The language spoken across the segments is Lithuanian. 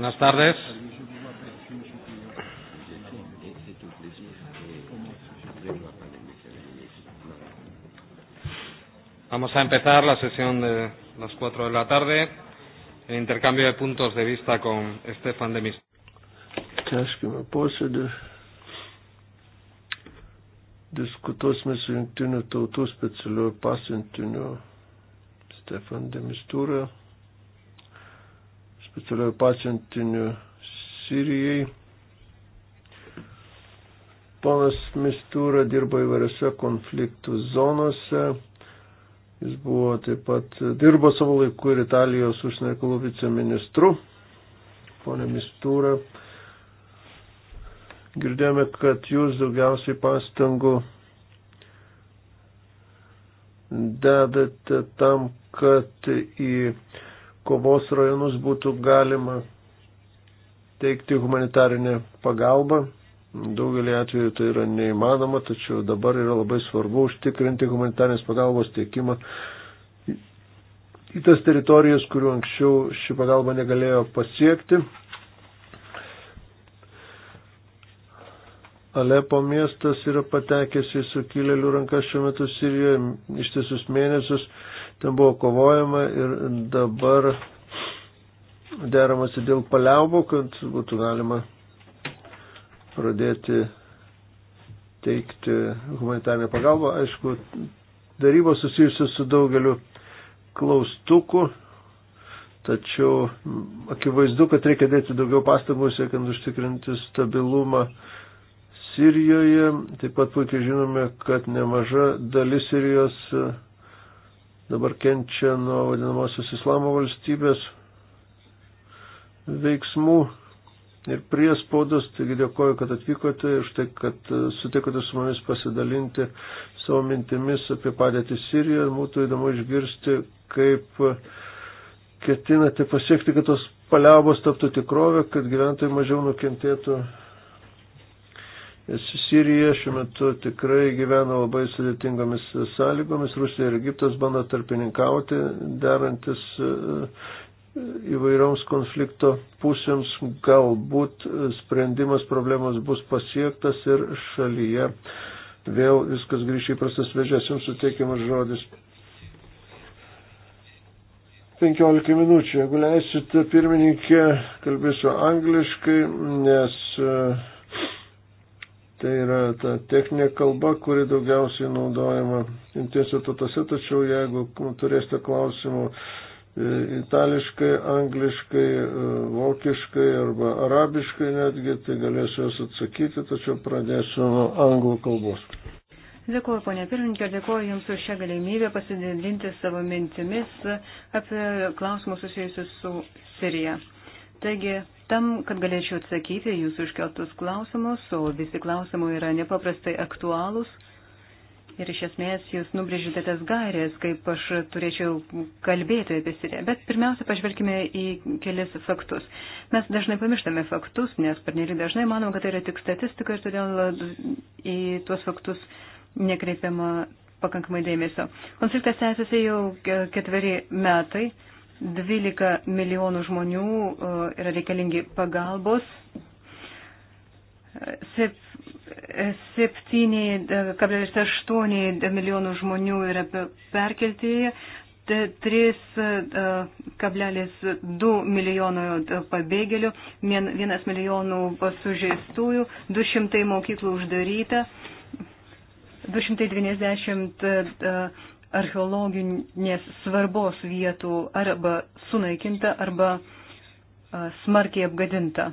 Buenas tardes. Vamos a empezar la sesión de las 4 de la tarde, el intercambio de puntos de vista con Estefan de Mist. Tęskime posėdį. Diskutuosime su jungtiniu tautų specialiuoju pasiuntiniu Stefan Demistūra specialiuoju pacientiniu Sirijai. Ponas Mistūra dirbo įvairiose konfliktų zonose. Jis buvo taip pat, dirbo savo laiku ir Italijos užsienio reikalų viceministru. Pone Mistūra, girdėjome, kad jūs daugiausiai pastangų dedate tam, kad į kovos rajonus būtų galima teikti humanitarinę pagalbą. Daugelį atvejų tai yra neįmanoma, tačiau dabar yra labai svarbu užtikrinti humanitarinės pagalbos teikimą į tas teritorijas, kurių anksčiau ši pagalba negalėjo pasiekti. Alepo miestas yra patekęs į sukilėlių rankas šiuo metu Sirijoje ištisus mėnesius ten buvo kovojama ir dabar deramasi dėl paliaubų, kad būtų galima pradėti teikti humanitarinę pagalbą. Aišku, darybos susijusios su daugeliu klaustukų, tačiau akivaizdu, kad reikia dėti daugiau pastangų, siekiant užtikrinti stabilumą Sirijoje. Taip pat puikiai žinome, kad nemaža dalis Sirijos dabar kenčia nuo vadinamosios islamo valstybės veiksmų ir priespaudos, taigi dėkoju, kad atvykote ir štai, kad e, sutikote su mumis pasidalinti savo mintimis apie padėtį Sirijoje ir būtų įdomu išgirsti, kaip e, ketinate pasiekti, kad tos paliaubos taptų tikrovę, kad gyventojai mažiau nukentėtų Sirija šiuo metu tikrai gyvena labai sudėtingomis sąlygomis. Rusija ir Egiptas bando tarpininkauti, derantis e, e, įvairioms konflikto pusėms. Galbūt sprendimas problemos bus pasiektas ir šalyje. Vėl viskas grįžtų į prastas vežės. Jums suteikiamas žodis. 15 minučių. Jeigu leisite, pirmininkė, kalbėsiu angliškai, nes. Uh, Tai yra ta techninė kalba, kuri daugiausiai naudojama jungtinėse tautose, tačiau jeigu nu, turėsite klausimų e, itališkai, angliškai, e, vokiškai arba arabiškai netgi, tai galėsiu juos atsakyti, tačiau pradėsiu nuo anglų kalbos. Dėkuoju, ponė pirmininkė, dėkuoju Jums už šią galimybę pasidalinti savo mintimis apie klausimus susijusius su Sirija. Taigi, tam, kad galėčiau atsakyti jūsų iškeltus klausimus, o visi klausimai yra nepaprastai aktualūs. Ir iš esmės jūs nubrėžite tas gairės, kaip aš turėčiau kalbėti apie Siriją. Bet pirmiausia, pažvelkime į kelis faktus. Mes dažnai pamirštame faktus, nes pernelyg dažnai manom, kad tai yra tik statistika ir todėl į tuos faktus nekreipiama pakankamai dėmesio. Konfliktas tęsiasi jau ketveri metai 12 e, e, milijonų žmonių yra reikalingi pagalbos. 7,8 milijonų žmonių yra perkelti, 3,2 e, milijonų pabėgėlių, 1 milijonų sužeistųjų, 200 mokyklų uždaryta, 290 archeologinės svarbos vietų arba sunaikinta, arba smarkiai apgadinta.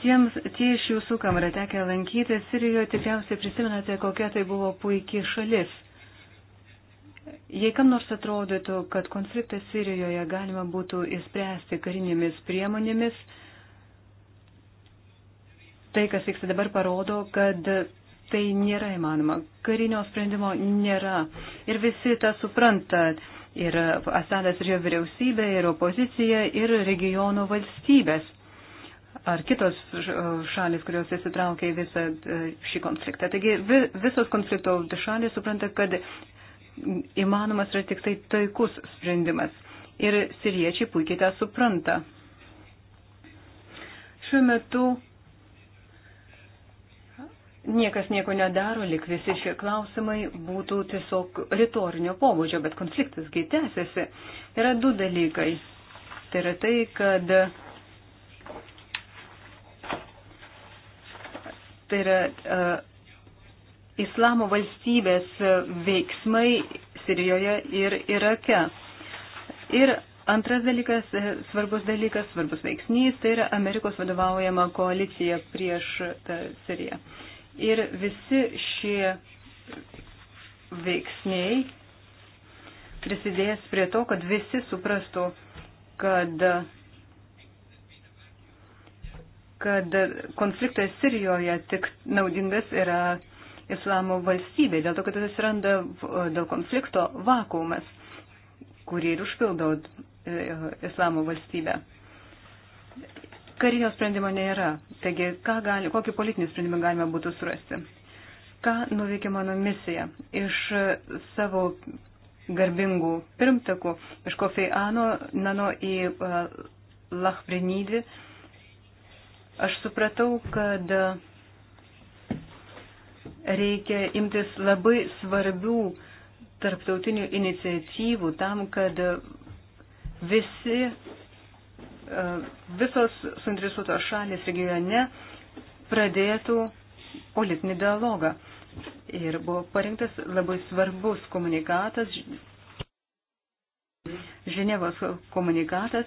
Tiems, tie iš jūsų, kam yra tekę lankyti Sirijoje, tikriausiai prisimenate, kokia tai buvo puikiai šalis. Jei kam nors atrodytų, kad konfliktą Sirijoje galima būtų įspręsti karinėmis priemonėmis, tai, kas vyksta dabar, parodo, kad tai nėra įmanoma. Karinio sprendimo nėra. Ir visi tą supranta. Ir Asadas ir jo vyriausybė, ir opozicija, ir regionų valstybės. Ar kitos šalis, kurios įsitraukia į visą e, šį konfliktą. Taigi visos konflikto šalis supranta, kad įmanomas yra tik tai taikus sprendimas. Ir siriečiai puikiai tą supranta. Šiuo metu niekas nieko nedaro, lik visi šie klausimai būtų tiesiog retorinio pobūdžio, bet konfliktasgi tęsiasi. Yra du dalykai. Tai yra tai, kad tai yra uh, islamo valstybės veiksmai Sirijoje ir Irake. Ir Antras dalykas, e, svarbus dalykas, svarbus veiksnys, tai yra Amerikos vadovaujama koalicija prieš e, Siriją. Uh, Ir visi šie veiksniai prisidės prie to, kad visi suprastų, kad, kad konfliktas Sirijoje tik naudingas yra islamo valstybė, dėl to, kad atsiranda dėl konflikto vakuumas, kurį ir užpildo e, islamo valstybė. Karinio sprendimo nėra. Taigi, gali, kokį politinį sprendimą galime būtų surasti? Ką nuveikė mano misija? Iš savo garbingų pirmtakų, iš Kofeiano, Nano į uh, e, Lachbrinydį, aš supratau, kad reikia imtis labai svarbių tarptautinių iniciatyvų tam, kad visi E, visos suinteresuotos šalis regione pradėtų politinį dialogą. Ir buvo parinktas labai svarbus komunikatas, Ženevos komunikatas.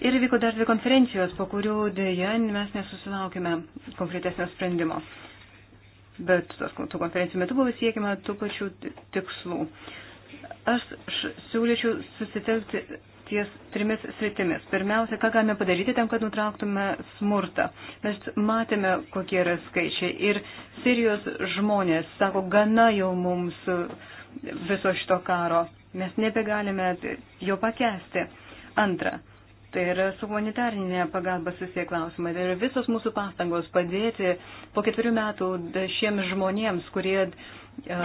Ir vyko dar dvi konferencijos, po kurių dėja mes nesusilaukime konkretesnio sprendimo. Bet tų konferencijų metu buvo siekime tų pačių tikslų. Aš š, siūlyčiau susitelkti ties trimis sritimis. Pirmiausia, ką galime padaryti tam, kad nutrauktume smurtą. Mes matėme, kokie yra skaičiai. Ir Sirijos žmonės sako, gana jau mums viso šito karo. Mes nebegalime jo pakesti. Antra. Tai yra su humanitarinė pagalba susiję klausimai. Tai yra visos mūsų pastangos padėti po ketverių metų šiems žmonėms, kurie uh,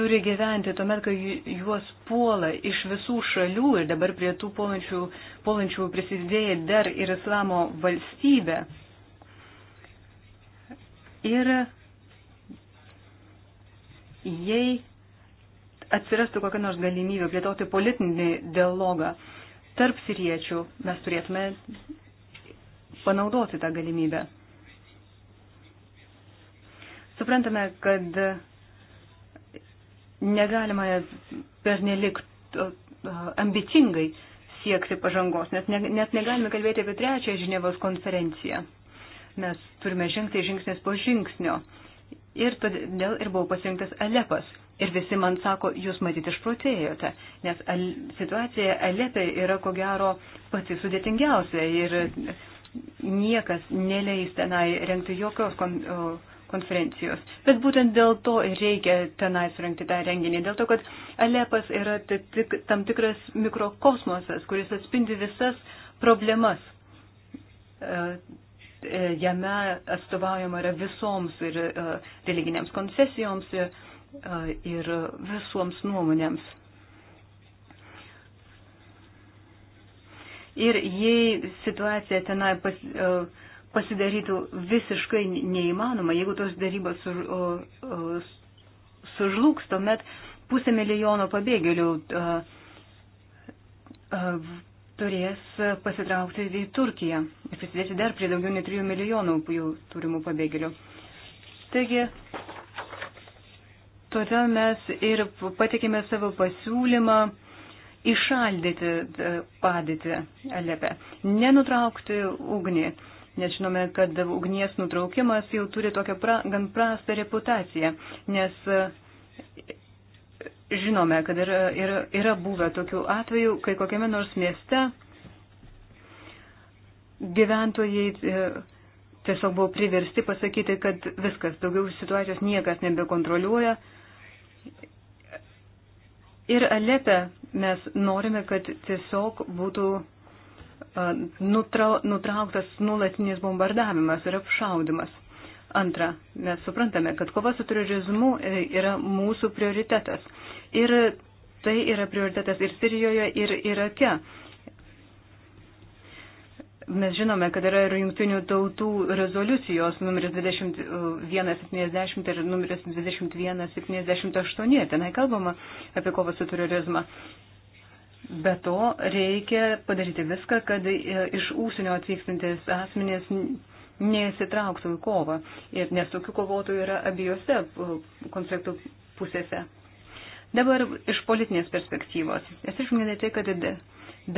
turi gyventi tuomet, kai juos puola iš visų šalių ir dabar prie tų puolančių, puolančių prisidėjo dar ir islamo valstybė. Ir jei atsirastų kokia nors galimybė plėtoti politinį dialogą tarp siriečių, mes turėtume panaudoti tą galimybę. Suprantame, kad negalima pernelik ambicingai siekti pažangos, nes ne, net negalime kalbėti apie trečiąją Ženevos konferenciją. Mes turime žengti žingsnis po žingsnio. Ir todėl ir buvo pasirinktas Alepas. Ir visi man sako, jūs matyt išprotėjote, nes al, situacija Alepė yra ko gero pati sudėtingiausia ir niekas neleis tenai renkti jokios kon, o, konferencijos. Bet būtent dėl to ir reikia tenai surinkti tą renginį, dėl to, kad Alepas yra tik, tam tikras mikrokosmosas, kuris atspindi visas problemas. E, e, jame atstovaujama yra visoms ir e, religinėms koncesijoms ir visoms nuomonėms. Ir jei situacija tenai pas, uh, pasidarytų visiškai neįmanoma. Jeigu tos darybos suž, o, o, sužlugs, tuomet pusė milijono pabėgėlių a, a, turės pasitraukti į Turkiją ir prisidėti dar prie daugiau nei 3 milijonų jų turimų pabėgėlių. Taigi, todėl mes ir patikėme savo pasiūlymą išaldyti padėtį Alepe, nenutraukti ugnį nes žinome, kad ugnies nutraukimas jau turi tokią pra, gan prastą reputaciją, nes e, žinome, kad yra, yra, yra buvę tokių atvejų, kai kokiame nors mieste gyventojai e, tiesiog buvo priversti pasakyti, kad viskas, daugiau situacijos niekas nebekontroliuoja. Ir Alepe mes norime, kad tiesiog būtų nutrauktas nuolatinis bombardavimas ir apšaudimas. Antra, mes suprantame, kad kova su terorizmu e, yra mūsų prioritetas. Ir tai yra prioritetas ir Sirijoje, ir Irake. Mes žinome, kad yra ir jungtinių tautų rezoliucijos numeris 2170 ir numeris 2178. Tenai kalbama apie kovą su terorizmą. Be to, reikia padaryti viską, kad e, iš ūsinio atvykstantis asmenės neįsitrauktų į kovą, ir, nes tokių kovotojų yra abiejose e, konfliktų pusėse. Dabar iš politinės perspektyvos. Esu išminėti, kad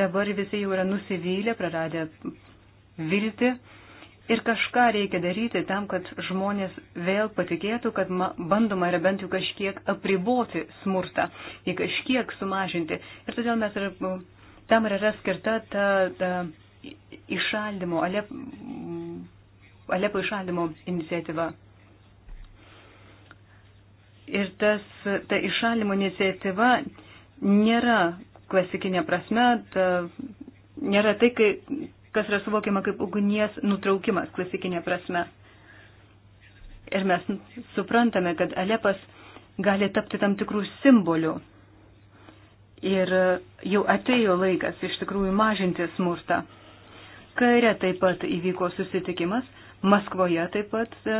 dabar visi jau yra nusivylę, praradę viltį Ir kažką reikia daryti tam, kad žmonės vėl patikėtų, kad bandoma yra bent jau kažkiek apriboti smurtą, jį kažkiek sumažinti. Ir todėl mes ir, tam yra skirta ta, ta išaldymo, Alep, Alepo išaldymo iniciatyva. Ir tas, ta išaldymo iniciatyva nėra klasikinė prasme, ta, nėra tai, kai kas yra suvokiama kaip ugnies nutraukimas klasikinė prasme. Ir mes suprantame, kad Alepas gali tapti tam tikrų simbolių. Ir jau atėjo laikas iš tikrųjų mažinti smurtą. Kaire taip pat įvyko susitikimas, Maskvoje taip pat e,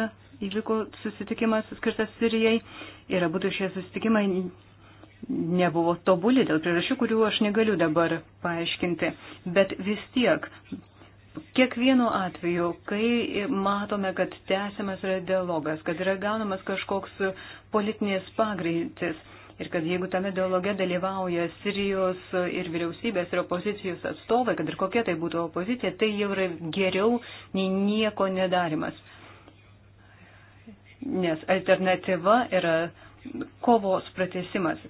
įvyko susitikimas skirtas Sirijai ir abu šie susitikimai nebuvo tobuli dėl priežasčių, kurių aš negaliu dabar paaiškinti. Bet vis tiek, kiekvienu atveju, kai matome, kad tęsiamas yra dialogas, kad yra gaunamas kažkoks politinės pagreitis ir kad jeigu tame dialoge dalyvauja Sirijos ir vyriausybės ir opozicijos atstovai, kad ir kokia tai būtų opozicija, tai jau yra geriau nei nieko nedarimas. Nes alternatyva yra kovos pratesimas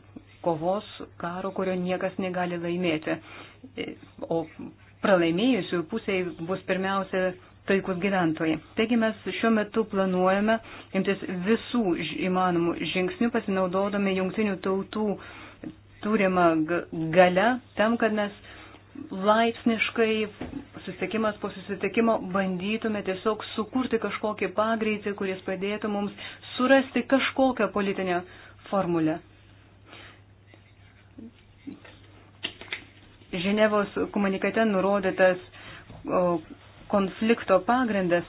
kovos karo, kurio niekas negali laimėti. O pralaimėjusių pusėje bus pirmiausia taikus gyventojai. Taigi mes šiuo metu planuojame imtis visų įmanomų žingsnių, pasinaudodami jungtinių tautų turimą galę tam, kad mes laipsniškai susitikimas po susitikimo bandytume tiesiog sukurti kažkokį pagreitį, kuris padėtų mums surasti kažkokią politinę formulę. Ženevos komunikate nurodytas konflikto pagrindas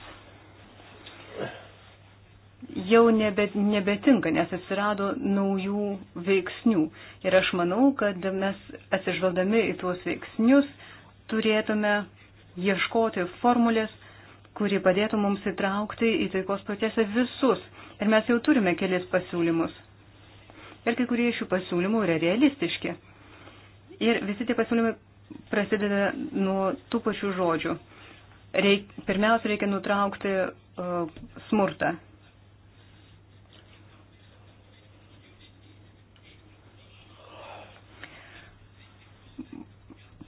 jau nebe, nebetinka, nes atsirado naujų veiksnių. Ir aš manau, kad mes atsižvaldami į tuos veiksnius turėtume ieškoti formulės, kuri padėtų mums įtraukti į taikos procesą visus. Ir mes jau turime kelis pasiūlymus. Ir kai kurie iš šių pasiūlymų yra realistiški. Ir visi tie pasiūlymai prasideda nuo tų pačių žodžių. Reik, pirmiausia, reikia nutraukti uh, smurtą.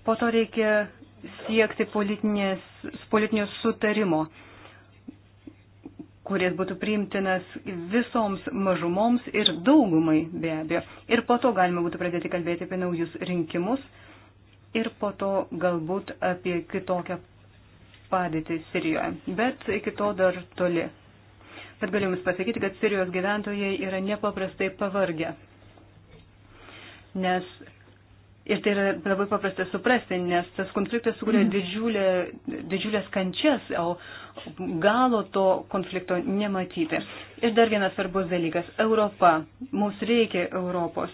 Po to reikia siekti politinio sutarimo. Uh, kuris būtų priimtinas visoms mažumoms ir daugumai be abejo. Ir po to galima būtų pradėti kalbėti apie naujus rinkimus ir po to galbūt apie kitokią padėtį Sirijoje. Bet iki to dar toli. Bet galiu Jums pasakyti, kad Sirijos gyventojai yra nepaprastai pavargę, nes Ir tai yra labai paprasta suprasti, nes tas konfliktas sukuria mhm. didžiulė, didžiulės kančias, o galo to konflikto nematyti. Ir dar vienas svarbus dalykas - Europa. Mums reikia Europos.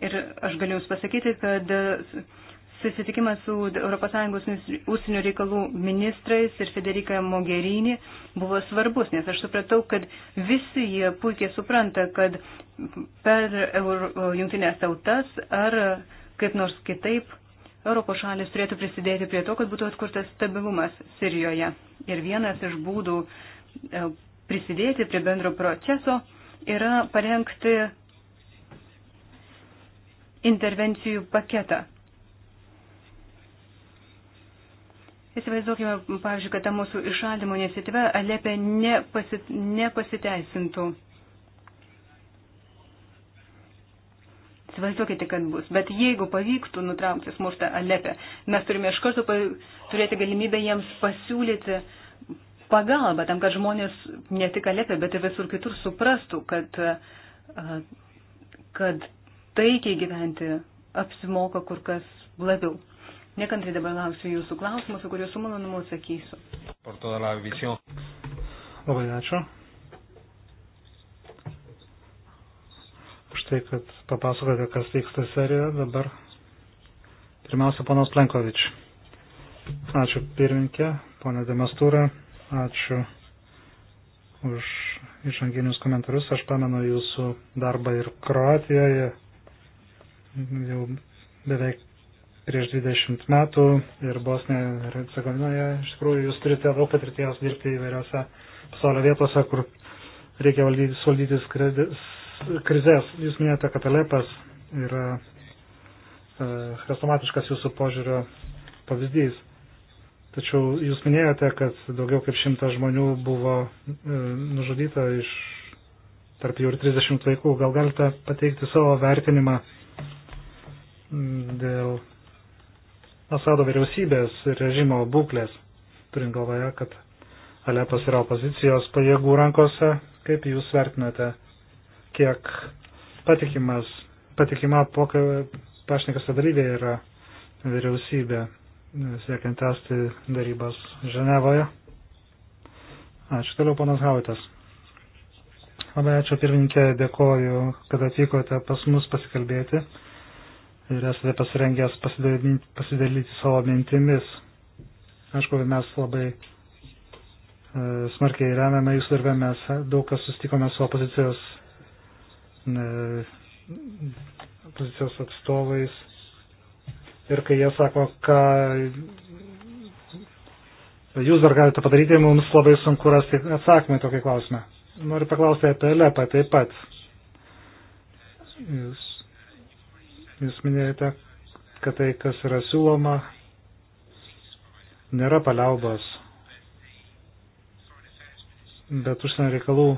Ir aš galiu Jums pasakyti, kad susitikimas su ES užsienio reikalų ministrais ir Federika Mogherini buvo svarbus, nes aš supratau, kad visi jie puikiai supranta, kad per Euro, jungtinės tautas ar kaip nors kitaip, Europos šalis turėtų prisidėti prie to, kad būtų atkurtas stabilumas Sirijoje. Ir vienas iš būdų e, prisidėti prie bendro proceso yra parengti intervencijų paketą. Įsivaizduokime, pavyzdžiui, kad ta mūsų išaldymo iniciatyva Alepė nepasi, nepasiteisintų. Įsivaizduokite, kad bus. Bet jeigu pavyktų nutraukti smurtą Alepe, mes turime iš karto turėti galimybę jiems pasiūlyti pagalbą tam, kad žmonės ne tik Alepe, bet ir visur kitur suprastų, kad, kad taikiai gyventi apsimoka kur kas labiau. Nekantrai dabar lauksiu jūsų klausimus, į kuriuos su malonumu atsakysiu. Labai ačiū už tai, kad papasakote, kas vyksta serijoje. Dabar pirmiausia, ponas Plenkovič. Ačiū pirminkė, ponė Demastūra. Ačiū už išanginius komentarus. Aš pamenu jūsų darbą ir Kroatijoje. Jau beveik prieš 20 metų ir Bosnijoje ir Hercegovinoje. Iš tikrųjų, jūs turite daug patirties dirbti įvairiose pasaulio vietose, kur reikia valdyti, suvaldyti krizės. Jūs minėjote, kad Alepas yra e, chrestomatiškas jūsų požiūrio pavyzdys. Tačiau jūs minėjote, kad daugiau kaip šimtas žmonių buvo e, nužudyta iš tarp jų ir 30 vaikų. Gal galite pateikti savo vertinimą dėl Asado vyriausybės ir režimo būklės, turint galvoje, kad Alepas yra opozicijos pajėgų rankose. Kaip jūs vertinate kiek patikimas, patikima pašnekas dalyvė yra vyriausybė siekiant tęsti darybas Ženevoje. Ačiū toliau, ponas Hautas. Labai ačiū pirmininkė, dėkoju, kad atvykote pas mus pasikalbėti ir esate pasirengęs pasidalyti savo mintimis. Aišku, mes labai e, smarkiai remiame jūsų darbę, mes daug kas sustikome su opozicijos E, pozicijos atstovais ir kai jie sako, ką jūs dar galite padaryti, mums labai sunku rasti atsakymą į tokį klausimą. Noriu paklausti apie Lepą taip pat. Jūs, jūs minėjote, kad tai, kas yra siūloma, nėra paliaubos. Bet užsienio reikalų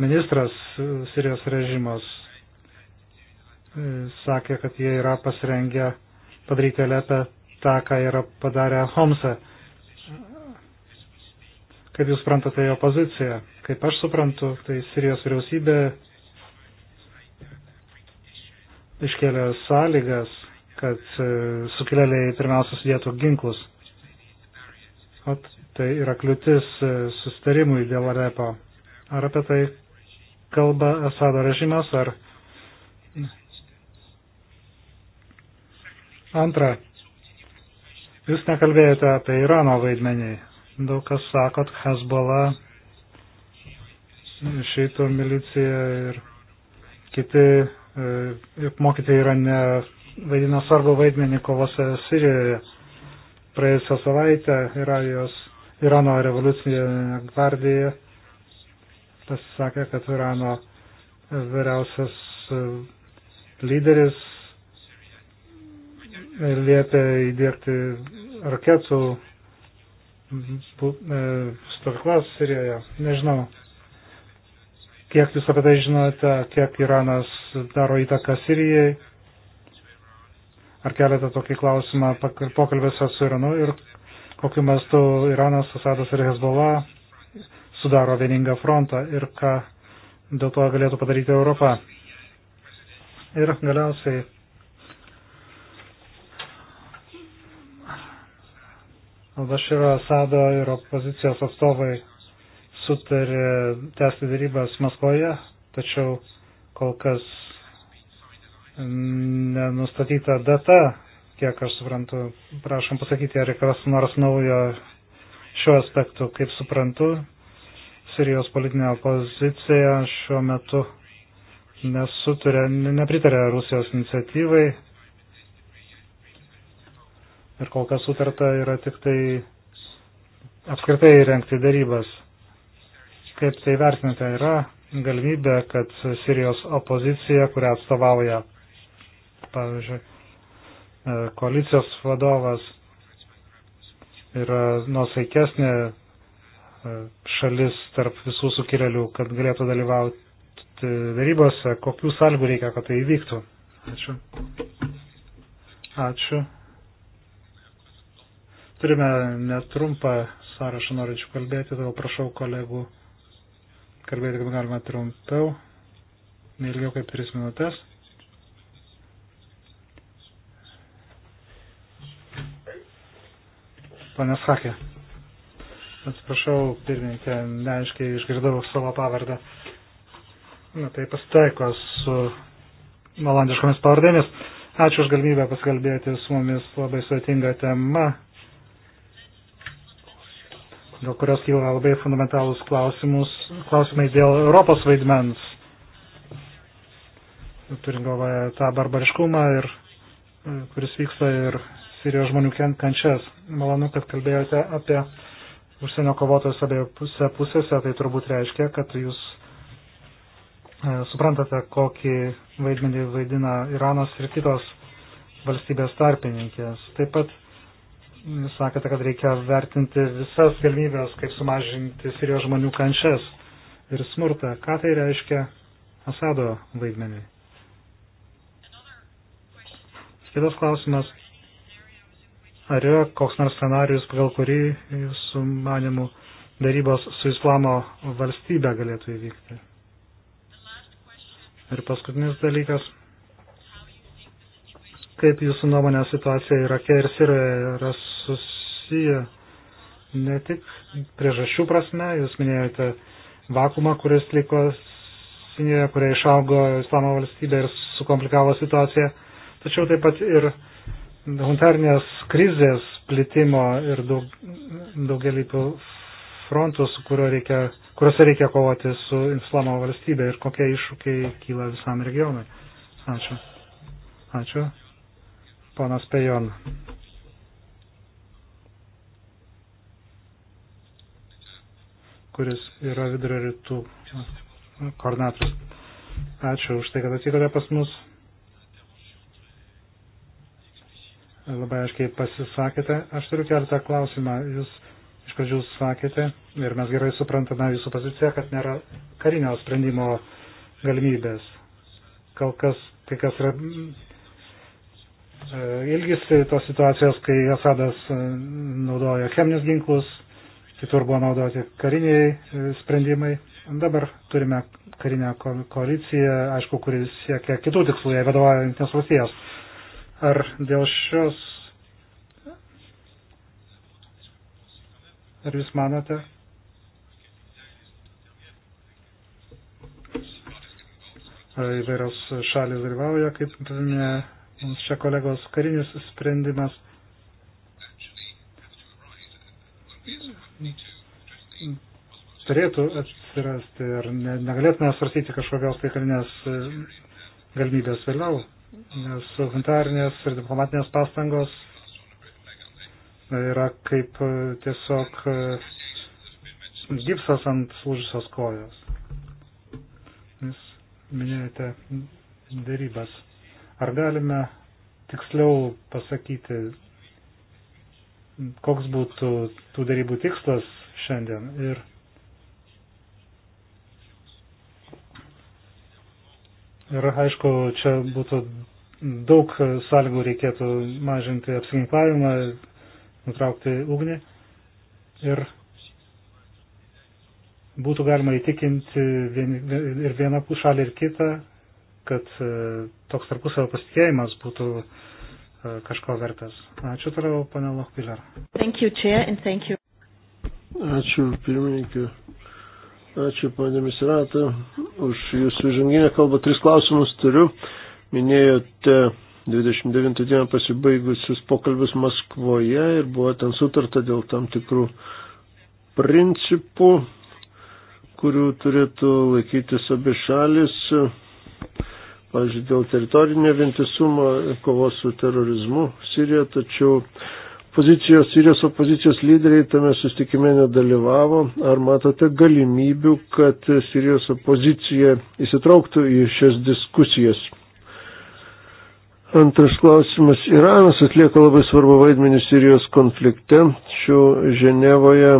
ministras e, Sirijos režimas e, sakė, kad jie yra pasirengę padaryti Alepę tą, ką yra padarę Homse. Kaip jūs suprantate jo poziciją? Kaip aš suprantu, tai Sirijos vyriausybė iškėlė sąlygas, kad e, sukilėliai pirmiausia sudėtų ginklus. O tai yra kliūtis sustarimui dėl Alepo. Ar apie tai kalba Asado režimas ar antra. Jūs nekalbėjote apie Irano vaidmenį. Daug kas sakot, Hezbollah, šito milicija ir kiti apmokyti e, Irane vaidina svarbu vaidmenį kovose Sirijoje. Praėjusią savaitę Irano revoliucinė gvardija pasisakė, kad Irano vyriausias e, lyderis liepė įdėkti raketų e, stovyklas Sirijoje. Nežinau, kiek jūs apie tai žinote, kiek Iranas daro įtaką Sirijai. Ar keletą tokį klausimą pokalbėse su Iranu ir kokiu mastu Iranas, Asadas ir Hezbollah sudaro vieningą frontą ir ką dėl to galėtų padaryti Europa. Ir galiausiai Baširo Asado ir opozicijos atstovai sutarė tęsti darybas Maskvoje, tačiau kol kas nenustatyta data, kiek aš suprantu, prašom pasakyti, ar kas nors naujo šiuo aspektu, kaip suprantu, Sirijos politinė opozicija šiuo metu nesuturė, nepritarė Rusijos iniciatyvai. Ir kol kas sutarta yra tik tai apskritai renkti darybas. Kaip tai vertinate, yra galimybė, kad Sirijos opozicija, kurią atstovauja, pavyzdžiui, e, koalicijos vadovas yra nusaikesnė E, šalis tarp visų sukilėlių, kad galėtų dalyvauti darybose, kokių sąlygų reikia, kad tai įvyktų. Ačiū. Ačiū. Turime netrumpą sąrašą norinčių kalbėti, todėl prašau kolegų kalbėti, kad galima trumpiau, neilgiau kaip 3 minutės. Panas Hakė. Atsiprašau, pirmininkė, neaiškiai išgirdau savo pavardę. Na, tai pasitaiko su malandiškomis pavardėmis. Ačiū už galimybę pasikalbėti su mumis labai svetinga tema, dėl kurios kyla labai fundamentalus klausimai dėl Europos vaidmens. Turint galvoje tą barbariškumą, ir, e, kuris vyksta ir Sirijos žmonių kančias. Malonu, kad kalbėjote apie užsienio kovotojus abiejose pusėse, tai turbūt reiškia, kad jūs e, suprantate, kokį vaidmenį vaidina Iranas ir kitos valstybės tarpininkės. Taip pat jūs mm, sakėte, kad reikia vertinti visas galimybės, kaip sumažinti Sirijos žmonių kančias ir smurtą. Ką tai reiškia Asado vaidmeniui? Kitas klausimas Ar yra koks nors scenarius, pagal kurį jūsų manimų darybos su islamo valstybe galėtų įvykti? Ir paskutinis dalykas. Kaip jūsų nuomonė situacija Irake ir Sirijoje yra susiję ne tik priežasčių prasme, jūs minėjote vakumą, kuris liko Sinijoje, kurie išaugo islamo valstybė ir sukomplikavo situaciją, tačiau taip pat ir humanitarnės krizės plitimo ir daug, daugelį frontų, reikia, kuriuose reikia kovoti su islamo valstybė ir kokie iššūkiai kyla visam regionui. Ačiū. Ačiū. Panas Pejon. kuris yra vidurio rytų koordinatorius. Ačiū už tai, kad atvykote pas mus. labai aiškiai pasisakėte. Aš turiu keletą klausimą. Jūs iš pradžių sakėte, ir mes gerai suprantame jūsų poziciją, kad nėra karinio sprendimo galimybės. Kol kas kai kas yra e, ilgisi tai tos situacijos, kai Asadas e, naudoja cheminius ginklus, kitur buvo naudoti kariniai e, sprendimai. Dabar turime karinę koaliciją, aišku, kuris siekia kitų tikslų, jai vadovauja Junktinės valstijos. Ar dėl šios, ar jūs manote, ar įvairios šalis dalyvauja, kaip ne, mums čia kolegos karinis sprendimas. turėtų atsirasti ir ne, negalėtume svarstyti kažkokios tai karinės e, galimybės vėliau nes humanitarinės ir diplomatinės pastangos yra kaip e, tiesiog e, gipsas ant lūžusios kojos. Jūs minėjote dėrybas. Ar galime tiksliau pasakyti, koks būtų tų dėrybų tikslas šiandien ir Ir aišku, čia būtų daug sąlygų reikėtų mažinti apsiginklavimą, nutraukti ugnį. Ir būtų galima įtikinti vien, ir vieną šalį, ir kitą, kad e, toks tarpusavio pasitikėjimas būtų e, kažko vertas. Ačiū toliau, panė Lochpiller. Ačiū, pirmininkė. Ačiū, ponė Misirata, už jūsų žanginę kalbą. Tris klausimus turiu. Minėjote 29 dieną pasibaigusius pokalbius Maskvoje ir buvo ten sutarta dėl tam tikrų principų, kurių turėtų laikytis abi šalis. Pavyzdžiui, dėl teritorinio vientisumo, kovos su terorizmu Sirijoje, tačiau pozicijos, Sirijos opozicijos lyderiai tame sustikime nedalyvavo. Ar matote galimybių, kad Sirijos opozicija įsitrauktų į šias diskusijas? Antras klausimas. Iranas atlieka labai svarbu vaidmenį Sirijos konflikte. Šių Ženevoje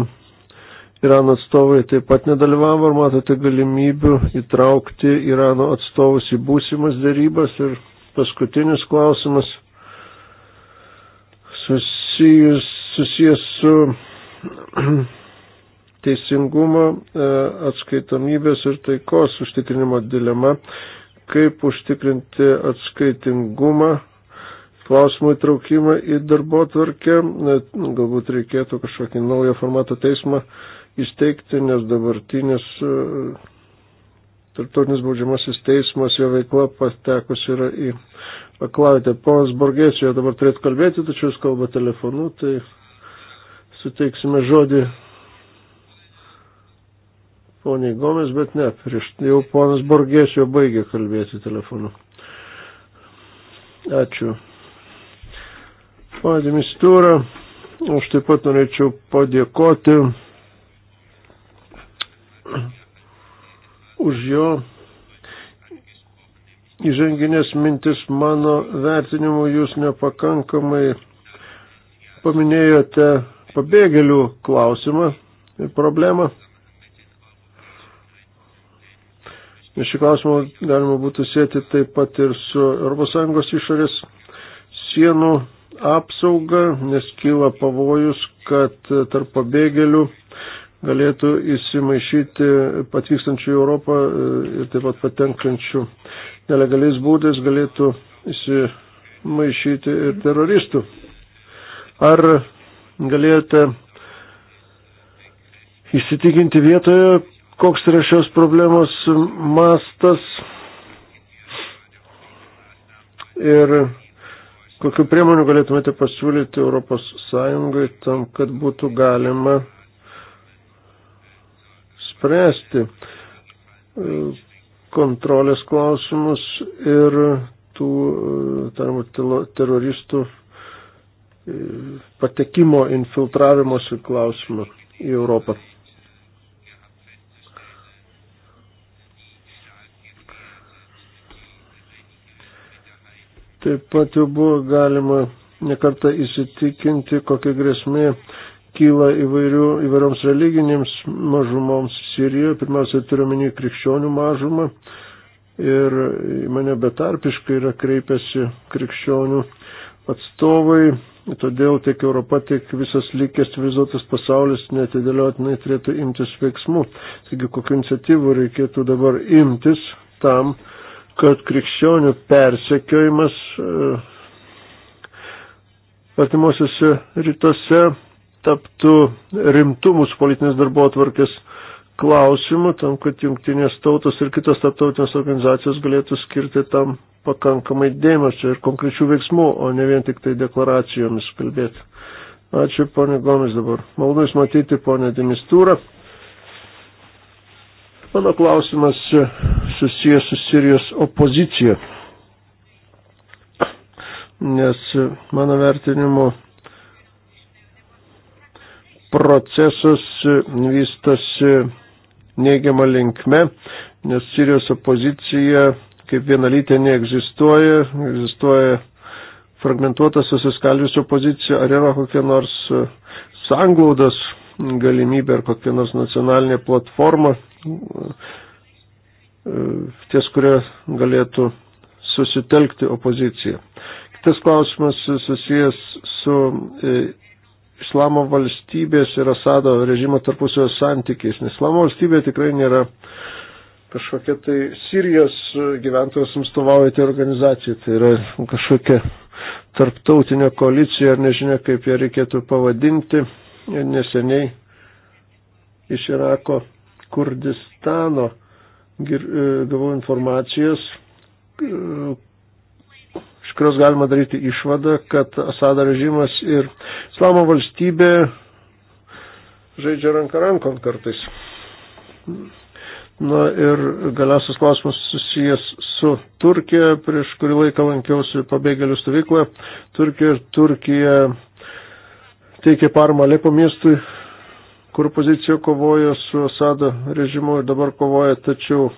Irano atstovai taip pat nedalyvavo. Ar matote galimybių įtraukti Irano atstovus į būsimas darybas? Ir paskutinis klausimas. Sus susijus, susijęs su teisingumo, e, atskaitomybės ir taikos užtikrinimo dilema, kaip užtikrinti atskaitingumą, klausimų įtraukimą į darbo tvarkę, e, galbūt reikėtų kažkokį naują formato teismą įsteigti, nes dabartinis e, tarptautinis baudžiamasis teismas, jo veikla patekus yra į paklausėte, ponas Borgėčio dabar turėtų kalbėti, tačiau jis kalba telefonu, tai suteiksime žodį poniai Gomes, bet ne, prieš jau ponas Borgėčio baigė kalbėti telefonu. Ačiū. Pane Mistūra, aš taip pat norėčiau padėkoti už jo įženginės mintis mano vertinimu jūs nepakankamai paminėjote pabėgėlių klausimą ir problemą. Ir šį klausimą galima būtų sėti taip pat ir su ES išorės sienų apsauga, nes kyla pavojus, kad tarp pabėgėlių galėtų įsimaišyti patvykstančių į Europą e, ir taip pat patenkančių nelegaliais būdais galėtų įsimaišyti ir teroristų. Ar galėjote įsitikinti vietoje, koks yra šios problemos mastas ir kokiu priemonių galėtumėte pasiūlyti Europos Sąjungai tam, kad būtų galima spręsti kontrolės klausimus ir tų e, teroristų e, patekimo infiltravimosi klausimą į Europą. Taip pat jau buvo galima nekartą įsitikinti, kokia grėsmė kyla įvairių, įvairioms religinėms mažumoms Sirijoje, pirmiausia turiu menį krikščionių mažumą ir mane betarpiškai yra kreipiasi krikščionių atstovai, todėl tiek Europa, tiek visas likęs civilizuotas pasaulis netidėliotinai turėtų imtis veiksmų. Taigi kokiu iniciatyvu reikėtų dabar imtis tam, kad krikščionių persekiojimas e, artimuosiuose rytuose taptų rimtų mūsų politinės darbo atvarkės klausimų, tam, kad jungtinės tautos ir kitos tarptautinės organizacijos galėtų skirti tam pakankamai dėmesio ir konkrečių veiksmų, o ne vien tik tai deklaracijomis kalbėti. Ačiū, ponė Gomis dabar. Malonu Jūs matyti, ponė Dimistūra. Mano klausimas susijęs su Sirijos opozicija, nes mano vertinimu procesas vystosi neigiamą linkme, nes Sirijos opozicija kaip vienalytė neegzistuoja, egzistuoja fragmentuota susiskaldžiusi opozicija, ar yra kokia nors sanglaudos galimybė ar kokia nors nacionalinė platforma, ties kurie galėtų susitelkti opoziciją. Kitas klausimas susijęs su e, islamo valstybės ir Asado režimo tarpusio santykiais, nes islamo valstybė tikrai nėra kažkokia tai Sirijos gyventojus atstovaujate organizacija, tai yra kažkokia tarptautinė koalicija, ar nežinia kaip ją reikėtų pavadinti, neseniai iš Irako Kurdistano gavau informacijos, iš kurios galima daryti išvadą, kad Asado režimas ir Islamo valstybė žaidžia ranką rankon kartais. Na ir galiausias klausimas susijęs su Turkija. Prieš kurį laiką lankiausi pabėgėlių stovykloje. Turkija ir Turkija teikė parmą Lepo miestui, kur pozicija kovoja su Asado režimu ir dabar kovoja, tačiau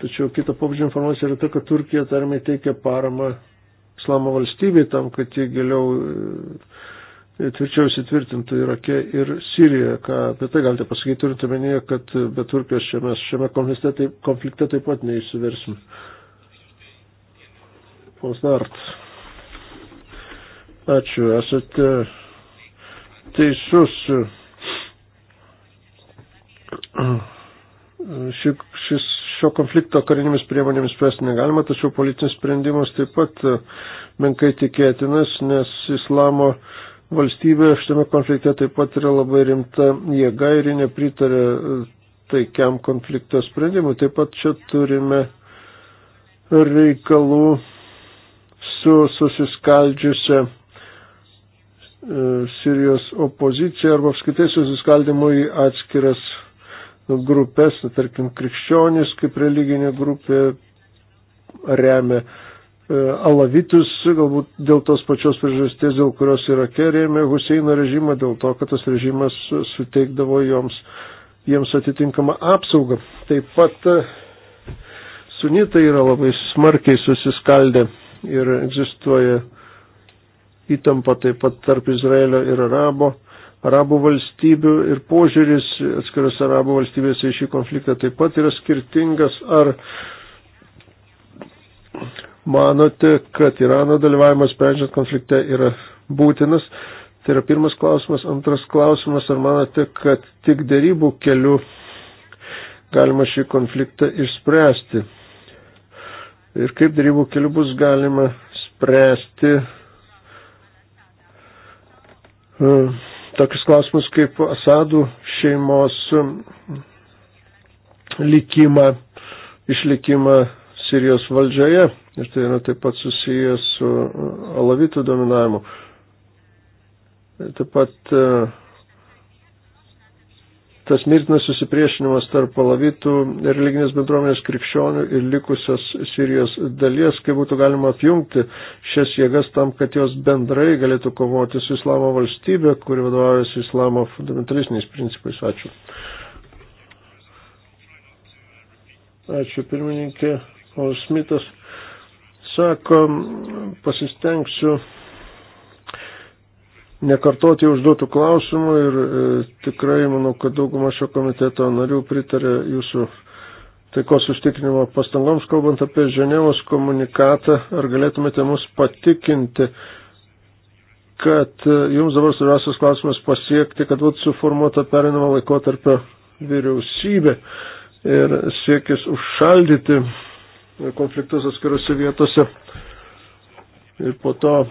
Tačiau kita pobūdžio informacija yra ta, kad Turkija tarmiai teikia paramą islamo valstybei tam, kad jie giliau e, tvirčiau įsitvirtintų Irake ir Sirijoje. Ką apie tai galite pasakyti, turint omenyje, kad be Turkijos čia mes šiame konflikte taip, konflikte taip pat neišsiversim. Posnart. Ačiū, esate teisus. Ši, šis, šio konflikto karinėmis priemonėmis spręsti negalima, tačiau politinis sprendimas taip pat e, menkai tikėtinas, nes islamo valstybė šitame konflikte taip pat yra labai rimta jėga ir ji nepritarė e, taikiam konflikto sprendimui. Taip pat čia turime reikalų su susiskaldžiusią e, Sirijos opoziciją arba apskaitai susiskaldimu į atskiras grupės, tai tarkim, krikščionys kaip religinė grupė remia e, alavitus, galbūt dėl tos pačios priežasties, dėl kurios Irake rėmė Huseino režimą, dėl to, kad tas režimas suteikdavo joms, jiems atitinkamą apsaugą. Taip pat e, sunitai yra labai smarkiai susiskaldę ir egzistuoja įtampa taip pat tarp Izraelio ir Arabo arabų valstybių ir požiūris atskiros arabų valstybėse į šį konfliktą taip pat yra skirtingas. Ar manote, kad Irano dalyvavimas sprendžiant konflikte yra būtinas? Tai yra pirmas klausimas. Antras klausimas, ar manote, kad tik dėrybų keliu galima šį konfliktą išspręsti? Ir kaip dėrybų keliu bus galima spręsti? Uh, tokius klausimus kaip Asadų šeimos um, likimą, išlikimą Sirijos valdžioje ir tai yra taip pat susijęs su uh, alavitų dominavimu. Taip pat uh, tas mirtinas susipriešinimas tarp palavitų religinės bendruomenės krikščionių ir likusios Sirijos dalies, kaip būtų galima apjungti šias jėgas tam, kad jos bendrai galėtų kovoti su islamo valstybė, kuri vadovaujasi islamo fundamentalistiniais principais. Ačiū. Ačiū pirmininkė. O Smitas sako, pasistengsiu nekartoti užduotų klausimų ir e, tikrai manau, kad dauguma šio komiteto narių pritarė jūsų taikos užtikrinimo pastangoms, kalbant apie Ženevos komunikatą. Ar galėtumėte mus patikinti, kad e, jums dabar svarbiausias klausimas pasiekti, kad būtų suformuota perinamo laikotarpio vyriausybė ir siekis užšaldyti konfliktus atskirose vietose ir po to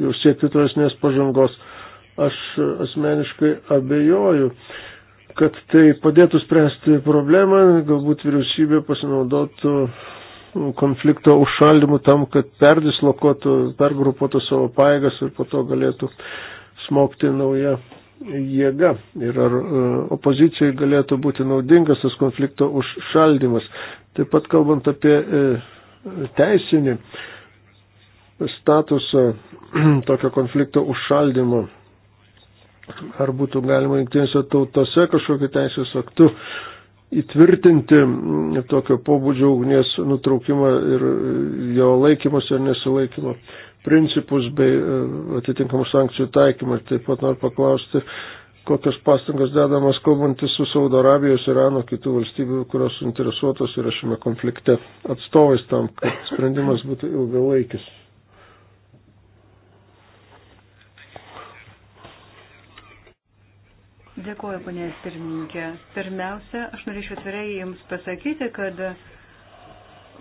jau siekti tolesnės pažangos. Aš asmeniškai abejoju, kad tai padėtų spręsti problemą, galbūt vyriausybė pasinaudotų konflikto užšaldymu tam, kad perdislokuotų, pergrupuotų savo paėgas ir po to galėtų smogti naują jėga ir ar e, opozicijai galėtų būti naudingas tas konflikto užšaldymas. Taip pat kalbant apie e, teisinį statusą tokio konflikto užšaldimo. Ar būtų galima jungtinėse tautose kažkokiu teisės aktu įtvirtinti tokio pobūdžio ugnies nutraukimą ir jo laikymas ir nesilaikymo principus bei e, atitinkamų sankcijų taikymą. Taip pat noriu paklausti, kokios pastangos dedamas kalbantis su Saudo Arabijos, Irano, kitų valstybių, kurios suinteresuotos yra šiame konflikte atstovais tam, kad sprendimas būtų ilgalaikis. Dėkuoju, ponė pirmininkė. Pirmiausia, aš norėčiau atvirai Jums pasakyti, kad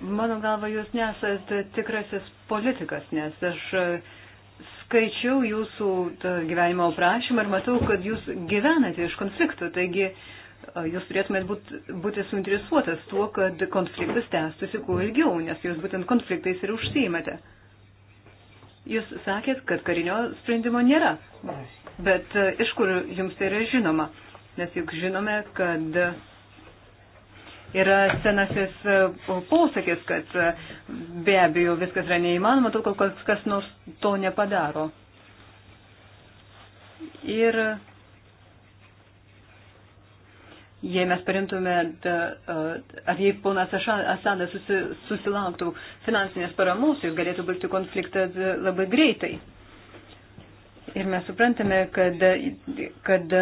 mano galva Jūs nesate tikrasis politikas, nes aš skaičiau jūsų gyvenimo aprašymą ir matau, kad jūs gyvenate iš konfliktų, taigi jūs turėtumėt būti, būti suinteresuotas tuo, kad konfliktas tęstųsi kuo ilgiau, nes jūs būtent konfliktais ir užsiimate. Jūs sakėt, kad karinio sprendimo nėra, bet iš kur jums tai yra žinoma, nes juk žinome, kad yra senasis e, posakis, kad e, be abejo viskas yra neįmanoma, tol kol kas nors to nepadaro. Ir jei mes parimtume, e, ar jei ponas Asadas susi, susilauktų finansinės paramos, jis galėtų baigti konfliktą labai greitai. Ir mes suprantame, kad, kad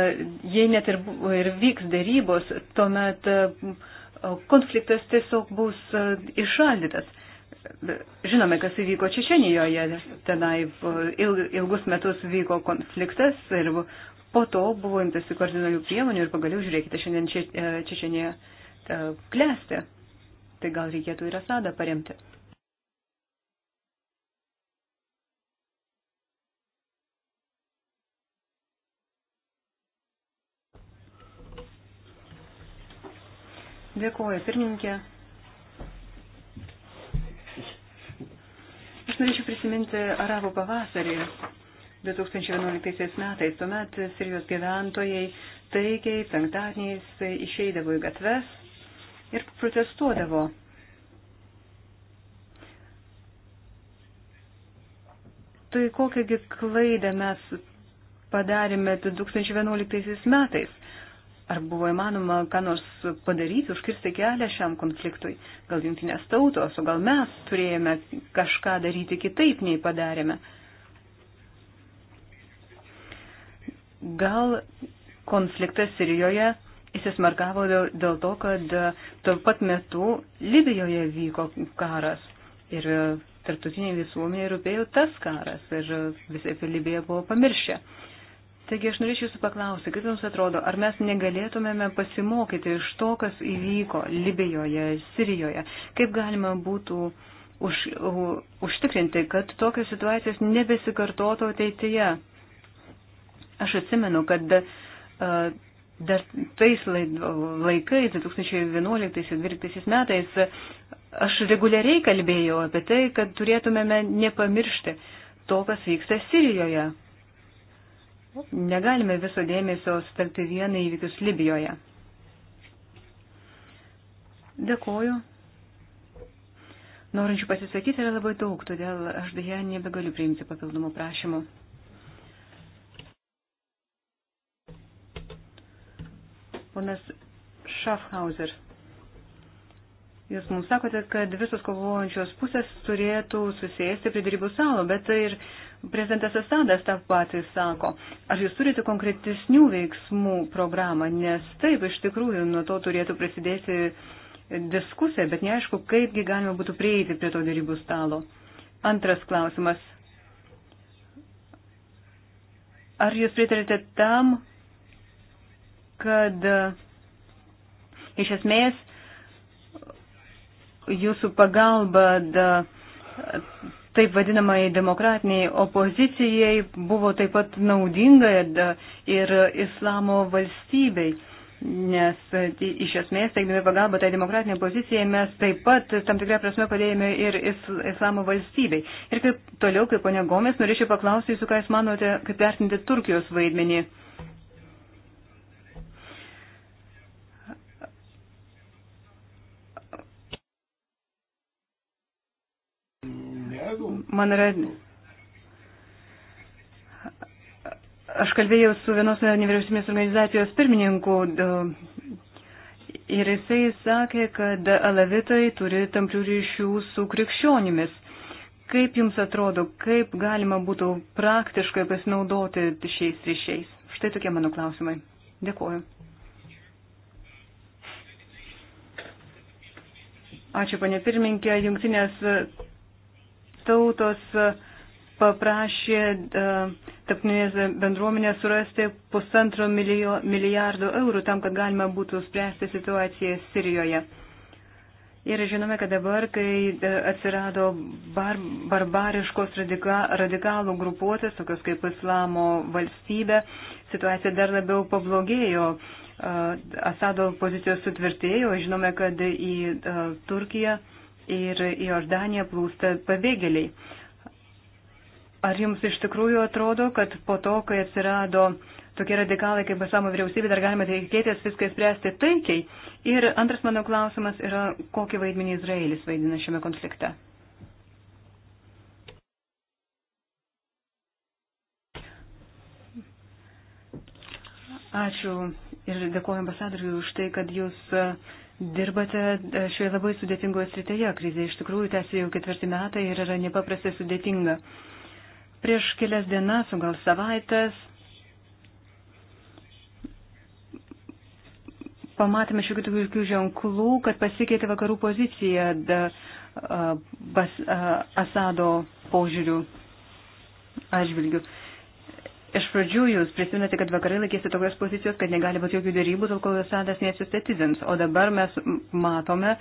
jei net ir, ir vyks dėrybos, tuomet uh, konfliktas tiesiog bus e, išaldytas. Žinome, kas įvyko Čečenijoje, tenai e, ilgus metus vyko konfliktas ir po to buvo imtasi kardinalių priemonių ir pagaliau, žiūrėkite, šiandien e, Čečenija klesti. Tai gal reikėtų ir Asadą paremti. Dėkuoju, pirmininkė. Aš norėčiau prisiminti arabų pavasarį 2011 metais. Tuomet Sirijos gyventojai taikiai penktadieniais išeidavo į gatves ir protestuodavo. Tai kokią klaidą mes padarėme 2011 metais? Ar buvo įmanoma ką nors padaryti, užkirsti kelią šiam konfliktui? Gal jungtinės tautos, o gal mes turėjome kažką daryti kitaip, nei padarėme? Gal konfliktas Sirijoje įsismarkavo dėl, dėl to, kad tuo pat metu Libijoje vyko karas ir tarptautiniai visuomenė rūpėjo tas karas ir visi apie Libiją buvo pamiršę. Taigi aš norėčiau jūsų paklausti, kaip jums atrodo, ar mes negalėtumėme pasimokyti iš to, kas įvyko Libijoje, Sirijoje, kaip galima būtų už, u, užtikrinti, kad tokios situacijos nebesikartotų ateityje. Aš atsimenu, kad uh, dar tais laikais, 2011-2012 metais, aš reguliariai kalbėjau apie tai, kad turėtumėme nepamiršti to, kas vyksta Sirijoje. Negalime viso dėmesio stelti vieną įvykius Libijoje. Dėkoju. Norinčių pasisakyti yra labai daug, todėl aš dėja nebegaliu priimti papildomų prašymų. Ponas Schaffhauser, jūs mums sakote, kad visos kovojančios pusės turėtų susėsti prie darybų salo, bet tai ir Prezidentas Asadas tą patį sako. Ar jūs turite konkretesnių veiksmų programą, nes taip iš tikrųjų nuo to turėtų prisidėti diskusija, bet neaišku, kaipgi galima būtų prieiti prie to dėrybų stalo. Antras klausimas. Ar jūs pritarite tam, kad iš esmės jūsų pagalba da, taip vadinamai demokratiniai opozicijai buvo taip pat naudinga ir islamo valstybei. Nes e, tai iš esmės, teikdami pagalbą tai demokratinė pozicija, mes taip pat tam tikrą prasme padėjome ir is, islamo valstybei. Ir kaip toliau, kaip ponia Gomes, norėčiau paklausti jūsų, ką jūs manote, kaip vertinti Turkijos vaidmenį man Aš kalbėjau su vienos nevyriausybės organizacijos pirmininku ir jisai sakė, kad alavitai turi tamprių ryšių su krikščionimis. Kaip jums atrodo, kaip galima būtų praktiškai pasinaudoti šiais ryšiais? Štai tokie mano klausimai. Dėkuoju. Ačiū, panė pirminkė. Jungtinės tautos paprašė e, tapninės bendruomenės surasti pusantro milijo, milijardo eurų tam, kad galima būtų spręsti situaciją Sirijoje. Ir žinome, kad dabar, kai e, atsirado bar, barbariškos radika, radikalų grupuotės, tokios kaip islamo valstybė, situacija dar labiau pablogėjo. E, Asado pozicijos sutvirtėjo, žinome, kad į Turkiją ir į Jordaniją plūsta pabėgėliai. Ar jums iš tikrųjų atrodo, kad po to, kai atsirado tokie radikalai kaip Basamo vyriausybė, dar galima tikėtis viską spręsti taikiai? Ir antras mano klausimas yra, kokį vaidmenį Izraelis vaidina šiame konflikte? Ačiū ir dėkuoju ambasadoriui už tai, kad jūs uh, Dirbate e, šioje labai sudėtingoje srityje. Krizė iš tikrųjų tęsiasi jau ketvirti metai ir yra nepaprastai sudėtinga. Prieš kelias dienas, gal savaitės, pamatėme šiokių tokių ženklų, kad pasikeitė vakarų pozicija da, bas, a, Asado požiūrių atžvilgių. Iš pradžių jūs prisiminate, kad vakarai laikėsi tokios pozicijos, kad negali būti jokių dėrybų, tol kol Asadas neatsistatydins. O dabar mes matome,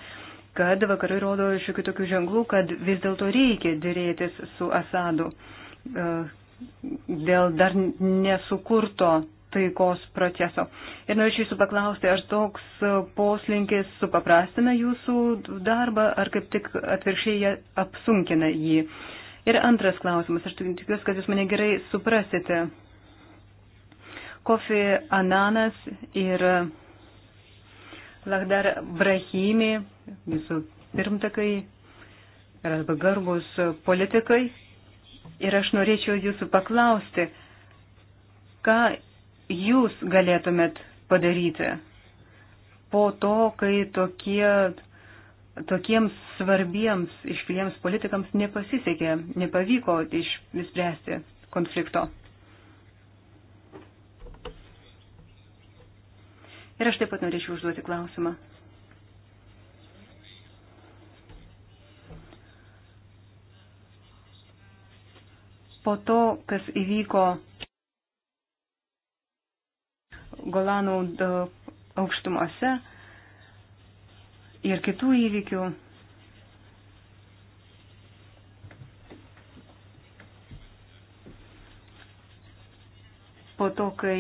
kad vakarai rodo šiokių tokių ženklų, kad vis dėlto reikia dėrėtis su Asadu e, dėl dar nesukurto taikos proceso. Ir norėčiau jūsų paklausti, ar toks poslinkis supaprastina jūsų darbą, ar kaip tik atvirkščiai apsunkina jį. Ir antras klausimas, aš tikiuosi, kad jūs mane gerai suprasite. Kofi Ananas ir Lagdar Brahimi, jūsų pirmtakai, arba garbus politikai. Ir aš norėčiau jūsų paklausti, ką jūs galėtumėt padaryti po to, kai tokie, tokiems svarbiems iškiliems politikams nepasisekė, nepavyko išspręsti konflikto. Ir aš taip pat norėčiau užduoti klausimą. Po to, kas įvyko Golanų e, aukštumose ir kitų įvykių, po to, kai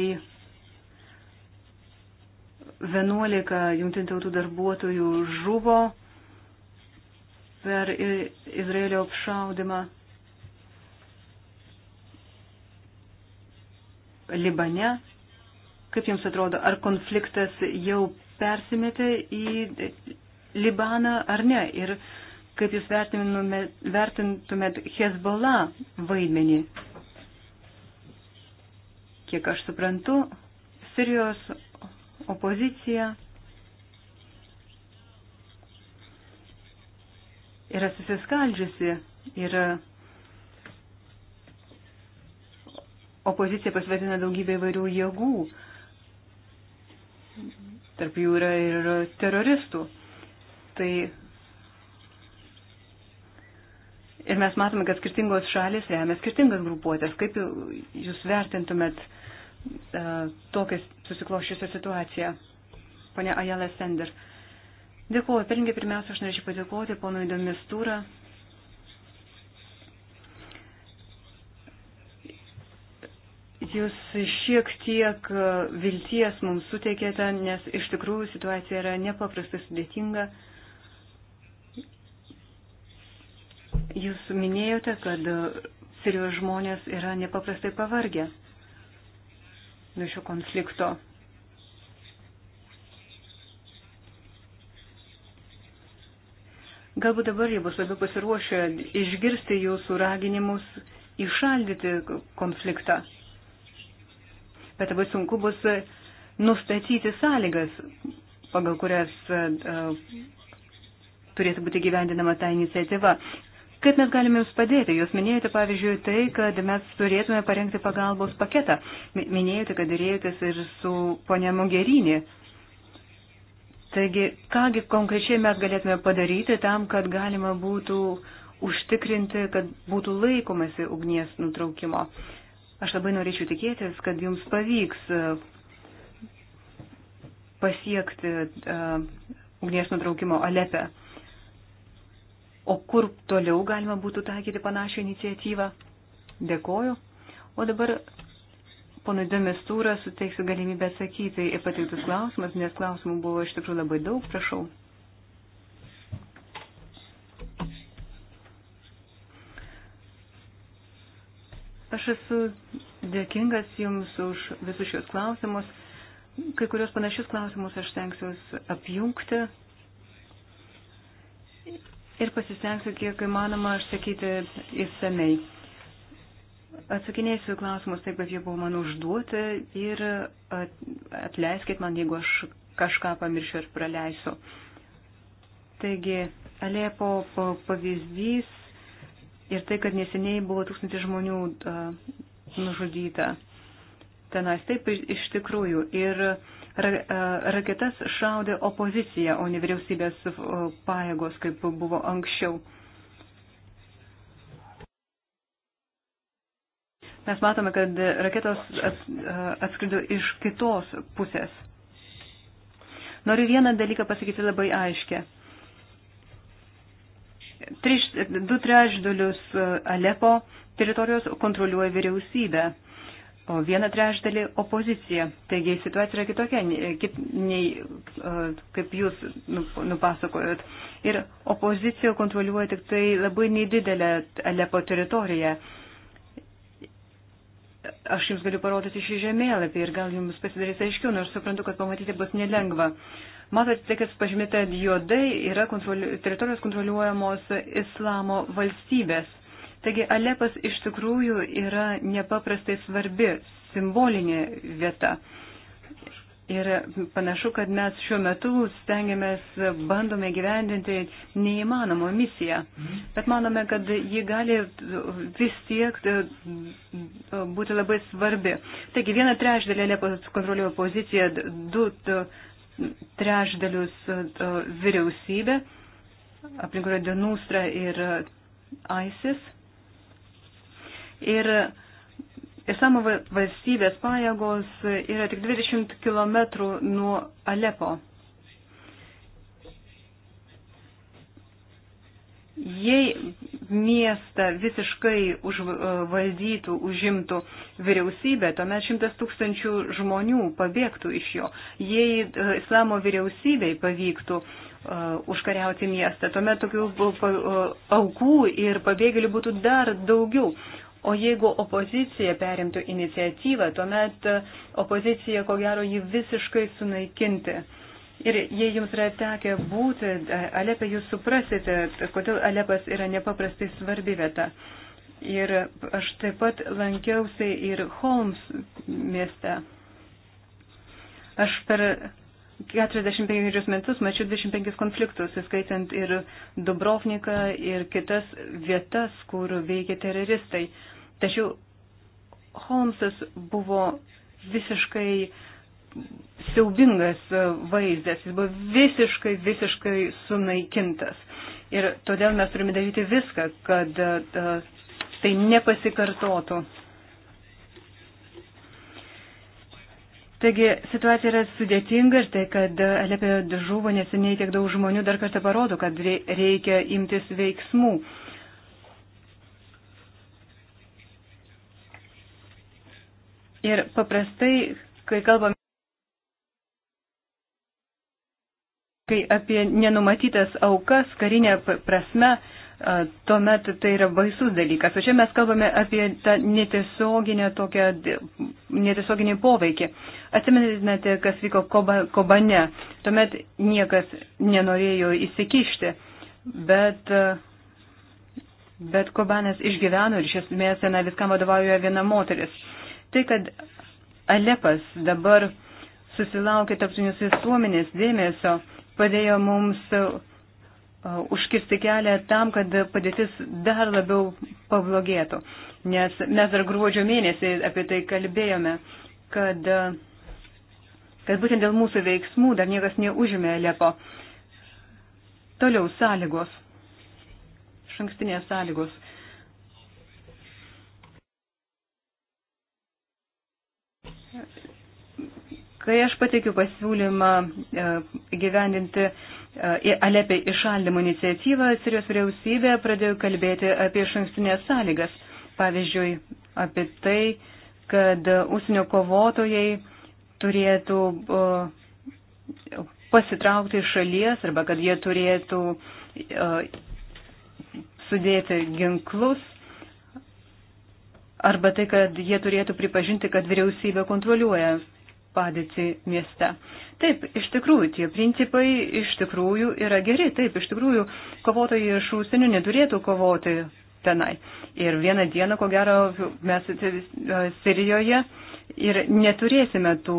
11 jungtinių tautų darbuotojų žuvo per Izraelio apšaudimą. Libane. Kaip jums atrodo, ar konfliktas jau persimetė į Libaną ar ne? Ir kaip jūs vertintumėt Hezbollah vaidmenį? Kiek aš suprantu, Sirijos opozicija yra susiskaldžiusi ir opozicija pasvetina daugybę įvairių jėgų. Tarp jų yra ir teroristų. Tai ir mes matome, kad skirtingos šalis remia skirtingas grupuotės. Kaip jūs vertintumėt uh, E, tokią susikloščiusią situaciją. Pone Ajala Sender. Dėkuoju, pelningai pirmiausia, aš norėčiau padėkoti ponui Domistūrą. Jūs šiek tiek vilties mums suteikėte, nes iš tikrųjų situacija yra nepaprastai sudėtinga. Jūs minėjote, kad Sirijos žmonės yra nepaprastai pavargę nuo šio konflikto. Galbūt dabar jie bus labiau pasiruošę išgirsti jūsų raginimus išaldyti konfliktą. Bet labai sunku bus nustatyti sąlygas, pagal kurias uh, turėtų būti gyvendinama ta iniciatyva. Kaip mes galime Jums padėti? Jūs minėjote, pavyzdžiui, tai, kad mes turėtume parengti pagalbos paketą. Minėjote, kad dėrėjotės ir su ponia Mogerinė. Taigi, kągi konkrečiai mes galėtume padaryti tam, kad galima būtų užtikrinti, kad būtų laikomasi ugnies nutraukimo. Aš labai norėčiau tikėtis, kad Jums pavyks e, pasiekti uh, ugnies nutraukimo alepę. O kur toliau galima būtų taikyti panašią iniciatyvą? Dėkoju. O dabar ponui Domestūrą suteiksiu galimybę atsakyti į pateiktus klausimus, nes klausimų buvo iš tikrųjų labai daug, prašau. Aš esu dėkingas Jums už visus šios klausimus. Kai kurios panašius klausimus aš tenksiuos apjungti ir pasistengsiu kiek įmanoma atsakyti įsamei. Atsakinėsiu klausimus taip, kaip jie buvo man užduoti ir atleiskit man, jeigu aš kažką pamiršiu ir praleisiu. Taigi, Alepo pavyzdys ir tai, kad neseniai buvo tūkstantį žmonių nužudyta. Tenais taip iš tikrųjų. Ir uh, raketas šaudė opozicija, o ne vyriausybės pajėgos, kaip buvo anksčiau. Mes matome, kad raketos atskrido iš kitos pusės. Noriu vieną dalyką pasakyti labai aiškę. Triš, du trečdalius Alepo teritorijos kontroliuoja vyriausybė o vieną trečdalį opozicija. Taigi situacija yra kitokia, kaip, nei, kaip jūs nupasakojot. Ir opozicija kontroliuoja tik tai labai nedidelę Alepo teritoriją. Aš jums galiu parodyti šį žemėlapį ir gal jums pasidarys aiškiau, nors suprantu, kad pamatyti bus nelengva. Matote, tai, kas pažymėta juodai, yra kontroli, teritorijos kontroliuojamos islamo valstybės. Taigi Alepas iš tikrųjų yra nepaprastai svarbi simbolinė vieta. Ir panašu, kad mes šiuo metu stengiamės, bandome gyvendinti neįmanomą misiją. Bet manome, kad ji gali vis tiek e, būti labai svarbi. Taigi vieną trečdalį Lepos kontroliuoja pozicija, du trečdalius e, e, vyriausybė, aplinkurio Denustra ir ISIS. Ir Islamo valstybės pajėgos yra tik 20 km nuo Alepo. Jei miestą visiškai užvaldytų, e, užimtų vyriausybė, tuomet šimtas tūkstančių žmonių pabėgtų iš jo. Jei e, islamo vyriausybei pavyktų uh, užkariauti miestą, tuomet tokių aukų ir pabėgėlių būtų dar daugiau. O jeigu opozicija perimtų iniciatyvą, tuomet opozicija, ko gero, jį visiškai sunaikinti. Ir jei jums yra tekę būti e, Alepe, jūs suprasite, kodėl Alepas yra nepaprastai svarbi vieta. Ir aš taip pat lankiausi ir Holmes mieste. Aš per 45 metus mačiau 25 konfliktus, įskaitant ir Dubrovniką, ir kitas vietas, kur veikia teroristai. Tačiau Holmesas buvo visiškai siaubingas vaizdas, jis buvo visiškai, visiškai sunaikintas. Ir todėl mes turime daryti viską, kad e, tai nepasikartotų. Taigi situacija yra sudėtinga ir tai, kad Alepė žuvo neseniai tiek daug žmonių, dar kartą parodo, kad reikia imtis veiksmų. Ir paprastai, kai kalbame kai apie nenumatytas aukas karinė prasme, tuomet tai yra baisus dalykas. O čia mes kalbame apie tą netiesioginę tokią, netiesioginį poveikį. Atsimenate, kas vyko koba, Kobane. Tuomet niekas nenorėjo įsikišti, bet, bet Kobanas išgyveno ir iš esmės ten viskam vadovauja viena moteris tai, kad Alepas dabar susilaukė tarptautinės visuomenės dėmesio, padėjo mums uh, uh, užkirsti kelią tam, kad padėtis dar labiau pablogėtų. Nes mes dar gruodžio mėnesį apie tai kalbėjome, kad, uh, kad būtent dėl mūsų veiksmų dar niekas neužėmė Alepo. Toliau sąlygos. Šankstinės sąlygos. Kai aš pateikiu pasiūlymą e, gyvendinti e, Alepė išaldimo iniciatyvą, Sirijos vyriausybė pradėjo kalbėti apie šankstinės sąlygas. Pavyzdžiui, apie tai, kad užsienio kovotojai turėtų e, pasitraukti iš šalies arba kad jie turėtų sudėti ginklus arba tai, kad jie turėtų pripažinti, kad vyriausybė kontroliuoja padėtį mieste. Taip, iš tikrųjų, tie principai iš tikrųjų yra geri. Taip, iš tikrųjų, kovotojai iš užsienio neturėtų kovoti tenai. Ir vieną dieną, ko gero, mes Sirijoje ir neturėsime tų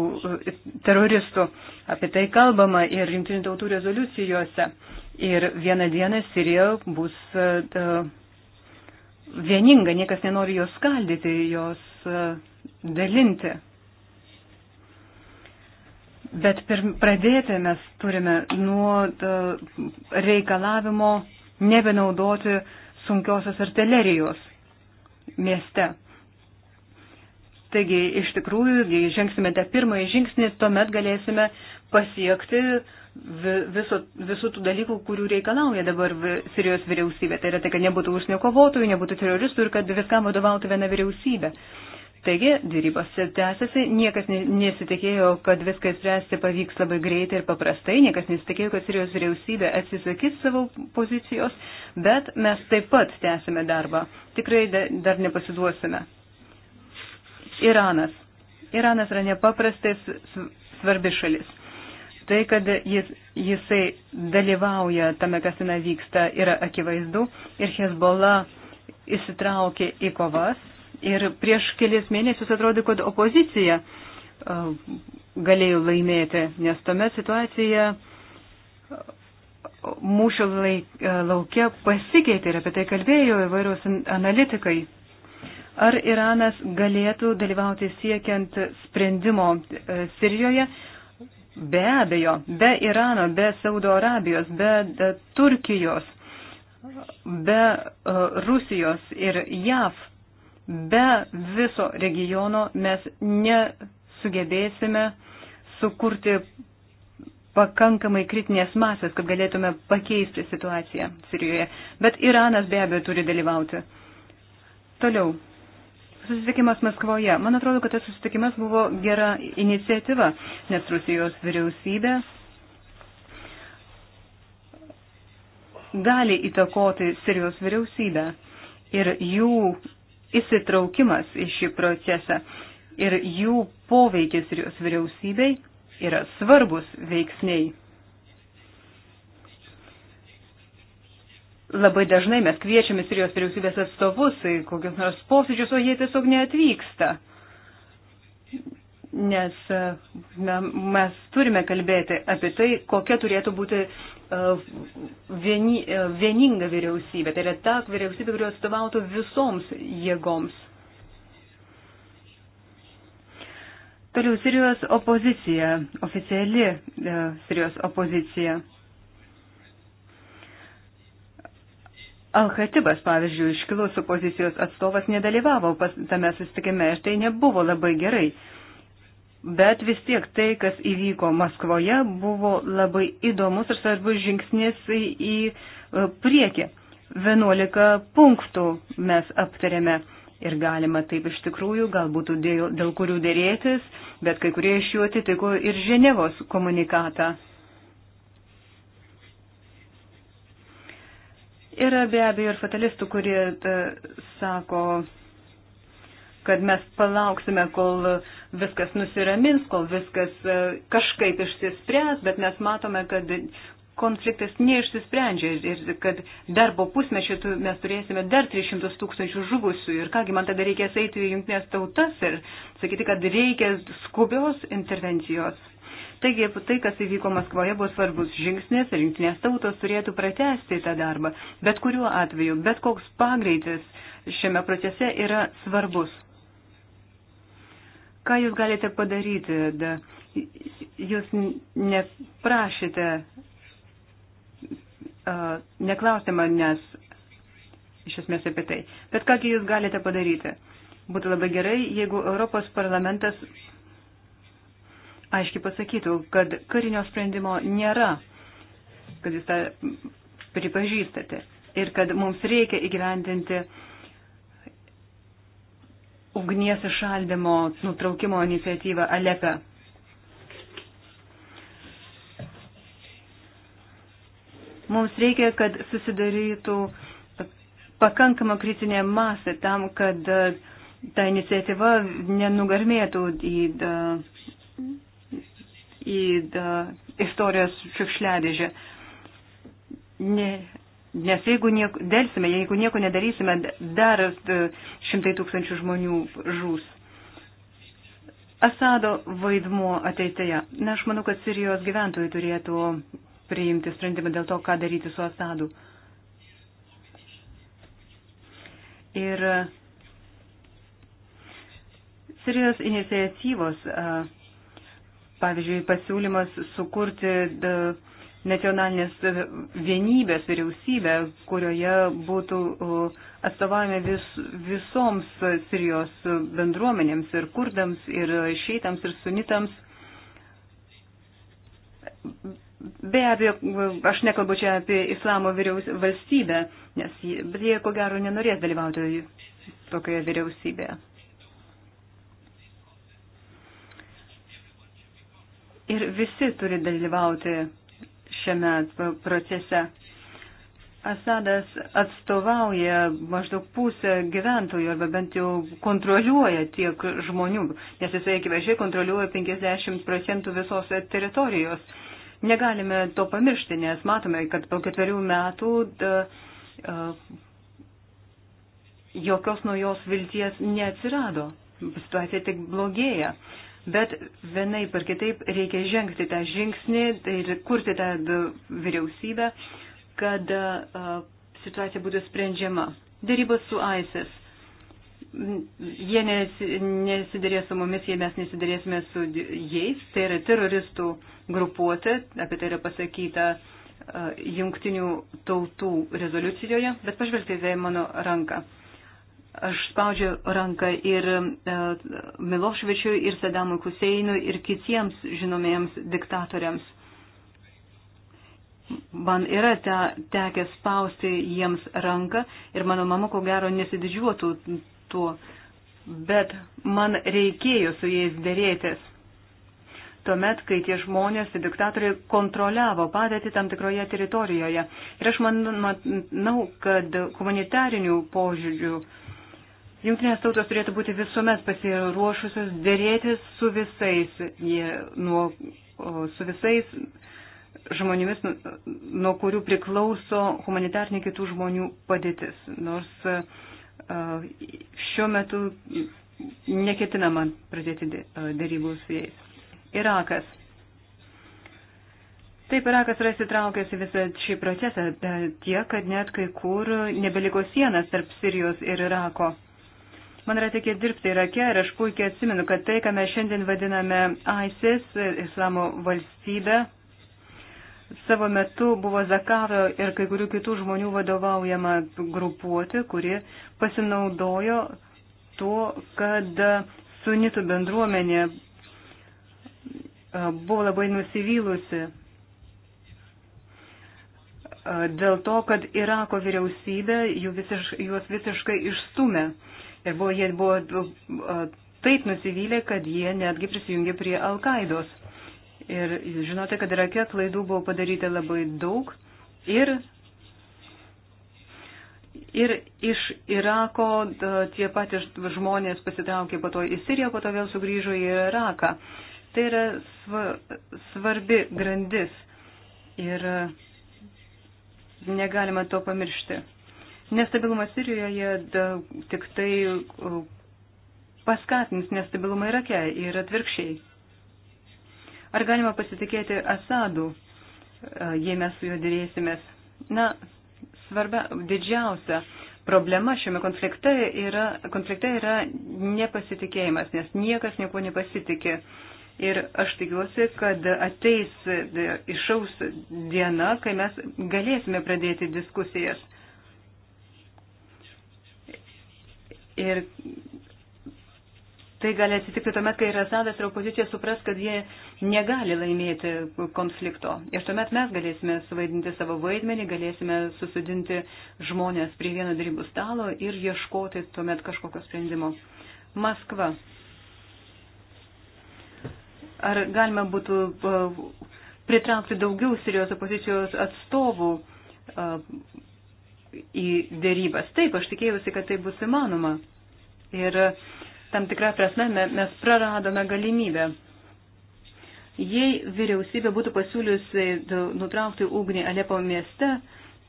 e, teroristų. Apie tai kalbama ir rimtinių tautų rezoliucijose. Ir vieną dieną Sirija bus e, e, vieninga, niekas nenori jos skaldyti, jos dalinti. Bet pirm, pradėti mes turime nuo e, reikalavimo nebenaudoti sunkiosios artilerijos mieste. Taigi, iš tikrųjų, jei žengsime tą pirmąjį žingsnį, tuomet galėsime pasiekti viso, visų tų dalykų, kurių reikalauja dabar Sirijos vyriausybė. Tai yra tai, kad nebūtų užsienio kovotojų, nebūtų teroristų ir kad viskam vadovautų viena vyriausybė. Uh, Taigi, dėrybos tęsiasi, niekas nesitikėjo, kad viską spręsti pavyks labai greitai ir paprastai, niekas nesitikėjo, kad Sirijos vyriausybė atsisakys savo pozicijos, bet mes taip pat tęsime darbą. Tikrai dar nepasiduosime. Iranas. Iranas yra nepaprastai svarbi šalis. Tai, kad jis, jisai dalyvauja tame, kas ten vyksta, yra akivaizdu ir Hezbollah įsitraukė į kovas Ir prieš kelias mėnesius atrodo, kad opozicija e, galėjo laimėti, nes tuomet situacija e, mūšio e, laukia pasikeitė ir apie tai kalbėjo įvairūs analitikai. Ar Iranas galėtų dalyvauti siekiant sprendimo Sirijoje? Be abejo, be Irano, be Saudo Arabijos, be Turkijos, be Rusijos ir JAV Be viso regiono mes nesugebėsime sukurti pakankamai kritinės masės, kad galėtume pakeisti situaciją Sirijoje. Bet Iranas be abejo turi dalyvauti. Toliau. Susitikimas Maskvoje. Man atrodo, kad tas susitikimas buvo gera iniciatyva, nes Rusijos vyriausybė gali įtakoti Sirijos vyriausybę ir jų įsitraukimas į šį procesą ir jų poveikis ir jos vyriausybei yra svarbus veiksniai. Labai dažnai mes kviečiame Sirijos vyriausybės atstovus į kokius nors posėdžius, o jie tiesiog neatvyksta nes e, na, mes turime kalbėti apie tai, kokia turėtų būti uh, vieni, uh, vieninga vyriausybė. Tai yra ta vyriausybė, kuri atstovautų visoms jėgoms. Toliau Sirijos opozicija, oficiali uh, Sirijos opozicija. Al-Khatibas, pavyzdžiui, iškilus opozicijos atstovas nedalyvavo pas, tame susitikime ir tai nebuvo labai gerai. Uh, Bet vis tiek tai, kas įvyko Maskvoje, buvo labai įdomus ir svarbus žingsnis į e, priekį. 11 punktų mes aptarėme ir galima taip iš tikrųjų, galbūt dėl, dėl kurių dėrėtis, bet kai kurie iš jų atitiko ir Ženevos komunikatą. Yra be abejo ir fatalistų, kurie ta, e, sako, kad mes palauksime, kol viskas nusiramins, kol viskas e, kažkaip išsispręs, bet mes matome, kad konfliktas neišsisprendžia ir kad dar po pusmečio mes turėsime dar 300 tūkstančių žuvusių ir kągi man tada reikės eiti į jungtinės tautas ir sakyti, kad reikia skubios intervencijos. Taigi tai, kas įvyko Maskvoje, buvo svarbus žingsnis ir jungtinės tautos turėtų pratesti tą darbą. Bet kuriuo atveju, bet koks pagreitis šiame procese yra svarbus. Ką jūs galite padaryti? Jūs neprašėte, neklausėte manęs iš esmės apie tai. Bet kągi jūs galite padaryti? Būtų labai gerai, jeigu Europos parlamentas aiškiai pasakytų, kad karinio sprendimo nėra, kad jūs tą pripažįstate ir kad mums reikia įgyvendinti uh, ugnies išaldimo nutraukimo iniciatyvą Alepe. Mums reikia, kad susidarytų pakankama kritinė masė tam, kad e, ta iniciatyva nenugarmėtų į, e, į, į e, istorijos šiukšliadėžę. Ne, Nes jeigu nieko, dėlsime, jeigu nieko nedarysime, dar e, šimtai tūkstančių žmonių žūs. Asado vaidmuo ateitėje. Na, aš manau, kad Sirijos gyventojai turėtų priimti sprendimą dėl to, ką daryti su Asadu. Ir Sirijos iniciatyvos, e, pavyzdžiui, pasiūlymas sukurti. The, nacionalinės vienybės vyriausybę, kurioje būtų atstovavime vis, visoms Sirijos bendruomenėms ir kurdams, ir šeitams, ir sunitams. Be abejo, aš nekalbu čia apie islamo vyriaus, valstybę, nes jie ko gero nenorės dalyvauti tokioje vyriausybėje. Ir visi turi dalyvauti šiame procese. Asadas atstovauja maždaug pusę gyventojų arba bent jau kontroliuoja tiek žmonių, nes jisai akivaizdžiai kontroliuoja 50 procentų visos teritorijos. Negalime to pamiršti, nes matome, kad po ketverių metų da, a, jokios naujos vilties neatsirado. Situacija tik blogėja. A, bet vienai per kitaip reikia žengti tą žingsnį ir kurti tą vyriausybę, kad situacija būtų sprendžiama. Darybos su ISIS. Jie nesidarės su mumis, jei mes nesidarėsime su jais. Tai yra teroristų grupuotė, apie tai yra pasakyta jungtinių tautų rezoliucijoje, bet pažvelgite į mano ranką. Aš spaudžiu ranką ir e, Miloševičiui, ir Sadamui Huseinui, ir kitiems žinomiems diktatoriams. Man yra te, tekę spausti jiems ranką ir mano mama ko gero nesididžiuotų tuo, bet man reikėjo su jais dėrėtis. Tuomet, kai tie žmonės, diktatoriai kontroliavo padėtį tam tikroje teritorijoje. Ir aš manau, kad humanitarinių požiūrių uh, Junktinės tautos turėtų būti visuomet pasiruošusios dėrėtis su visais, jie, nuo, su visais žmonėmis, nuo kurių priklauso humanitarnė kitų žmonių padėtis. Nors šiuo metu neketinama pradėti dėrybų su jais. Irakas. Taip, Irakas yra įsitraukęs į visą šį procesą tiek, kad net kai kur nebeliko sienas tarp Sirijos ir Irako. Man yra tekę dirbti Irake ir aš puikiai atsimenu, kad tai, ką mes šiandien vadiname ISIS, Islamo valstybė, savo metu buvo Zakavio ir kai kurių kitų žmonių vadovaujama grupuotė, kuri pasinaudojo tuo, kad sunitų bendruomenė buvo labai nusivylusi dėl to, kad Irako vyriausybė jų visiš, juos visiškai išstumė. Ir buvo, jie buvo taip nusivylę, kad jie netgi prisijungė prie Al-Qaidos. Ir žinote, kad Irake klaidų buvo padaryta labai daug. Ir, ir iš Irako tie patys žmonės pasitraukė po to į Siriją, po to vėl sugrįžo į Iraką. Tai yra svarbi grandis. Ir negalima to pamiršti. Nestabilumas Sirijoje tik tai paskatins nestabilumą Irake ir atvirkščiai. Ar galima pasitikėti Asadu, jei mes su juo dėrėsimės? Na, svarbia, didžiausia problema šiame konflikte yra, konflikte yra nepasitikėjimas, nes niekas nieko nepasitikė. Ir aš tikiuosi, kad ateis išaus diena, kai mes galėsime pradėti diskusijas. Ir tai gali atsitikti tuomet, kai ir Asadas ir opozicija supras, kad jie negali laimėti konflikto. Ir tuomet mes galėsime suvaidinti savo vaidmenį, galėsime susidinti žmonės prie vieno darybų stalo ir ieškoti tuomet kažkokio sprendimo. Maskva. Ar galima būtų uh, pritraukti daugiau Sirijos opozicijos atstovų uh, į dėrybas. Taip, aš tikėjusi, kad tai bus įmanoma. Ir tam tikrą prasme mes praradome galimybę. Jei vyriausybė būtų pasiūliusi nutraukti ugnį Alepo mieste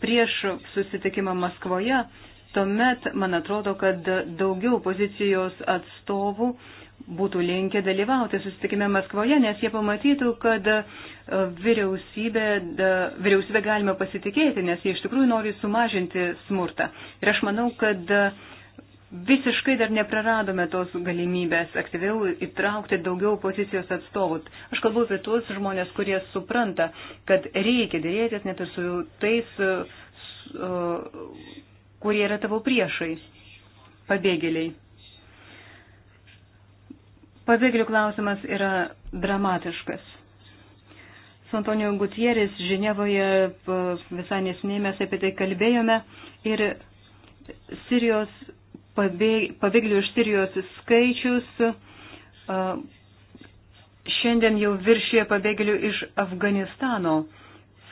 prieš susitikimą Maskvoje, tuomet man atrodo, kad daugiau pozicijos atstovų uh, būtų linkę dalyvauti susitikime Maskvoje, nes jie pamatytų, kad e, vyriausybė, vyriausybė galime pasitikėti, nes jie iš tikrųjų nori sumažinti smurtą. Ir aš manau, kad e, visiškai dar nepraradome tos galimybės aktyviau įtraukti daugiau pozicijos atstovų. Aš kalbu apie tuos žmonės, kurie supranta, kad reikia dėrėtis net ir su tais, e, kurie yra tavo priešai, pabėgėliai. Pabėgėlių klausimas yra dramatiškas. Su Antoniju Gutieris Ženevoje visai nesiniai mes apie tai kalbėjome ir Sirijos pabėgėlių iš Sirijos skaičius šiandien jau viršyje pabėgėlių iš Afganistano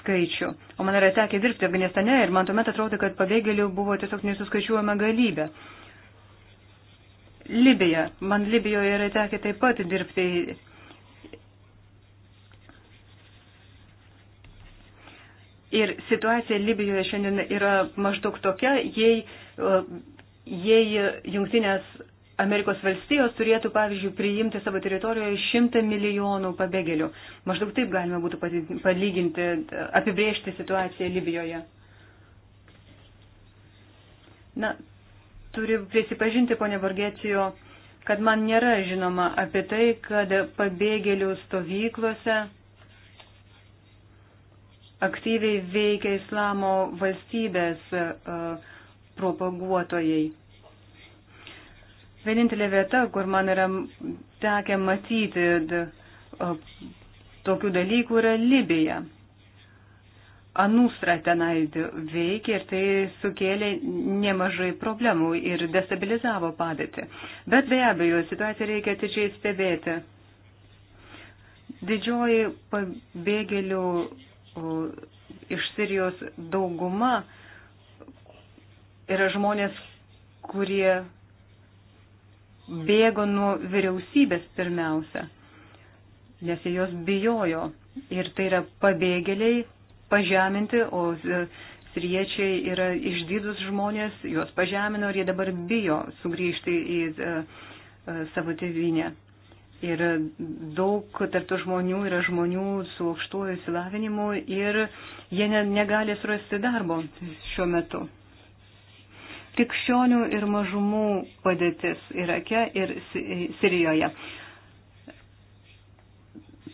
skaičių. O man yra tekę dirbti Afganistane ir man tuomet atrodo, kad pabėgėlių buvo tiesiog nesuskaičiuojama galybė. Libija. Man Libijoje yra tekę taip pat dirbti. Ir situacija Libijoje šiandien yra maždaug tokia, jei, jei jungtinės Amerikos valstijos turėtų, pavyzdžiui, priimti savo teritorijoje šimtą milijonų pabėgėlių. Maždaug taip galima būtų palyginti, apibriežti situaciją Libijoje. Na, turi prisipažinti, ponė Vargėcijo, kad man nėra žinoma apie tai, kad pabėgėlių stovyklose aktyviai veikia islamo valstybės e, propaguotojai. Vienintelė vieta, kur man yra tekę matyti e, tokių dalykų, yra Libija. Anustra tenai veikė ir tai sukėlė nemažai problemų ir destabilizavo padėtį. Bet be abejo, situaciją reikia atidžiai stebėti. Didžioji pabėgėlių iš Sirijos dauguma yra žmonės, kurie bėgo nuo vyriausybės pirmiausia, nes jie jos bijojo. Ir tai yra pabėgėliai, pažeminti, o e, siriečiai yra išdidus žmonės, juos pažemino ir jie dabar bijo sugrįžti į e, e, savo tėvynę. Ir daug tarptų žmonių yra žmonių su aukštuoju įsilavinimu ir jie ne, negali surasti darbo šiuo metu. Krikščionių ir mažumų padėtis Irake ir Sirijoje.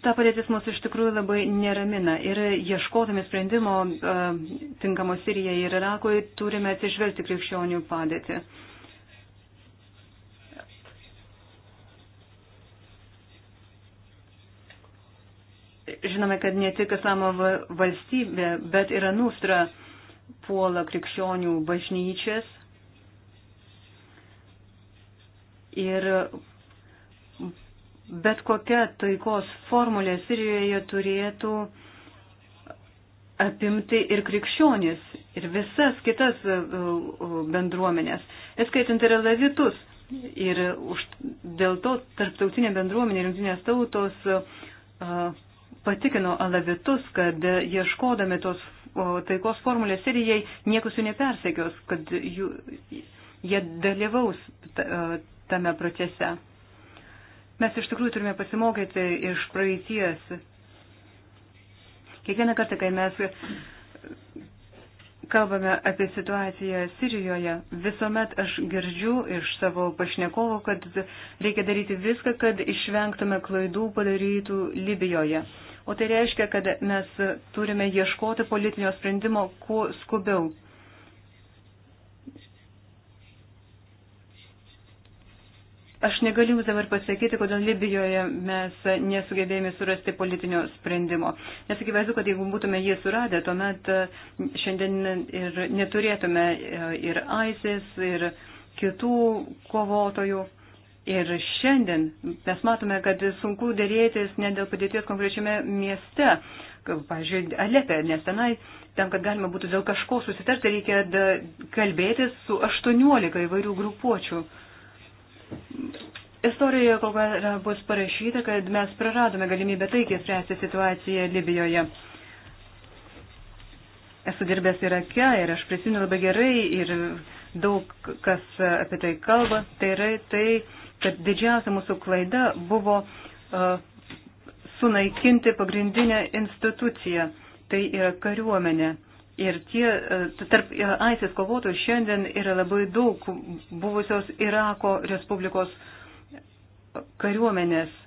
Ta padėtis mus iš tikrųjų labai neramina ir ieškodami sprendimo e, tinkamo Sirijai ir Irakui turime atsižvelgti krikščionių padėtį. Žinome, kad ne tik Islamo valstybė, bet ir Anustra puola krikščionių bažnyčias ir bet kokia taikos formulė Sirijoje turėtų apimti ir krikščionis, ir visas kitas e, e, bendruomenės, įskaitant ir levitus. Ir už, dėl to tarptautinė bendruomenė ir jungtinės tautos uh, patikino alavitus, kad ieškodami tos uh, taikos formulės Sirijai niekus jų nepersekios, kad jų, jie dalyvaus uh, tame procese. Mes iš tikrųjų turime pasimokyti iš praeities. Kiekvieną kartą, kai mes kalbame apie situaciją Sirijoje, visuomet aš girdžiu iš savo pašnekovo, kad reikia daryti viską, kad išvengtume klaidų padarytų Libijoje. O tai reiškia, kad mes turime ieškoti politinio sprendimo kuo skubiau. Aš negaliu jums dabar pasakyti, kodėl Libijoje mes nesugebėjome surasti politinio sprendimo. Nes akivaizdu, kad jeigu būtume jį suradę, tuomet e, šiandien ir neturėtume e, ir ISIS, ir kitų kovotojų. Ir šiandien mes matome, kad sunku dėrėtis ne dėl padėties konkrečiame mieste, pavyzdžiui, Alepė, nes tenai tam, kad galima būtų dėl kažko susitarti, reikia kalbėtis su 18 įvairių grupuočių. Istorijoje kol kas bus parašyta, kad mes praradome galimybę taikiai spręsti situaciją Libijoje. Esu dirbęs Irake ir aš prisimenu labai gerai ir daug kas apie tai kalba. Tai yra tai, kad didžiausia mūsų klaida buvo uh, sunaikinti pagrindinę instituciją. Tai yra kariuomenė. Uh, Ir tie, e, tarp e, ISIS kovotojų šiandien yra labai daug buvusios Irako Respublikos kariuomenės e,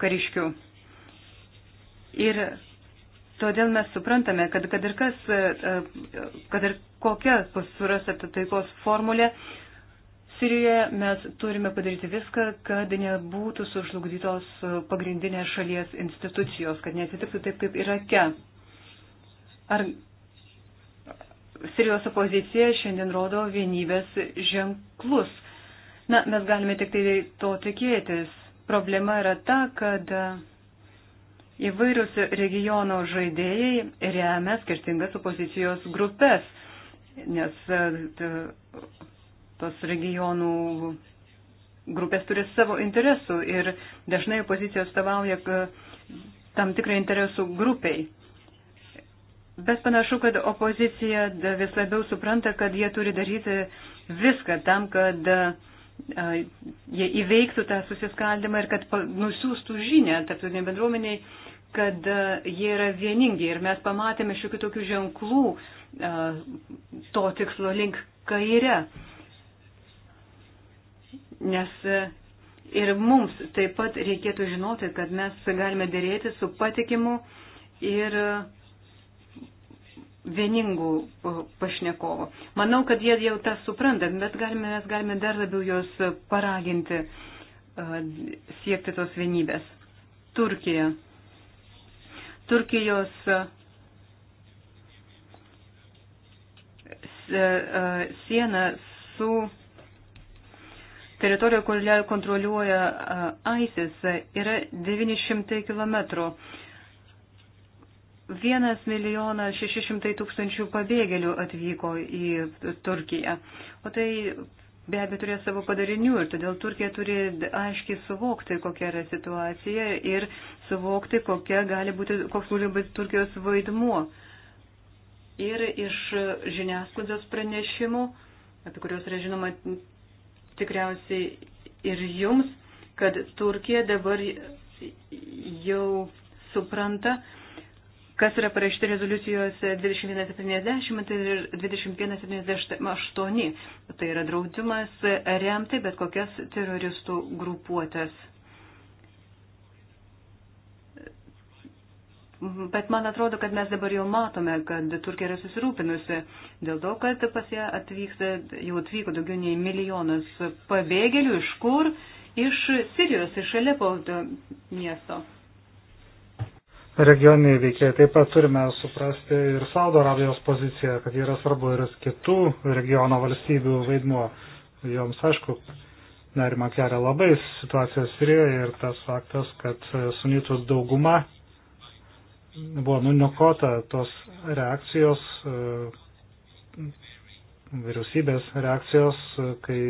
kariškių. Ir todėl mes suprantame, kad kad ir kas, kad ir kokia bus surasta taikos formulė, Sirijoje mes turime padaryti viską, kad nebūtų sužlugdytos pagrindinės šalies institucijos, kad nesitiktų taip kaip Irake. Ar Sirijos opozicija šiandien rodo vienybės ženklus? Na, mes galime tik tai to tikėtis. Problema yra ta, kad įvairius regiono žaidėjai remia skirtingas opozicijos grupės, nes e, tos regionų grupės turi savo interesų ir dažnai opozicija atstovauja e, tam tikrai interesų grupiai. Bet panašu, kad opozicija vis labiau supranta, kad jie turi daryti viską tam, kad jie įveiktų tą susiskaldimą ir kad nusiųstų žinę tarptautiniai bendruomeniai, kad jie yra vieningi. Ir mes pamatėme šiokių tokių ženklų to tikslo link kairę. Nes ir mums taip pat reikėtų žinoti, kad mes galime dėrėti su patikimu ir vieningų e, pašnekovų. Manau, kad jie jau tą supranta, bet galime, mes galime dar labiau juos paraginti e, siekti tos vienybės. Turkija. Turkijos e, siena su teritorija, kurią kontroliuoja ISIS, yra 900 km. Vienas milijonas šeši šimtai tūkstančių pabėgėlių atvyko į Turkiją. O tai be abejo turės savo padarinių ir todėl Turkija turi aiškiai suvokti, kokia yra situacija ir suvokti, gali būti, koks gali būti Turkijos vaidmuo. Ir iš žiniasklaidos pranešimų, apie kuriuos yra žinoma tikriausiai ir jums, kad Turkija dabar jau supranta, kas yra parašyti rezoliucijose 2170 tai ir 2178. Tai yra draudimas remti bet kokias teroristų grupuotės. Bet man atrodo, kad mes dabar jau matome, kad Turkija yra susirūpinusi dėl to, kad pas ją atvyksta, jau atvyko daugiau nei milijonas pabėgėlių. Iš kur? Iš Sirijos, iš Alepo miesto regioniniai veikėjai. Taip pat turime suprasti ir Saudo Arabijos poziciją, kad yra svarbu ir kitų regiono valstybių vaidmuo. Joms, aišku, nerima kelia labai situacija Sirijoje ir tas faktas, kad sunytų dauguma buvo nuniokota tos reakcijos, vyriausybės reakcijos, kai,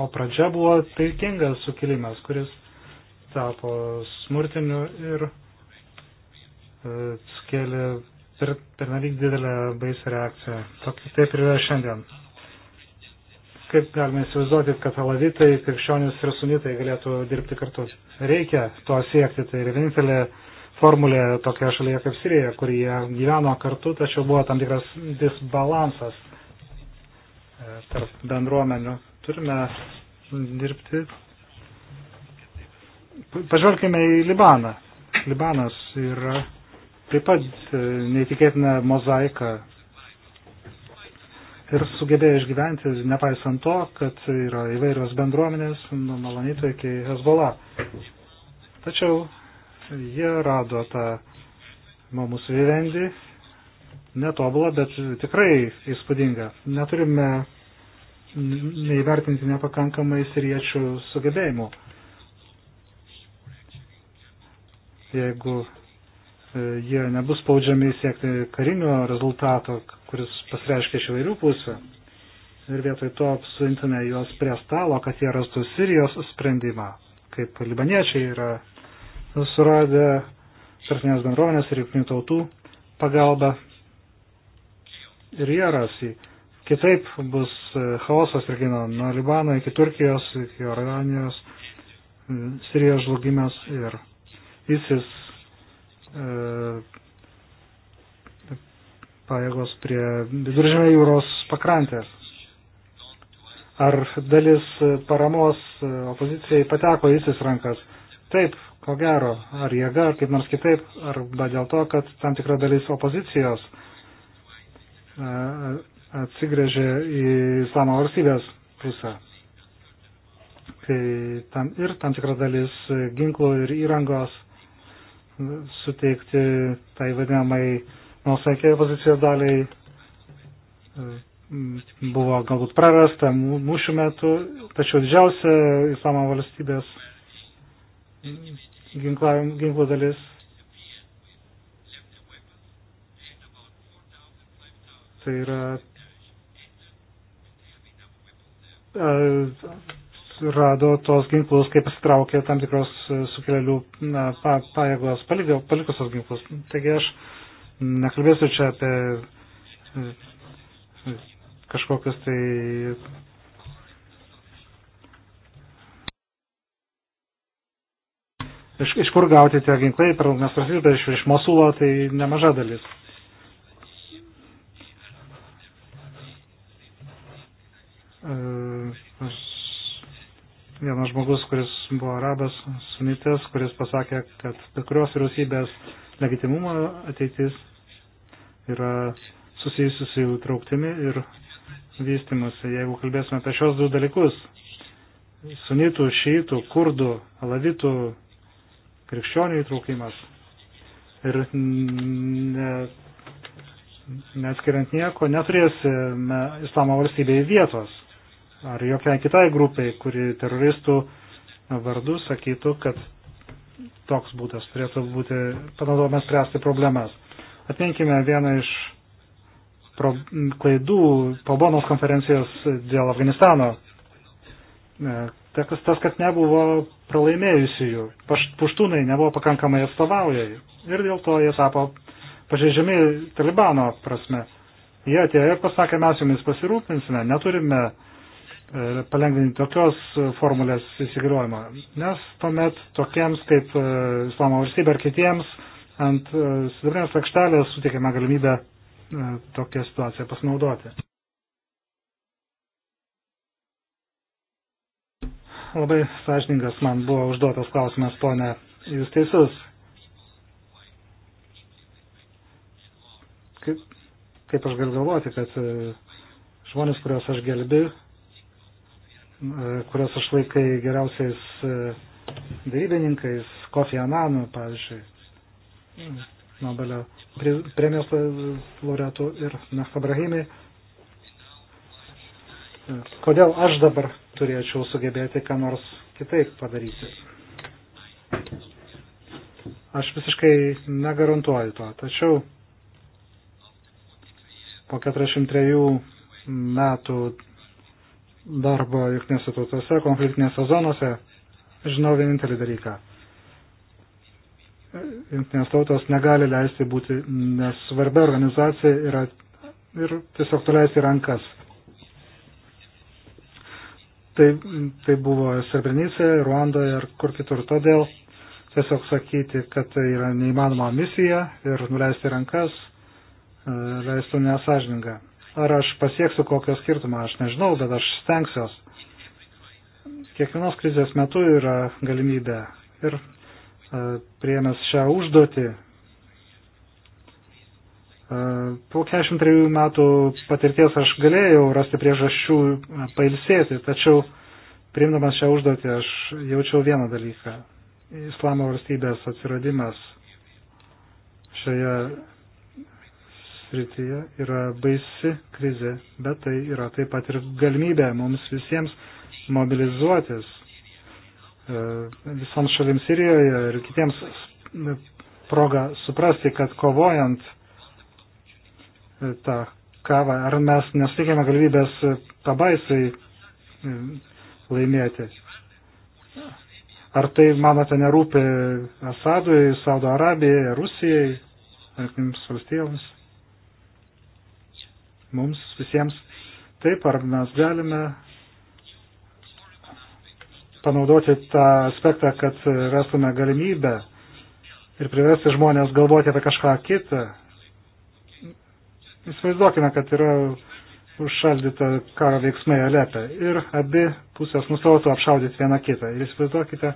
o pradžia buvo taikingas sukilimas, kuris tapo smurtiniu ir sukėlė per, pernelyg didelę baisę reakciją. Tokį taip ir yra šiandien. Kaip galime įsivaizduoti, kad alavitai, e krikščionis ir sunitai e galėtų dirbti kartu? Reikia to siekti. Tai yra vienintelė formulė tokia šalyje kaip Sirija, kur jie gyveno kartu, tačiau buvo tam tikras disbalansas tarp bendruomenių. Nu? Turime dirbti. Pažvelkime į e Libaną. Libanas yra taip pat e, neįtikėtiną mozaiką ir sugebėjo išgyventi, nepaisant to, kad yra įvairios bendruomenės, nuo Malonito iki Hezbollah. Tačiau jie rado tą mamus vivendį, netobulą, bet tikrai įspūdingą. Neturime neįvertinti nepakankamai siriečių sugebėjimų. Jeigu E, jie nebus spaudžiami siekti karinio rezultato, kuris pasireiškia iš įvairių pusių. Ir vietoj to suintame juos prie stalo, kad jie rastų Sirijos sprendimą, kaip libaniečiai yra suradę tarptautinės bendruomenės ir jungtinių tautų pagalbą. Ir jie ras jį. Kitaip bus e, chaosas regiono nuo Libano iki Turkijos, iki Jordanijos, e, Sirijos žlugimas ir ISIS e, pajėgos prie viduržėmio jūros pakrantės. Ar dalis paramos opozicijai pateko įsis rankas? Taip, ko gero, ar jėga, ar kaip nors kitaip, arba dėl to, kad tam tikra dalis opozicijos e, atsigrėžė į islamo valstybės pusę. Tai tam ir tam tikra dalis ginklų ir įrangos suteikti tai vadinamai nuosaikiai opozicijos daliai buvo galbūt prarasta mūšių metu, tačiau didžiausia islamo valstybės ginklų dalis. Tai yra rado tos ginklus, kaip pasitraukė tam tikros e, sukelių pa, pajėgos palikusios ginklus. Taigi aš nekalbėsiu čia apie e, kažkokius tai iš, iš kur gauti tie ginklai, per Jungtinės valstijas, bet iš, iš Mosulo tai nemaža dalis. E, vienas žmogus, kuris buvo arabas, sunitas, kuris pasakė, kad tikros vyriausybės legitimumo ateitis yra susijusi su jų trauktimi ir vystimusi. Jeigu kalbėsime apie šios du dalykus, sunitų, šeitų, kurdų, alavitų, krikščionių įtraukimas ir ne, neskiriant nieko, neturėsime islamo valstybėje vietos ar jokiai kitai grupiai, kuri teroristų vardu sakytų, kad toks būdas turėtų būti panaudojamas spręsti problemas. Atminkime vieną iš pro, klaidų po Bonos konferencijos dėl Afganistano. E, Tekas tas, kad nebuvo pralaimėjusiųjų, puštūnai nebuvo pakankamai atstovaujai ir dėl to jie tapo pažeidžiami talibano prasme. Jie atėjo ir pasakė, mes jumis pasirūpinsime, neturime uh, E, palengvinti tokios formulės įsigaliojimą, nes tuomet tokiems kaip e, Islamo valstybė ar kitiems ant e, sidabrinės lakštelės suteikiama galimybė tokią situaciją pasinaudoti. Labai sąžiningas man buvo užduotas klausimas, ponė, jūs teisus. Kaip, kaip aš galiu galvoti, kad žmonės, kuriuos aš gelbiu, E, kurias aš laikai geriausiais e, darybininkais, Kofi Ananu, pavyzdžiui, mm, Nobelio premijos laureatų ir Nahabrahimi. E, kodėl aš dabar turėčiau sugebėti ką nors kitaip padaryti? Aš visiškai negarantuoju to, tačiau po 43 metų darbą jungtinėse tautose, konfliktinėse zonose, žinau vienintelį dalyką. Jungtinės tautos negali leisti būti nesvarbia organizacija yra, ir tiesiog tuleisti rankas. Tai, tai buvo Srebrenice, Ruandoje ar kur kitur. Todėl tiesiog sakyti, kad tai yra neįmanoma misija ir nuleisti rankas, e, leistų nesažininga. Ar aš pasieksiu kokio skirtumą, aš nežinau, bet aš stengsiuos. Kiekvienos krizės metu yra galimybė. Ir e, priemęs šią užduotį, e, po 43 metų patirties aš galėjau rasti priežasčių e, pailsėti, tačiau priimdamas šią užduotį aš jaučiau vieną dalyką. Islamo valstybės atsiradimas šioje srityje yra baisi krizė, bet tai yra taip pat ir galimybė mums visiems mobilizuotis e, visoms šalims Sirijoje ir kitiems proga suprasti, kad kovojant e, tą kavą, ar mes nesuteikėme galimybės pabaisai e, laimėti. Ar tai, manote, nerūpi Asadui, Saudo Arabijai, Rusijai, ar jums valstijoms? mums visiems. Taip, ar mes galime panaudoti tą aspektą, kad rastume galimybę ir priversti žmonės galvoti apie kažką kitą. Įsivaizduokime, kad yra užšaldyta karo veiksmai Alepe ir abi pusės nustautų apšaudyti vieną kitą. Ir įsivaizduokite,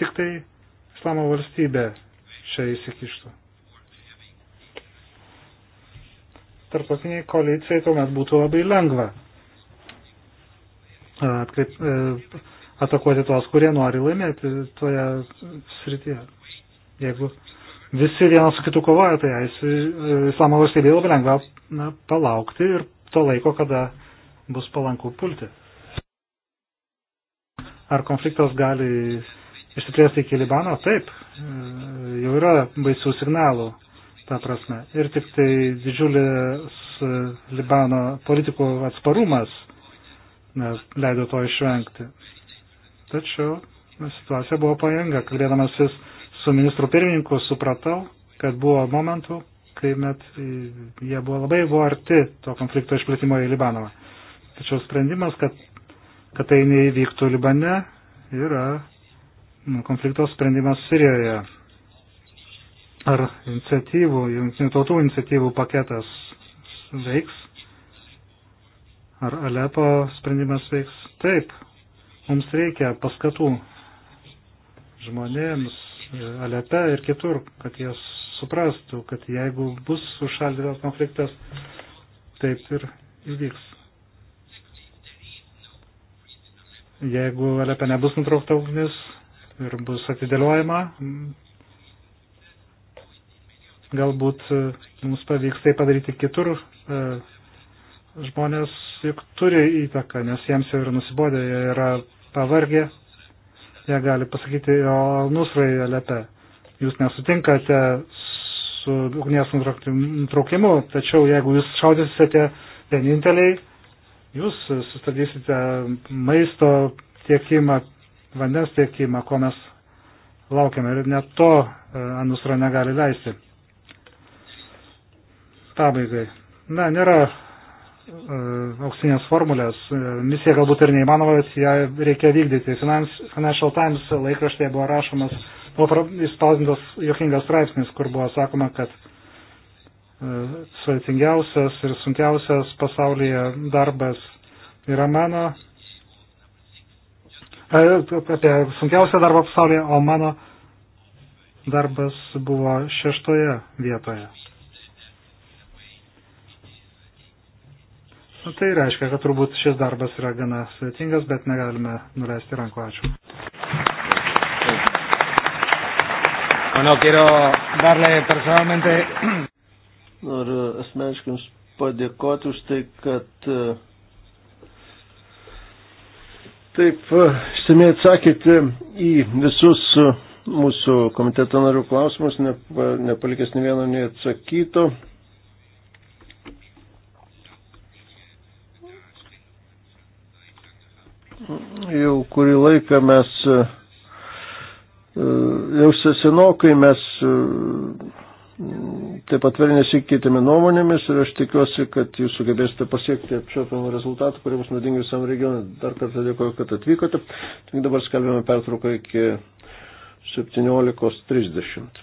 tik tai islamo valstybė čia įsikištų. tarptautiniai koalicijai tuomet būtų labai lengva e, atkreip, e, atakuoti tuos, kurie nori laimėti toje srityje. Jeigu visi vienas su kitu kovoja, tai e, islamo valstybėje labai lengva na, palaukti ir to laiko, kada bus palanku pulti. Ar konfliktas gali išsiplėsti iki Libano? Taip, jau yra baisių signalų ta prasme. Ir tik tai didžiulis e, Libano politikų atsparumas leido to išvengti. Tačiau situacija buvo pajanga. Kalbėdamasis su ministru pirmininku supratau, kad buvo momentų, kai net e, jie buvo labai buvo arti to konflikto išplėtimo į Libaną. Tačiau sprendimas, kad, kad tai neįvyktų Libane, yra konflikto sprendimas Sirijoje ar iniciatyvų, jungtinių tautų iniciatyvų paketas veiks, ar Alepo sprendimas veiks. Taip, mums reikia paskatų žmonėms Alepe ir kitur, kad jie suprastų, kad jeigu bus užšaldytas konfliktas, taip ir įvyks. Jeigu Alepe nebus nutraukta ugnis ir bus atidėliojama, galbūt e, mums pavyks tai padaryti kitur. E, žmonės juk turi įtaką, nes jiems jau yra nusibodę, jie yra pavargę, jie gali pasakyti, o nusrai Alepe, jūs nesutinkate su ugnies nutraukimu, tačiau jeigu jūs šaudysite vieninteliai, jūs sustabdysite maisto tiekimą, vandens tiekimą, ko mes laukiame ir net to e, Anusra negali leisti pabaigai. Na, nėra e, auksinės formulės. E, misija galbūt ir neįmanoma, bet ją reikia vykdyti. Finans, Financial Times laikraštėje buvo rašomas, buvo įspausdintas jokingas straipsnis, kur buvo sakoma, kad e, sveitingiausias ir sunkiausias pasaulyje darbas yra mano. E, apie sunkiausią darbą pasaulyje, o mano darbas buvo šeštoje vietoje. Nu, tai reiškia, kad turbūt šis darbas yra gana sudėtingas, bet negalime nuleisti rankų. Ačiū. Bueno, quiero darle personalmente. Noriu asmeniškai Jums padėkoti už tai, kad e, taip e, išsamei atsakėte į visus mūsų komiteto narių klausimus, nepalikęs ne vieną neatsakyto. jau kurį laiką mes, e, e, jau senokai mes e, taip pat vėl nesikeitėme nuomonėmis ir aš tikiuosi, kad jūs sugebėsite pasiekti apčiopiamų rezultatų, kurie bus naudingi visam regionui. Dar kartą dėkoju, kad atvykote. Tik dabar skelbėme pertrauką iki 17.30.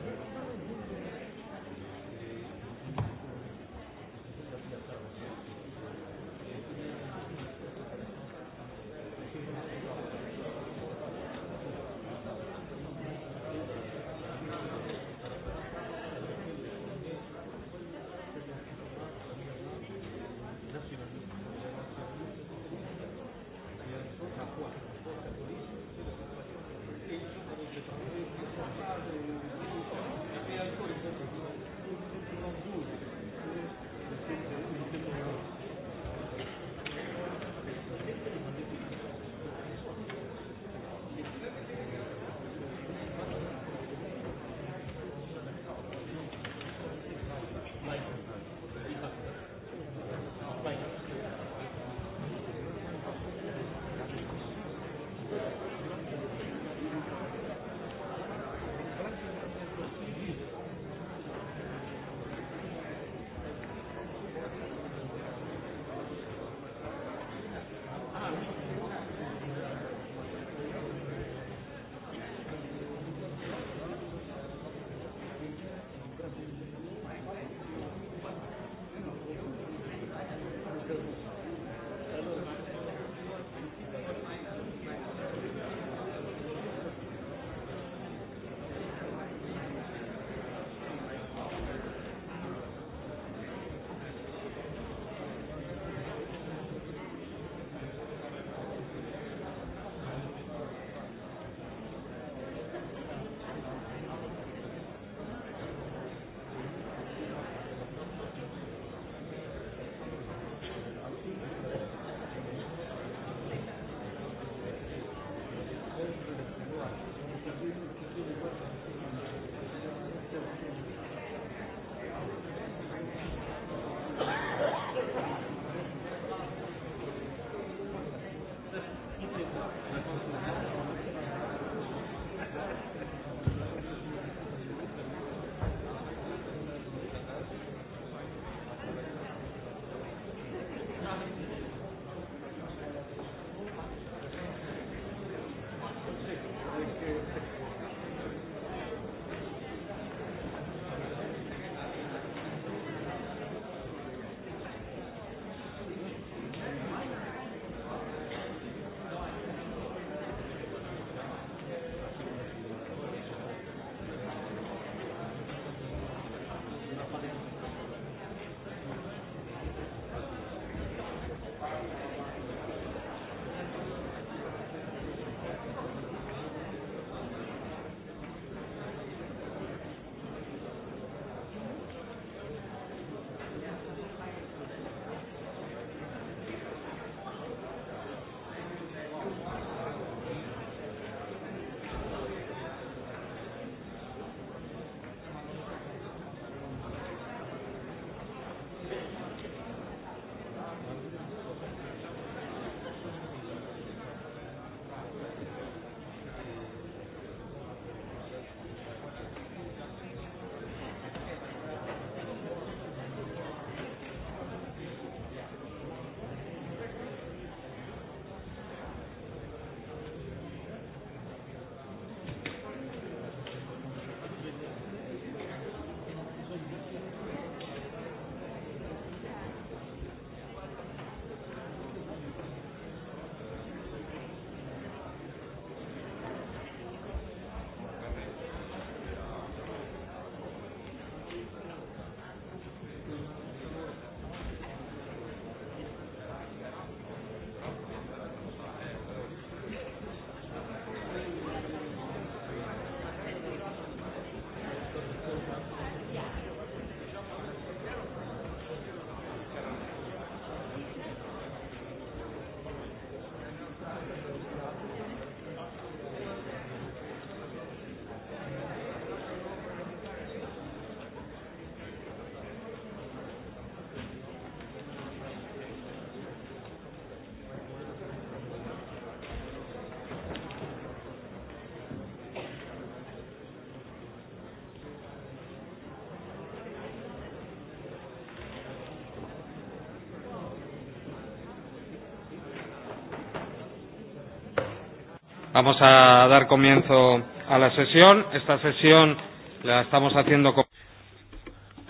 Vamos a dar comienzo a la sesión. Esta sesión la estamos haciendo con.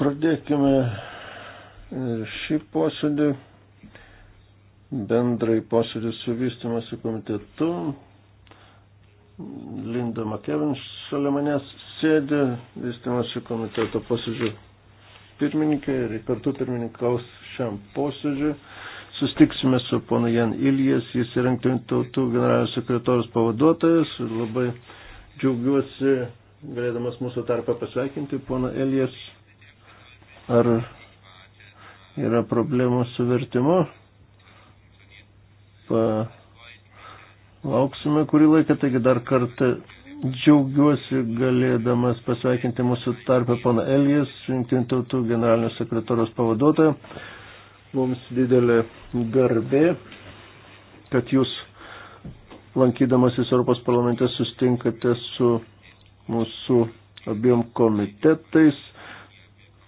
Pradėkime e, šį posėdį, bendrai posėdį su vystimasi komitetu. Linda Makevinš šalia manęs sėdi, vystimasi komiteto posėdžio pirmininkė ir kartu pirmininkaus šiam posėdžiui. Sustiksime su ponu Jan Ilijas, jis yra Junktinių tautų generalinio sekretorius pavaduotojas ir labai džiaugiuosi galėdamas mūsų tarpą pasveikinti poną Ilijas. Ar yra problemų su vertimu? Palauksime kurį laiką, taigi dar kartą džiaugiuosi galėdamas pasveikinti mūsų tarpę pana Elijas, jungtinių tautų generalinio sekretorijos pavaduotoją. Mums didelė garbė, kad jūs lankydamasis Europos parlamente sustinkate su mūsų abiem komitetais.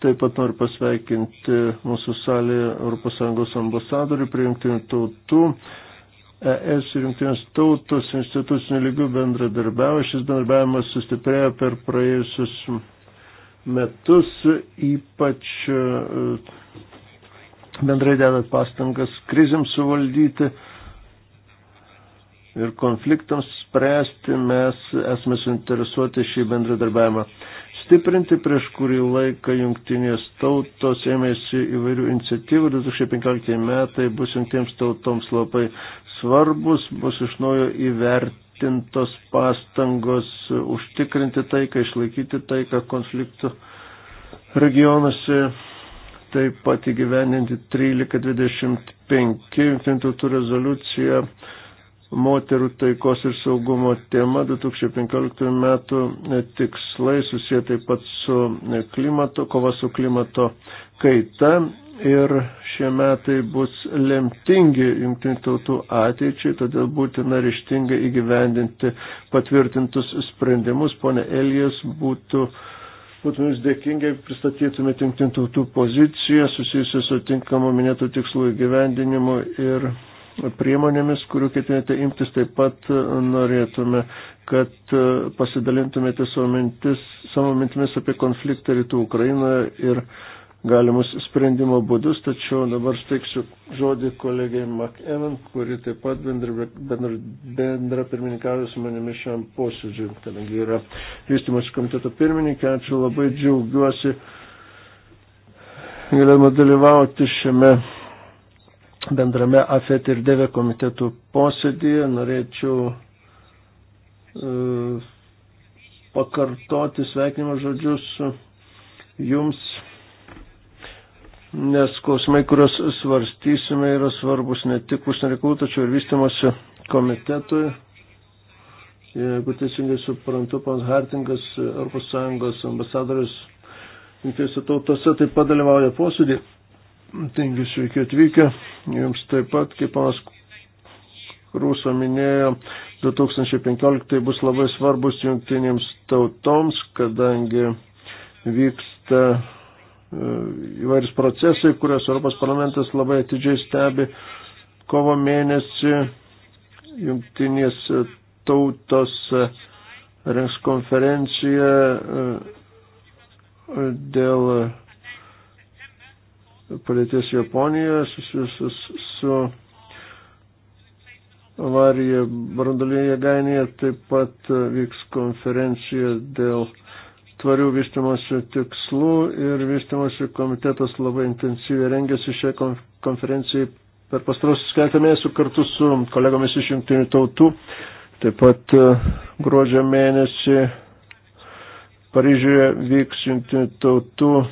Taip pat noriu pasveikinti mūsų salėje ES ambasadorių prie jungtinių tautų. ES ir jungtinės tautos institucinių lygių bendradarbiavo. Šis bendradarbiavimas sustiprėjo per praėjusius metus, ypač e, bendrai dedat pastangas krizėms suvaldyti ir konfliktams spręsti, mes esame suinteresuoti šį bendradarbiavimą. Stiprinti prieš kurį laiką jungtinės tautos ėmėsi įvairių iniciatyvų, 2015 metai bus jungtinėms tautoms labai svarbus, bus iš naujo įvertintos pastangos užtikrinti taiką, išlaikyti taiką konfliktų regionuose taip pat įgyveninti 1325 fintutų rezoliuciją moterų taikos ir saugumo tema 2015 metų tikslai susiję taip pat su klimato, kova su klimato kaita ir šie metai bus lemtingi jungtinių tautų ateičiai, todėl būtina ryštingai įgyvendinti patvirtintus sprendimus. Pone Elijas būtų uh, būtume jums dėkingi, jeigu pristatytumėte jungtinių tautų poziciją susijusią su tinkamu minėtų tikslų įgyvendinimu ir priemonėmis, kurių ketinate imtis, taip pat norėtume, kad pasidalintumėte savo, mintis, savo mintimis apie konfliktą rytų Ukrainoje ir galimus sprendimo būdus, tačiau dabar steiksiu žodį kolegijai McEwan, kuri taip pat bendra, bendra, bendra pirmininkavė su manimi šiam posėdžiui, kadangi yra vystimosi komiteto pirmininkė. Ačiū labai džiaugiuosi galima dalyvauti šiame bendrame AFET ir DEVE komitetų posėdėje. Norėčiau uh, pakartoti sveikinimo žodžius jums nes klausimai, kuriuos svarstysime, yra svarbus ne tik užsienio reikalų, tačiau ir vystimosi komitetui. Jeigu teisingai suprantu, pan Hartingas, ES ambasadorius jungtinėse tautose taip pat dalyvauja posėdį. Taigi sveiki atvykę. Jums taip pat, kaip panas Rūso minėjo, 2015 bus labai svarbus jungtinėms tautoms, kadangi vyksta įvairius procesai, kuriuos Europos parlamentas labai atidžiai stebi. Kovo mėnesį jungtinės tautos e, rengs konferenciją e, dėl padėties Japonijoje susijusius su avarija brandalinėje gainėje. Taip pat e, vyks konferencija dėl tvarių vystimosi tikslų ir vystimosi komitetas labai intensyviai rengėsi šiai konferencijai per pastarosius keletą mėnesių kartu su kolegomis iš jungtinių tautų. Taip pat e, gruodžio mėnesį Paryžiuje vyks jungtinių tautų e,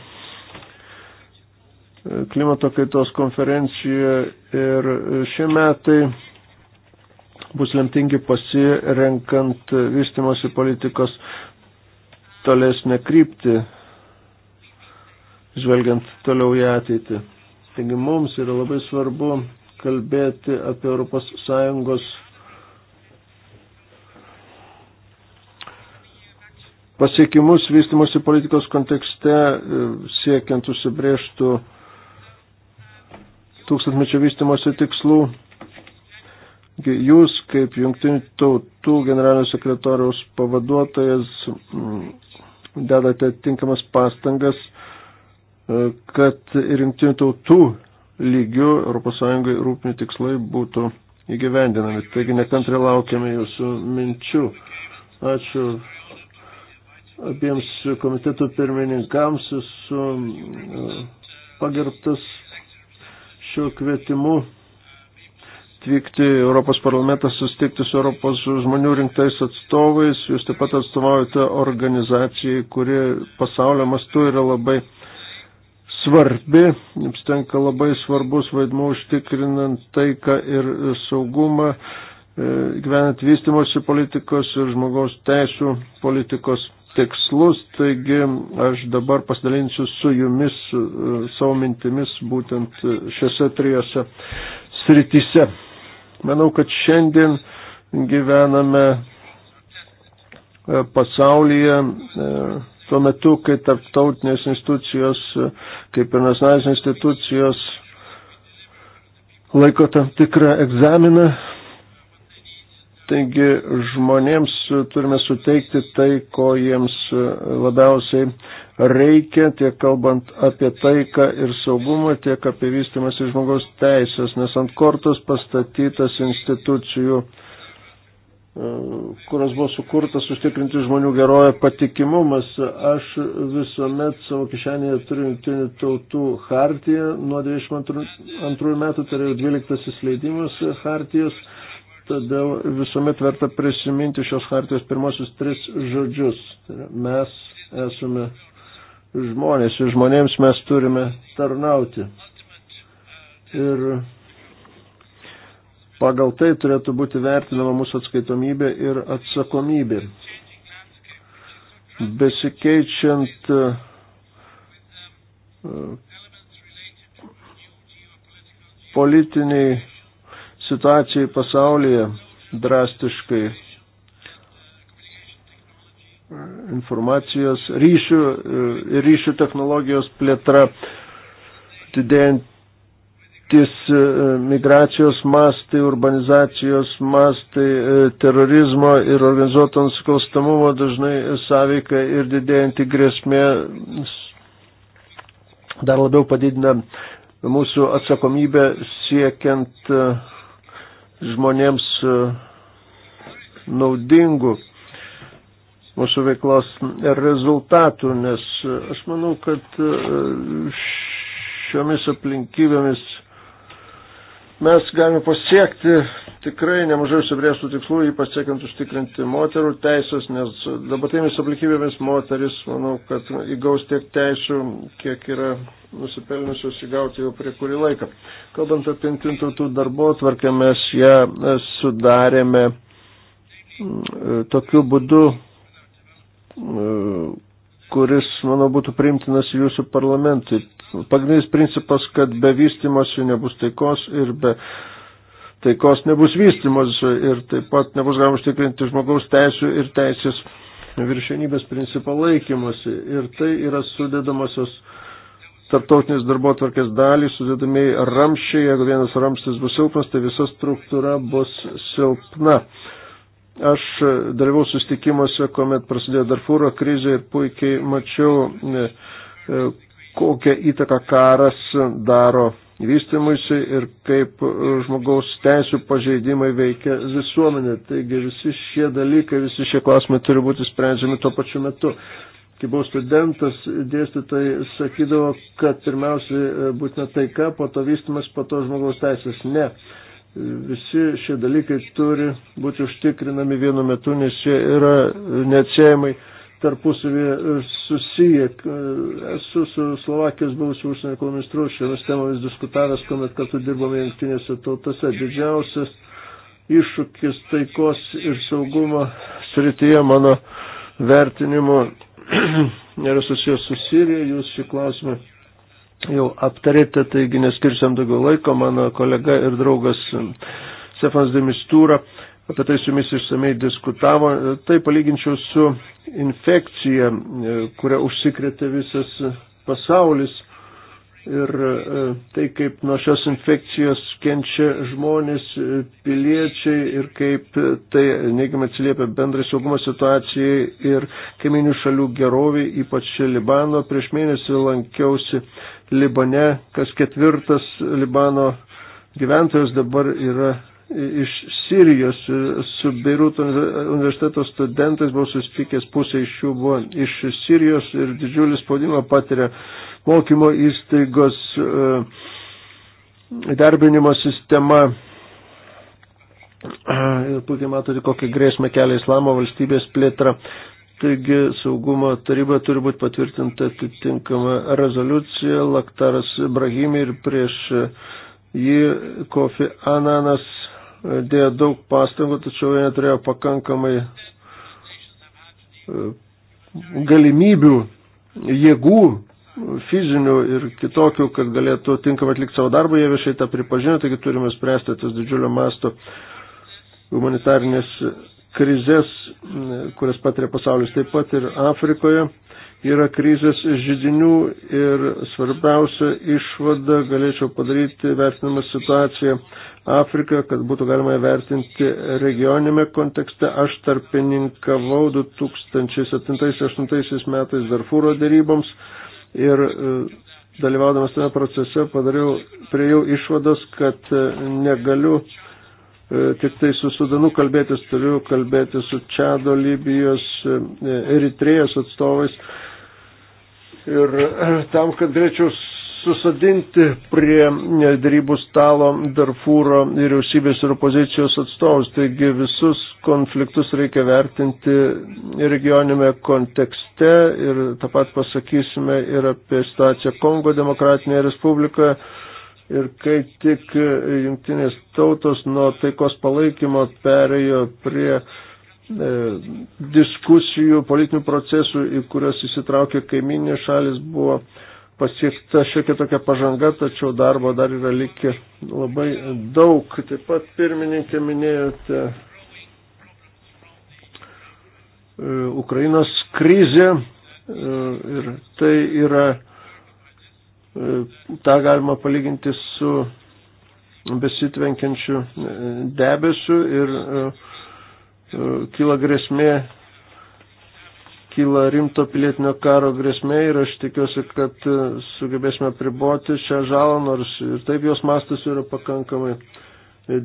klimato kaitos konferencija ir šie metai bus lemtingi pasirenkant vystimosi politikos tolesnę kryptį, žvelgiant toliau į ateitį. Taigi mums yra labai svarbu kalbėti apie ES pasiekimus vystimosi politikos kontekste, e, siekiant užsibrėžtų tūkstantmečio vystimosi tikslų. Jūs, kaip jungtinių tautų generalinio sekretoriaus pavaduotojas, dedate tinkamas pastangas, e, kad ir jungtinių tautų lygių ES rūpinių tikslai būtų įgyvendinami. Taigi nekantri laukiame jūsų minčių. Ačiū abiems komitetų pirmininkams su e, pagerbtas šiuo kvietimu atvykti Europos parlamentas susitikti su Europos žmonių rinktais atstovais. Jūs taip pat atstovaujate organizacijai, kuri pasaulio mastu yra labai svarbi. Jums tenka labai svarbus vaidmuo užtikrinant taiką ir saugumą, e, gyvenant vystimosi politikos ir žmogaus teisų politikos tikslus, taigi aš dabar pasidalinsiu su jumis e, savo mintimis būtent e, šiuose trijose srityse. Manau, kad šiandien gyvename e, pasaulyje e, tuo metu, kai tarptautinės institucijos, e, kaip ir nacionalinės institucijos, laiko tam tikrą egzaminą. Taigi žmonėms turime suteikti tai, ko jiems labiausiai reikia, tiek kalbant apie taiką ir saugumą, tiek apie vystimas į žmogaus teisės, nes ant kortos pastatytas institucijų, e, kurios buvo sukurtas užtikrinti žmonių geroje patikimumas. Aš visuomet savo kišenėje turiu jungtinių tautų hartiją nuo 92 metų, tai yra 12 leidimas hartijos. Todėl visuomet verta prisiminti šios hartijos pirmosius tris žodžius. Tai yra, mes esame žmonės ir žmonėms mes turime tarnauti. Ir pagal tai turėtų būti vertinama mūsų atskaitomybė ir atsakomybė. Besikeičiant e, politiniai situacijai pasaulyje drastiškai informacijos ryšių ir e, ryšių technologijos plėtra, didėjantis e, migracijos mastai, urbanizacijos mastai, e, terorizmo ir organizuoto nusikalstamumo dažnai sąveika ir didėjanti grėsmė dar labiau padidina mūsų atsakomybę siekiant žmonėms naudingų mūsų veiklos rezultatų, nes aš manau, kad e, šiomis aplinkybėmis mes galime pasiekti tikrai nemažai užsibrėžtų tikslų, ypač siekiant užtikrinti moterų teisės, nes dabartinėmis aplinkybėmis moteris, manau, kad įgaus tiek teisų, kiek yra nusipelniusios įgauti jau prie kurį laiką. Kalbant apie jungtintautų darbo tvarkę, mes ją sudarėme tokiu būdu, E, kuris, manau, būtų priimtinas jūsų parlamentui. Pagrindinis principas, kad be vystimosi nebus taikos ir be taikos nebus vystimosi ir taip pat nebus galima užtikrinti žmogaus teisų ir teisės viršenybės principo laikymosi. Ir tai yra sudėdamosios tarptautinės darbo tvarkės dalį, sudėdamiai ramščiai, jeigu vienas ramštis bus silpnas, tai visa struktūra bus silpna. Aš dalyvau sustikimuose, kuomet prasidėjo Darfūro krizė ir puikiai mačiau, e, e, kokią įtaką karas daro vystimuisi ir kaip žmogaus teisų pažeidimai veikia visuomenė. Taigi visi šie dalykai, visi šie klausimai turi būti sprendžiami tuo pačiu metu. Kai buvau studentas, dėstytojai sakydavo, kad pirmiausia e, būtina taika, po to vystimas, po to žmogaus teisės. Ne. Visi šie dalykai turi būti užtikrinami vienu metu, nes jie yra neatsiejamai tarpusavį susiję. Esu su Slovakijos buvusiu užsienio reikalų ministru šiomis temomis diskutavęs, kuomet kartu dirbome jungtinėse tautose. Didžiausias iššūkis taikos ir saugumo srityje mano vertinimu yra susijęs su Sirija. Jūs šį klausimą jau aptarėte, taigi neskirsiam daugiau laiko, mano kolega ir draugas Stefans Demistūra apie tai su jumis išsamei diskutavo. Tai palyginčiau su infekcija, kurią užsikrėtė visas pasaulis ir e, tai, kaip nuo šios infekcijos kenčia žmonės, e, piliečiai ir kaip tai neigiamai atsiliepia bendrai saugumo situacijai ir kaiminių šalių geroviai, ypač Libano. Prieš mėnesį lankiausi Libane kas ketvirtas Libano gyventojas dabar yra iš Sirijos. Su Beiruto universiteto studentais buvau susitikęs, pusė iš jų buvo iš Sirijos ir didžiulį spaudimą patiria mokymo įstaigos įdarbinimo e, sistema. Ir e, puikiai matote, kokią grėsmę kelia islamo valstybės plėtra. Taigi saugumo taryba turi būti patvirtinta atitinkama rezoliucija. Laktaras Brahimi ir prieš jį Kofi Ananas dėjo daug pastangų, tačiau jie neturėjo pakankamai e, galimybių, jėgų fizinių ir kitokių, kad galėtų tinkamai atlikti savo darbą, jie viešai tą pripažino, taigi turime spręsti tas didžiulio masto humanitarnės krizės, kurias patiria pasaulis taip pat ir Afrikoje. Yra krizės žydinių ir svarbiausia išvada galėčiau padaryti vertinamą situaciją Afrikoje, kad būtų galima vertinti regioninėme kontekste. Aš tarpininkavau 2007-2008 metais Darfūro daryboms ir e, dalyvaudamas tame procese padariau, priejau išvados, kad e, negaliu E, tik tai su Sudanu kalbėtis, turiu kalbėti su Čado, Libijos, e, Eritrėjos atstovais. Ir e, tam, kad greičiau susadinti prie darybų stalo Darfūro vyriausybės ir opozicijos atstovus. Taigi visus konfliktus reikia vertinti regionime kontekste ir tą pat pasakysime ir apie situaciją Kongo demokratinėje respublikoje ir kai tik jungtinės tautos nuo taikos palaikymo perėjo prie e, diskusijų, politinių procesų, į kurias įsitraukė kaiminė šalis, buvo pasiekta šiokia tokia pažanga, tačiau darbo dar yra likę labai daug. Taip pat pirmininkė minėjote e, Ukrainos krizę e, ir tai yra E, tą galima palyginti su besitvenkiančiu e, debesiu ir e, kyla grėsmė, kyla rimto pilietinio karo grėsmė ir aš tikiuosi, kad sugebėsime priboti šią žalą, nors ir taip jos mastas yra pakankamai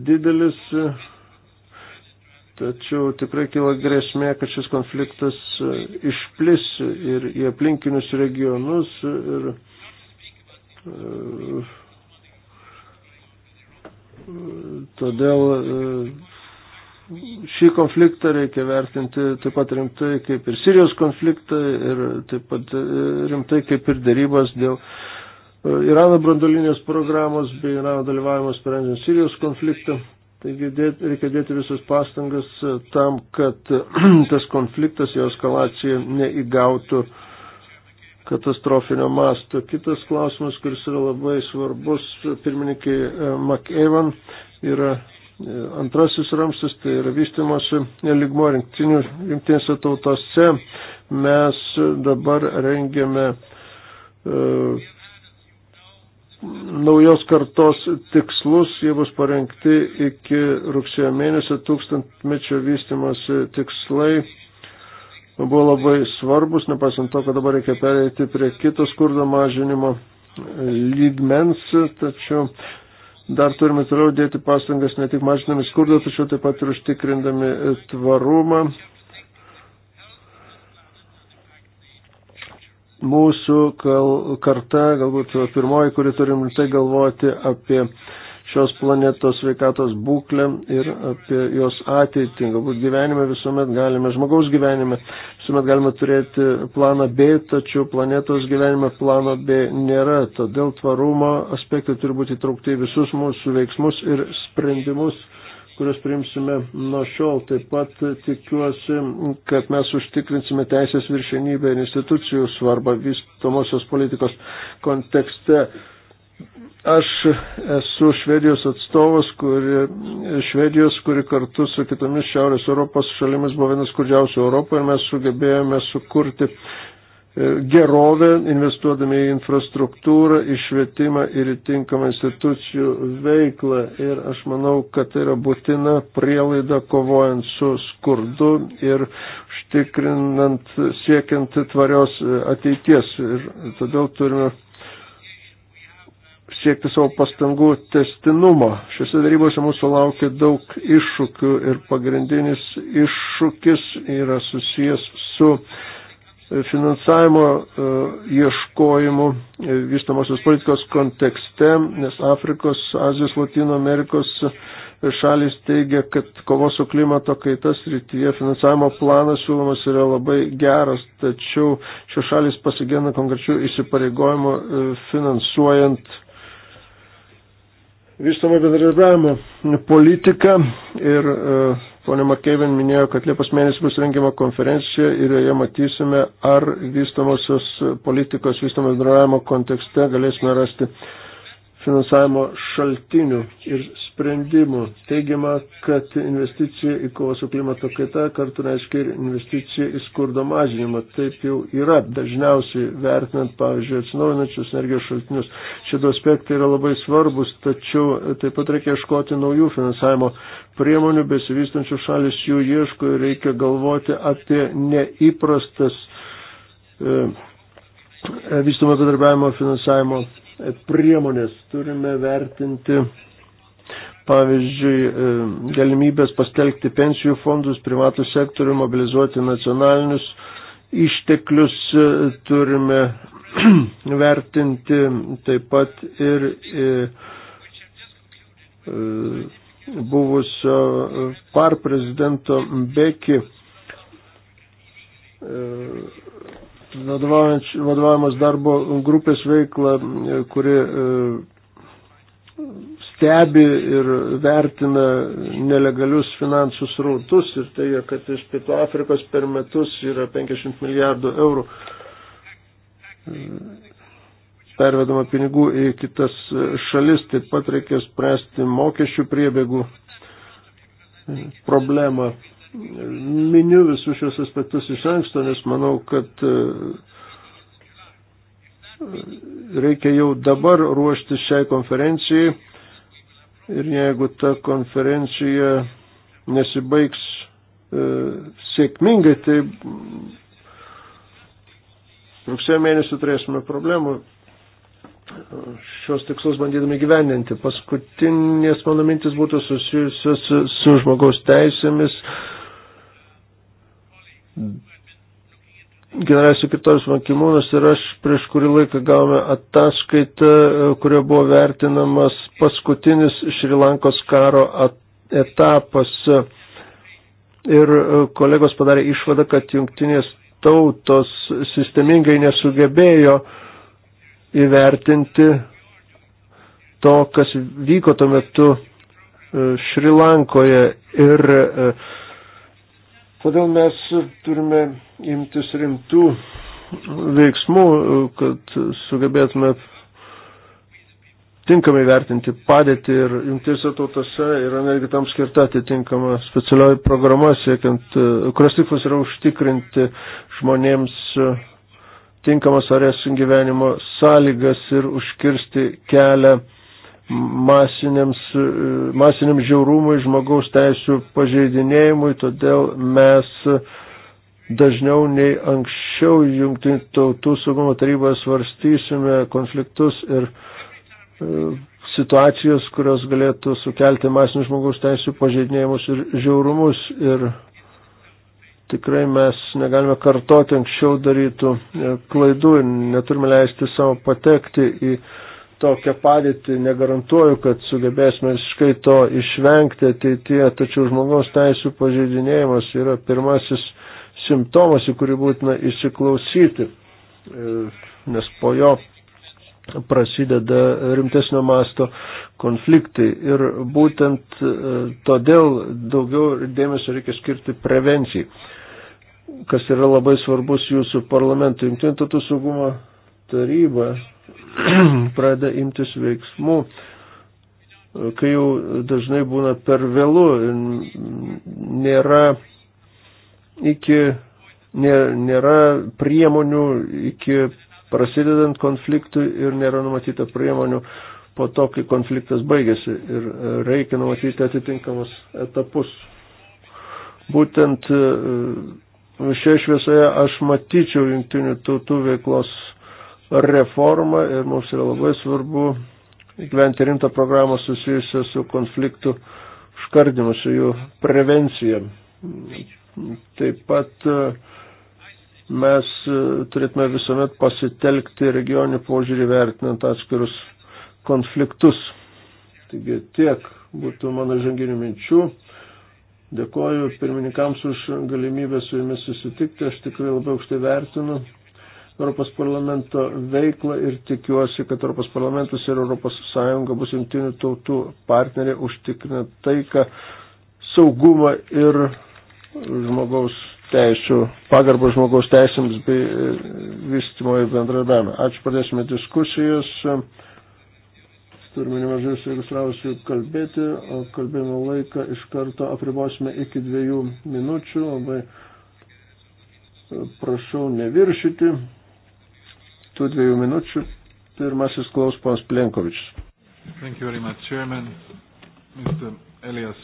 didelis. Tačiau tikrai kyla grėsmė, kad šis konfliktas išplis ir į aplinkinius regionus ir Todėl e, šį konfliktą reikia vertinti taip pat rimtai kaip ir Sirijos konfliktą ir taip pat e, rimtai kaip ir dėrybas dėl e, Irano brandolinės programos bei Irano dalyvavimas sprendžiant Sirijos konfliktą. Taigi dėt, reikia dėti visas pastangas tam, kad tas konfliktas, jo eskalacija neįgautų uh, katastrofinio masto. Kitas klausimas, kuris yra labai svarbus, pirmininkai e, McEvan, yra e, antrasis ramstis, tai yra vystimosi lygmo rinktinėse tautose. Mes dabar rengiame uh, naujos kartos tikslus, jie bus parengti iki rugsėjo mėnesio tūkstantmečio vystimosi tikslai buvo labai svarbus, nepaisant to, kad dabar reikia pereiti prie kito skurdo mažinimo lygmens, tačiau dar turime toliau dėti pastangas ne tik mažinami skurdą, tačiau taip pat ir užtikrindami tvarumą. Mūsų karta, galbūt pirmoji, kuri turim tai galvoti apie šios planetos sveikatos būklę ir apie jos ateitį. Galbūt gyvenime visuomet galime, žmogaus gyvenime visuomet galime turėti planą B, tačiau planetos gyvenime plano B nėra. Todėl tvarumo aspektai turi būti įtraukti į visus mūsų veiksmus ir sprendimus kuriuos priimsime nuo šiol. Taip pat tikiuosi, kad mes užtikrinsime teisės viršenybę ir institucijų svarbą vystomosios politikos kontekste. Aš esu Švedijos atstovas, kuri, Švedijos, kuri kartu su kitomis Šiaurės Europos šalimis buvo vienas skurdžiausių Europoje ir mes sugebėjome sukurti e, gerovę, investuodami į infrastruktūrą, į švietimą ir į tinkamą institucijų veiklą. Ir aš manau, kad tai yra būtina prielaida kovojant su skurdu ir užtikrinant, siekiant tvarios e, ateities. Ir todėl turime siekti savo pastangų testinumo. Šiuose darybose mūsų laukia daug iššūkių ir pagrindinis iššūkis yra susijęs su e, finansavimo e, ieškojimu e, vystamosios politikos kontekste, nes Afrikos, Azijos, Latino Amerikos šalis teigia, kad kovos su klimato kaitas rytyje finansavimo planas siūlomas yra labai geras, tačiau šios šalis pasigėna konkrečių įsipareigojimų finansuojant vystoma bendradarbiavimo politika ir e, Pone Makeivin minėjo, kad Liepos mėnesį bus rengiama konferencija ir joje matysime, ar vystamosios politikos, vystamas bendravimo kontekste galėsime rasti finansavimo šaltinių ir sprendimų. Teigiama, kad investicija į kovą su klimato kaita kartu reiškia ir investicija į skurdo mažinimą. Taip jau yra, dažniausiai vertinant, pavyzdžiui, atsinaujinančius energijos šaltinius. Šie du aspektai yra labai svarbus, tačiau taip pat reikia ieškoti naujų finansavimo priemonių, besivystančių šalis jų ieško ir reikia galvoti apie neįprastas e, vystumo bendradarbiavimo finansavimo priemonės turime vertinti pavyzdžiui, e, galimybės pastelgti pensijų fondus, privatų sektorių, mobilizuoti nacionalinius išteklius e, turime vertinti taip pat ir e, buvusio par prezidento Beki vadovaujamas darbo grupės veikla, kuri stebi ir vertina nelegalius finansų srautus ir tai, kad iš Pietų Afrikos per metus yra 50 milijardų eurų e, pervedama pinigų į kitas šalis, taip pat reikės spręsti mokesčių priebėgų e, problemą. Miniu visus šios aspektus iš anksto, nes manau, kad e, reikia jau dabar ruoštis šiai konferencijai ir jeigu ta konferencija nesibaigs e, sėkmingai, tai rugsėjo mėnesį turėsime problemų šios tikslus bandydami gyvendinti. Paskutinės mano mintis būtų susijusios su, su žmogaus teisėmis generalinis sekretorius Vankimūnas ir aš prieš kurį laiką gavome ataskaitą, kurio buvo vertinamas paskutinis Šrilankos karo etapas. Ir e, kolegos padarė išvadą, kad jungtinės tautos sistemingai nesugebėjo įvertinti to, kas vyko tuo metu e, Šrilankoje. Ir e, todėl mes turime imtis rimtų veiksmų, kad sugebėtume tinkamai vertinti padėtį ir jungtinėse tautose yra netgi tam skirta atitinkama specialioji programa, siekiant, kurios tikslas yra užtikrinti žmonėms tinkamas arės gyvenimo sąlygas ir užkirsti kelią masiniams, masiniam žiaurumui, žmogaus teisų pažeidinėjimui, todėl mes dažniau nei anksčiau jungtinių tautų saugumo taryboje svarstysime konfliktus ir e, situacijos, kurios galėtų sukelti masinius žmogaus teisų pažeidinėjimus ir žiaurumus. Ir tikrai mes negalime kartoti anksčiau darytų e, klaidų ir neturime leisti savo patekti į tokią padėtį, negarantuoju, kad sugebėsime visiškai to išvengti ateityje, tačiau žmogaus teisų pažeidinėjimas yra pirmasis simptomas, į kurį būtina įsiklausyti, e, nes po jo prasideda rimtesnio masto konfliktai. Ir būtent e, todėl daugiau dėmesio reikia skirti prevencijai, kas yra labai svarbus jūsų parlamento jungtinių tautų saugumo taryba pradeda imtis veiksmų, e, kai jau dažnai būna per vėlų ir nėra iki nėra priemonių iki prasidedant konfliktui ir nėra numatyta priemonių po to, kai konfliktas baigėsi ir reikia numatyti atitinkamus etapus. Būtent e, šioje šviesoje aš matyčiau jungtinių tautų veiklos reformą ir mums yra labai svarbu gyventi rimtą programą susijusią su konfliktų užkardimu, su jų prevencija Taip pat e, mes e, turėtume visuomet pasitelkti regioninį požiūrį vertinant atskirus konfliktus. Taigi tiek būtų mano žanginių minčių. Dėkoju pirmininkams už galimybę su jumis susitikti. Aš tikrai labai aukštai vertinu Europos parlamento veiklą ir tikiuosi, kad Europos parlamentas ir Europos Sąjunga bus jungtinių tautų partneriai užtikrinę taiką, saugumą ir žmogaus teisų, pagarbą žmogaus teisėms bei e, vystimo ir bendradarbiavimą. Ačiū, pradėsime diskusijas. Turime nemažai suregistravusių kalbėti, o kalbėjimo laiką iš karto apribosime iki dviejų minučių. Labai e, prašau neviršyti tų dviejų minučių. Pirmasis klaus pons Plenkovičius. Thank you very much, Chairman. Mr. Elias.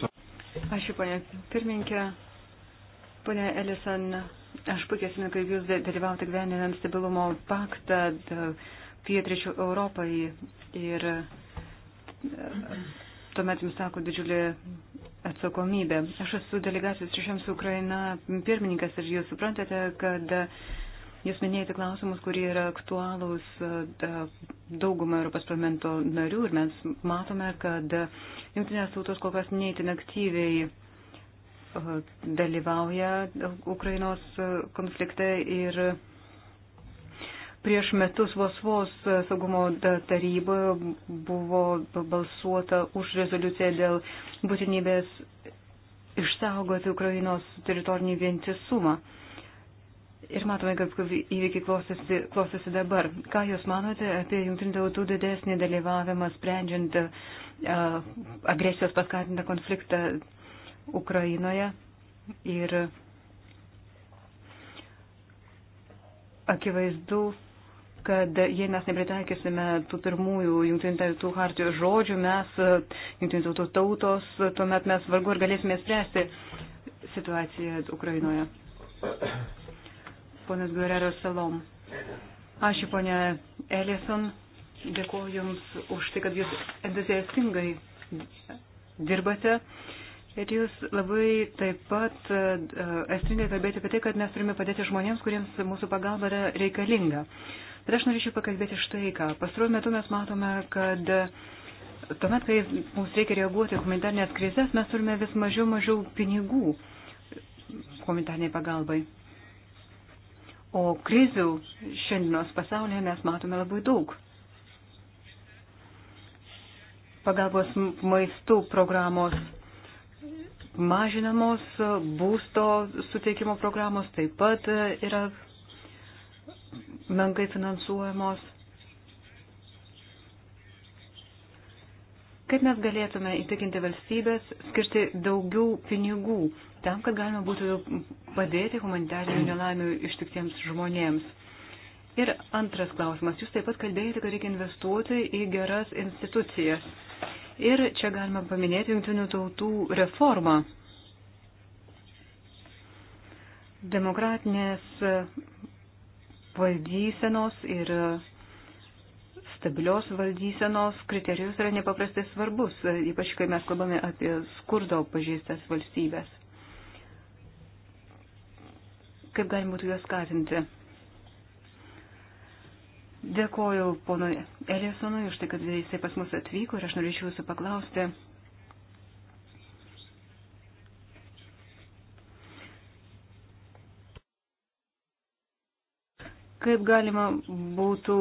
Ačiū, panė pirmininkė. Pone Elison, aš puikiai atsimenu, kaip jūs dalyvavote gyveninant stabilumo paktą pietričių Europai ir e, tuomet jums sako didžiulė atsakomybė. Aš esu delegacijos ryšiams su Ukraina pirmininkas ir jūs suprantate, kad Jūs minėjote klausimus, kurie yra aktualūs e, daugumą Europos parlamento narių ir mes matome, kad jungtinės tautos kol kas neįtin aktyviai dalyvauja Ukrainos konflikte ir prieš metus vos vos saugumo taryboje buvo balsuota už rezoliuciją dėl būtinybės išsaugoti Ukrainos teritorinį vientisumą. Ir matome, kad įvykiai klostosi, klostosi dabar. Ką Jūs manote apie jungtinių tautų didesnį dalyvavimą sprendžiant uh, agresijos paskatintą konfliktą uh, Ukrainoje ir akivaizdu, kad jei mes nepritaikysime tų pirmųjų jungtinių tautų hartijos žodžių, mes, jungtinių tautų tautos, tuomet mes vargu ar galėsime spręsti situaciją Ukrainoje. Ponas Guerrero Salom. Ačiū, ponė Elison. Dėkuoju Jums už tai, kad Jūs entuziastingai dirbate. Uh, Ir jūs labai taip pat estringai e, kalbėjote apie tai, kad mes turime padėti žmonėms, kuriems mūsų pagalba yra reikalinga. Bet aš norėčiau pakalbėti štai ką. Pastaruoju metu mes matome, kad e, tuomet, kai mums reikia reaguoti į humanitarnės krizės, mes turime vis mažiau mažiau pinigų humanitarniai pagalbai. O krizių šiandienos pasaulyje mes matome labai daug pagalbos maistų programos mažinamos būsto suteikimo programos taip pat yra menkai finansuojamos. Kaip mes galėtume įtikinti valstybės skirti daugiau pinigų tam, kad galima būtų padėti humanitarinių nelaimių ištiktiems žmonėms? Ir antras klausimas. Jūs taip pat kalbėjote, kad reikia investuoti į geras institucijas. Ir čia galima paminėti jungtinių tautų reformą. Demokratinės valdysenos ir stabilios valdysenos kriterijus yra nepaprastai svarbus, ypač kai mes kalbame apie skurdo pažįstas valstybės. Kaip galima būtų juos skatinti? Dėkoju ponui Elisonui už tai, kad jisai pas mus atvyko ir aš norėčiau jūsų paklausti. Kaip galima būtų,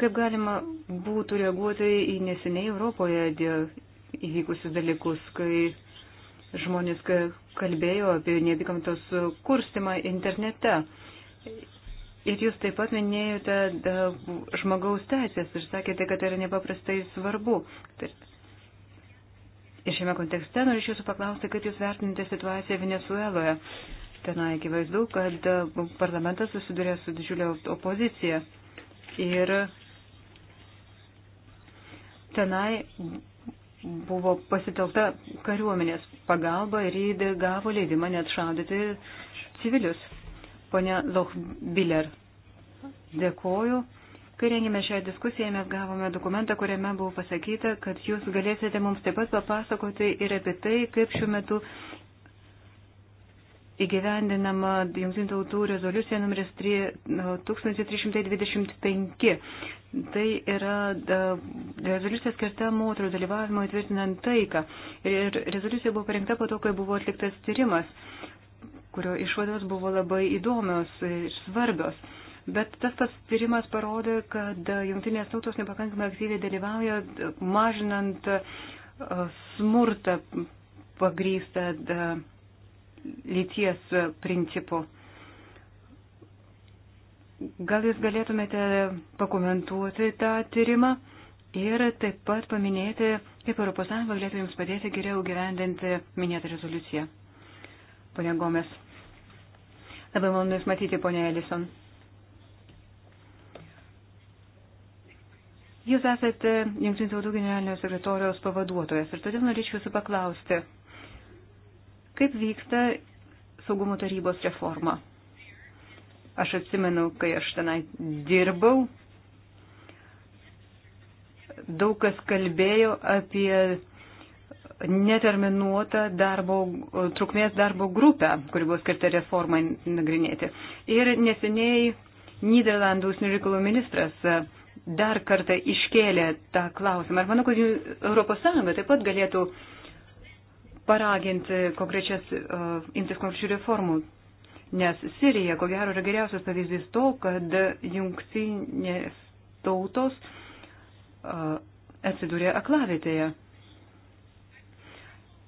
kaip galima būtų reaguoti į neseniai Europoje įvykusius dalykus, kai žmonės kalbėjo apie neapykantos kurstimą internete Ir jūs taip pat minėjote da, žmogaus teisės ir sakėte, kad tai yra nepaprastai svarbu. Ir šiame kontekste norėčiau jūsų paklausti, kaip jūs vertinate situaciją Venezueloje. Tenai akivaizdu, kad parlamentas susidurė su didžiulio opozicija. Ir tenai buvo pasitelkta kariuomenės pagalba ir jį gavo leidimą net šaudyti civilius. Pone Lochbiller, dėkoju. Kai rengėme šią diskusiją, mes gavome dokumentą, kuriame buvo pasakyta, kad jūs galėsite mums taip pat papasakoti ir apie tai, kaip šiuo metu įgyvendinama Junktinių tautų rezoliucija numeris 1325. Tai yra rezoliucija skirta moterų dalyvavimo įtvirtinant taiką. Ir rezoliucija buvo parengta po to, kai buvo atliktas tyrimas kurio išvados buvo labai įdomios ir svarbios. Bet tas pats tyrimas parodė, kad jungtinės tautos nepakankamai aktyviai dalyvauja mažinant e, smurtą pagrystą e, lyties principu. Gal jūs galėtumėte pakomentuoti tą tyrimą ir taip pat paminėti, kaip ES galėtų jums padėti geriau gyvendinti minėtą rezoliuciją ponia Gomes. Labai malonu Jūs matyti, ponia Elison. Jūs esate Junktinių tautų generalinio sekretorijos pavaduotojas ir todėl norėčiau Jūsų paklausti, kaip vyksta saugumo tarybos reforma. Aš atsimenu, kai aš tenai dirbau, daug kas kalbėjo apie neterminuotą darbo, trukmės darbo grupę, kuri buvo skirta reformai nagrinėti. Ir neseniai Niderlandų užsienio reikalų ministras e, dar kartą iškėlė tą klausimą. Ar manau, kad ES taip pat galėtų paraginti konkrečias, uh, imtis konkrečių reformų Nes Sirija, ko gero, yra geriausias pavyzdys to, kad jungtinės tautos e, atsidūrė aklavitėje.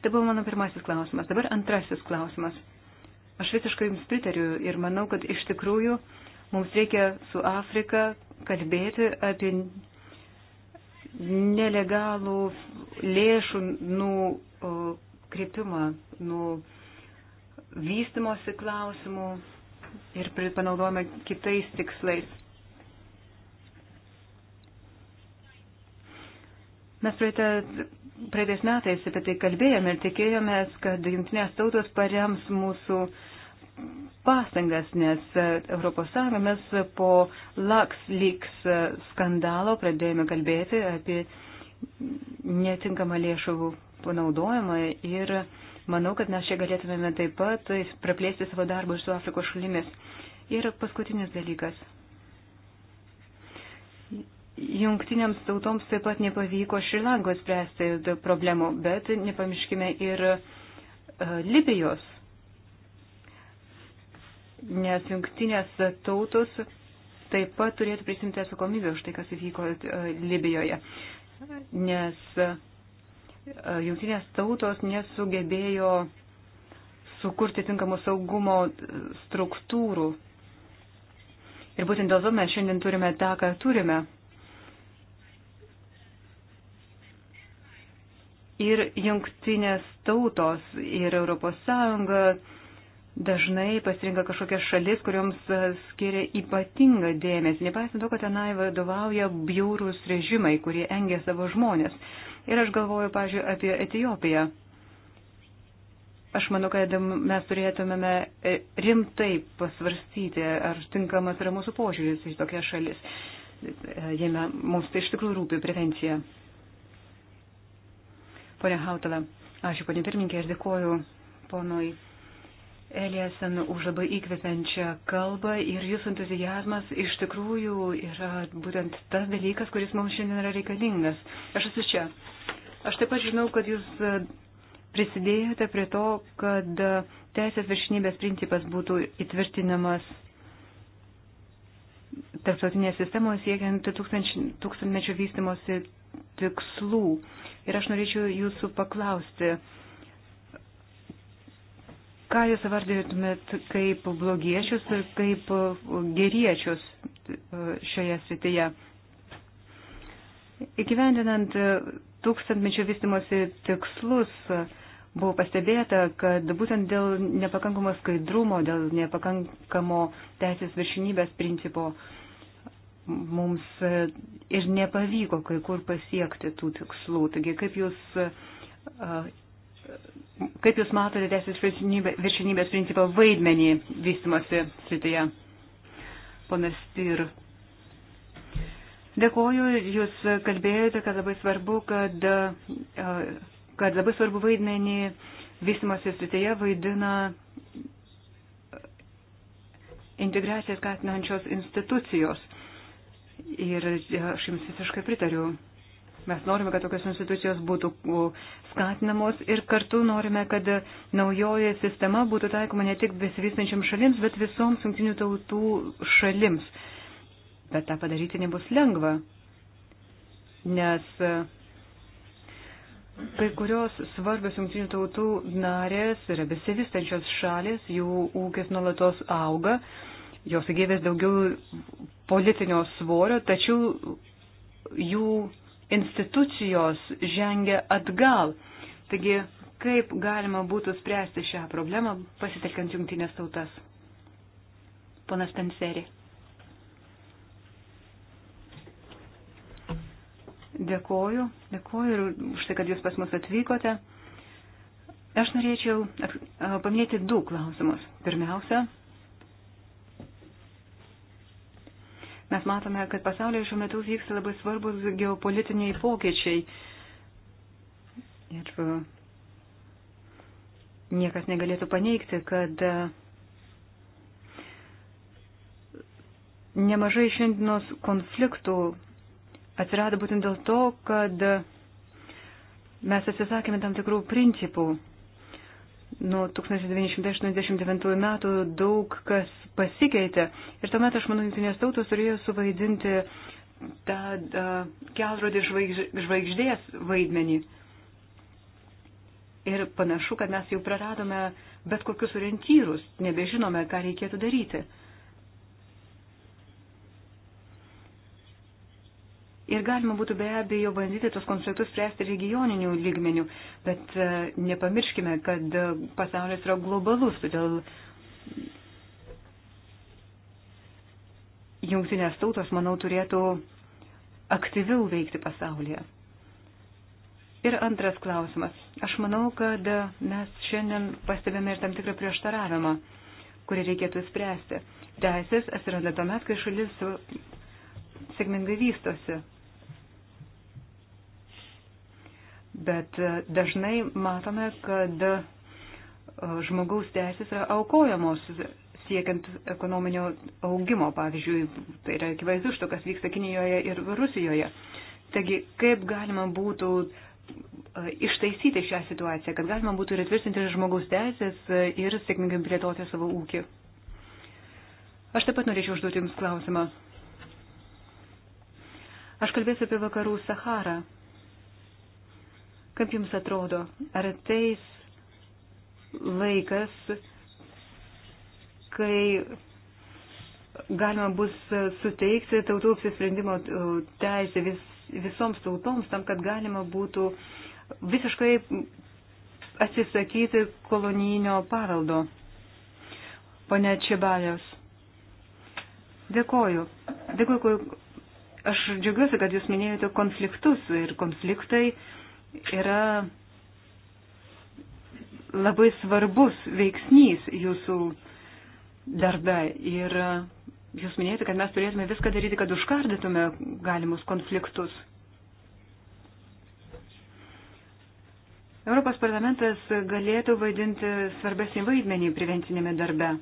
Tai buvo mano pirmasis klausimas. Dabar antrasis klausimas. Aš visiškai jums pritariu ir manau, kad iš tikrųjų mums reikia su Afrika kalbėti apie nelegalų lėšų nukreipimą nuo vystimosi klausimų ir panaudojimą kitais tikslais. Mes praeitą, praeitais metais apie tai kalbėjome ir tikėjomės, kad jungtinės tautos parems mūsų pastangas, nes ES mes po LuxLeaks e, skandalo pradėjome kalbėti apie netinkamą lėšų panaudojimą ir manau, kad mes čia galėtumėme taip pat praplėsti savo darbą ir su Afrikos šalimis. Ir paskutinis dalykas. Jungtiniams tautoms taip pat nepavyko Šrilankos spręsti problemų, bet nepamirškime ir e, Libijos, nes jungtinės tautos taip pat turėtų prisimti atsakomybę už tai, kas įvyko e, Libijoje, nes e, jungtinės tautos nesugebėjo sukurti tinkamų saugumo struktūrų. Ir būtent dėl to mes šiandien turime tą, ką turime. ir jungtinės tautos ir Europos Sąjunga dažnai pasirinka kažkokias šalis, kuriuoms skiria ypatingą dėmesį, nepaisant to, kad tenai vadovauja bjaurūs režimai, kurie engia savo žmonės. Ir aš galvoju, pažiūrėjau, apie Etijopiją. Aš manau, kad mes turėtumėme e, rimtai pasvarstyti, ar tinkamas yra mūsų požiūris į tokias šalis. E, jame mums tai iš tikrųjų rūpi prevencija. Pone Hautala, ačiū, ponė pirmininkė, aš dėkoju ponui Eliasen už labai įkvepiančią kalbą ir jūsų entuzijazmas iš tikrųjų yra būtent tas dalykas, kuris mums šiandien yra reikalingas. Aš esu čia. Aš taip pat žinau, kad jūs prisidėjote prie to, kad teisės viršinybės principas būtų įtvirtinamas tarptautinėje sistemoje siekiant tūkstančio vystimosi tikslų. Ir aš norėčiau jūsų paklausti, ką jūs vardėtumėt kaip blogiečius ir kaip geriečius e, šioje srityje. Įgyvendinant tūkstantmečio vystimosi tikslus, buvo pastebėta, kad būtent dėl nepakankamo skaidrumo, dėl nepakankamo teisės viršinybės principo uh, mums e, ir nepavyko kai kur pasiekti tų tikslų. Taigi, kaip jūs, e, e, kaip jūs matote teisės viršinybės principo vaidmenį vystimosi srityje? Ponas Tyr. Dėkoju, jūs kalbėjote, kad labai svarbu, kad, kad labai svarbu vaidmenį vystimosi srityje vaidina integraciją skatinančios institucijos. Ir aš jums visiškai pritariu. Mes norime, kad tokios institucijos būtų skatinamos ir kartu norime, kad naujoji sistema būtų taikoma ne tik besivystančiam šalims, bet visoms jungtinių tautų šalims. Bet tą padaryti nebus lengva, nes kai kurios svarbios jungtinių tautų narės yra besivystančios šalis, jų ūkis nuolatos auga jos įgyvės daugiau politinio svorio, tačiau jų institucijos žengia atgal. Taigi, kaip galima būtų spręsti šią problemą pasitelkiant jungtinės tautas? Ponas Penseri. Dėkoju, dėkoju ir už tai, kad jūs pas mus atvykote. Aš norėčiau paminėti du klausimus. Pirmiausia, Mes matome, kad pasaulyje šiuo metu vyksta labai svarbus geopolitiniai pokyčiai. Ir e, niekas negalėtų paneigti, kad e, nemažai šiandienos konfliktų atsirado būtent dėl to, kad e, mes atsisakėme tam tikrų principų Nuo 1989 metų daug kas pasikeitė ir tuomet, aš manau, jungtinės tautos turėjo suvaidinti tą uh, kelrodį žvaigždės vaidmenį. Ir panašu, kad mes jau praradome bet kokius orientyrus, nebežinome, ką reikėtų daryti. Uh, Ir galima būtų be abejo bandyti tos konfliktus spręsti regioninių lygmenių, bet e, nepamirškime, kad e, pasaulis yra globalus, todėl jungtinės tautos, manau, turėtų aktyviau veikti pasaulyje. Ir antras klausimas. Aš manau, kad e, mes šiandien pastebėme ir tam tikrą prieštaravimą, kurį reikėtų spręsti. Teisės atsiranda tuomet, kai šalis sėkmingai vystosi. Bet e, dažnai matome, kad e, žmogaus teisės yra aukojamos siekiant ekonominio augimo. Pavyzdžiui, tai yra akivaizdu iš to, kas vyksta Kinijoje ir Rusijoje. Taigi, kaip galima būtų e, ištaisyti šią situaciją, kad galima būtų ir atvirtinti žmogaus teisės ir sėkmingai plėtoti savo ūkį. Aš taip pat norėčiau užduoti Jums klausimą. Aš kalbėsiu apie vakarų Saharą. Kaip Jums atrodo, ar ateis laikas, kai galima bus suteikti tautų apsisprendimo teisę vis, visoms tautoms, tam, kad galima būtų visiškai atsisakyti kolonijinio paveldo. Pane Čibalios, dėkoju. Dėkoju, aš džiugiuosi, kad jūs minėjote konfliktus ir konfliktai yra labai svarbus veiksnys jūsų darbe. Ir jūs minėjote, kad mes turėtume viską daryti, kad užkardytume galimus konfliktus. Europos parlamentas galėtų vaidinti svarbesnį vaidmenį prevencinėme darbe.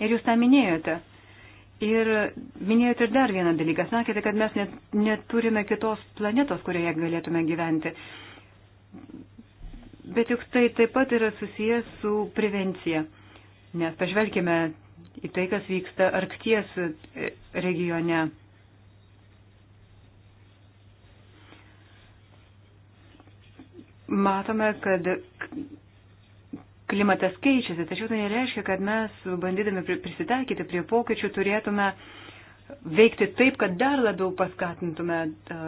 Ir jūs tą minėjote. Ir minėjote ir dar vieną dalyką. Sakėte, kad mes net, neturime kitos planetos, kurioje galėtume gyventi. Bet juk tai taip pat yra susijęs su prevencija. Nes pažvelkime į tai, kas vyksta Arkties regione. Matome, kad klimatas keičiasi, tačiau tai nereiškia, kad mes, bandydami prisitaikyti prie pokyčių, turėtume veikti taip, kad dar labiau paskatintume e,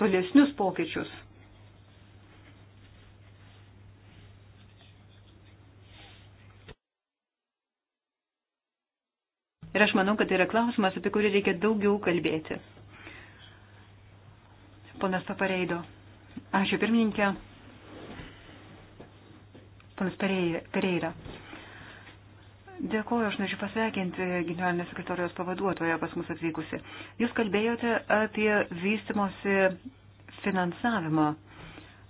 tolesnius pokyčius. Ir aš manau, kad tai yra klausimas, apie kurį reikia daugiau kalbėti. Ponas Papareido. Ačiū pirmininkė panas Pereira. Dėkuoju, aš norėčiau pasveikinti generalinės sekretorijos pavaduotoją pas mus atvykusi. Jūs kalbėjote apie vystimosi finansavimą.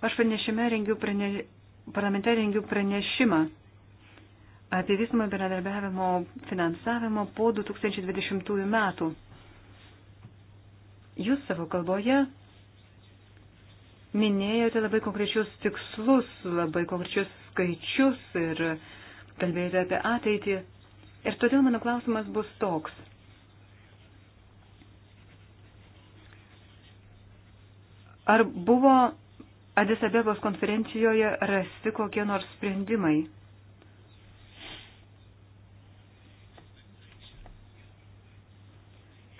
Aš pranešime rengiu prane, parlamente rengiu pranešimą apie vystimo bendradarbiavimo finansavimą po 2020 metų. Jūs savo kalboje minėjote labai konkrečius tikslus, labai konkrečius skaičius ir kalbėjote apie ateitį. Ir todėl mano klausimas bus toks. Ar buvo Adis Abebos konferencijoje rasti kokie nors sprendimai?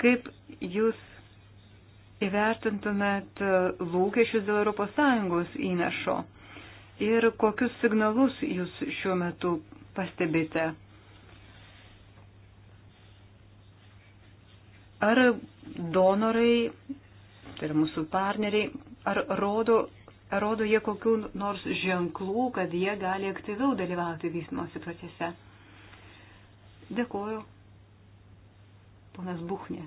Kaip jūs įvertintumėt lūkesčius dėl ES įnešo? ir kokius signalus jūs šiuo metu pastebite? Ar donorai, tai yra mūsų partneriai, ar rodo, ar rodo jie kokių nors ženklų, kad jie gali aktyviau dalyvauti vystymosi procese? Dėkuoju. Ponas Buchnė.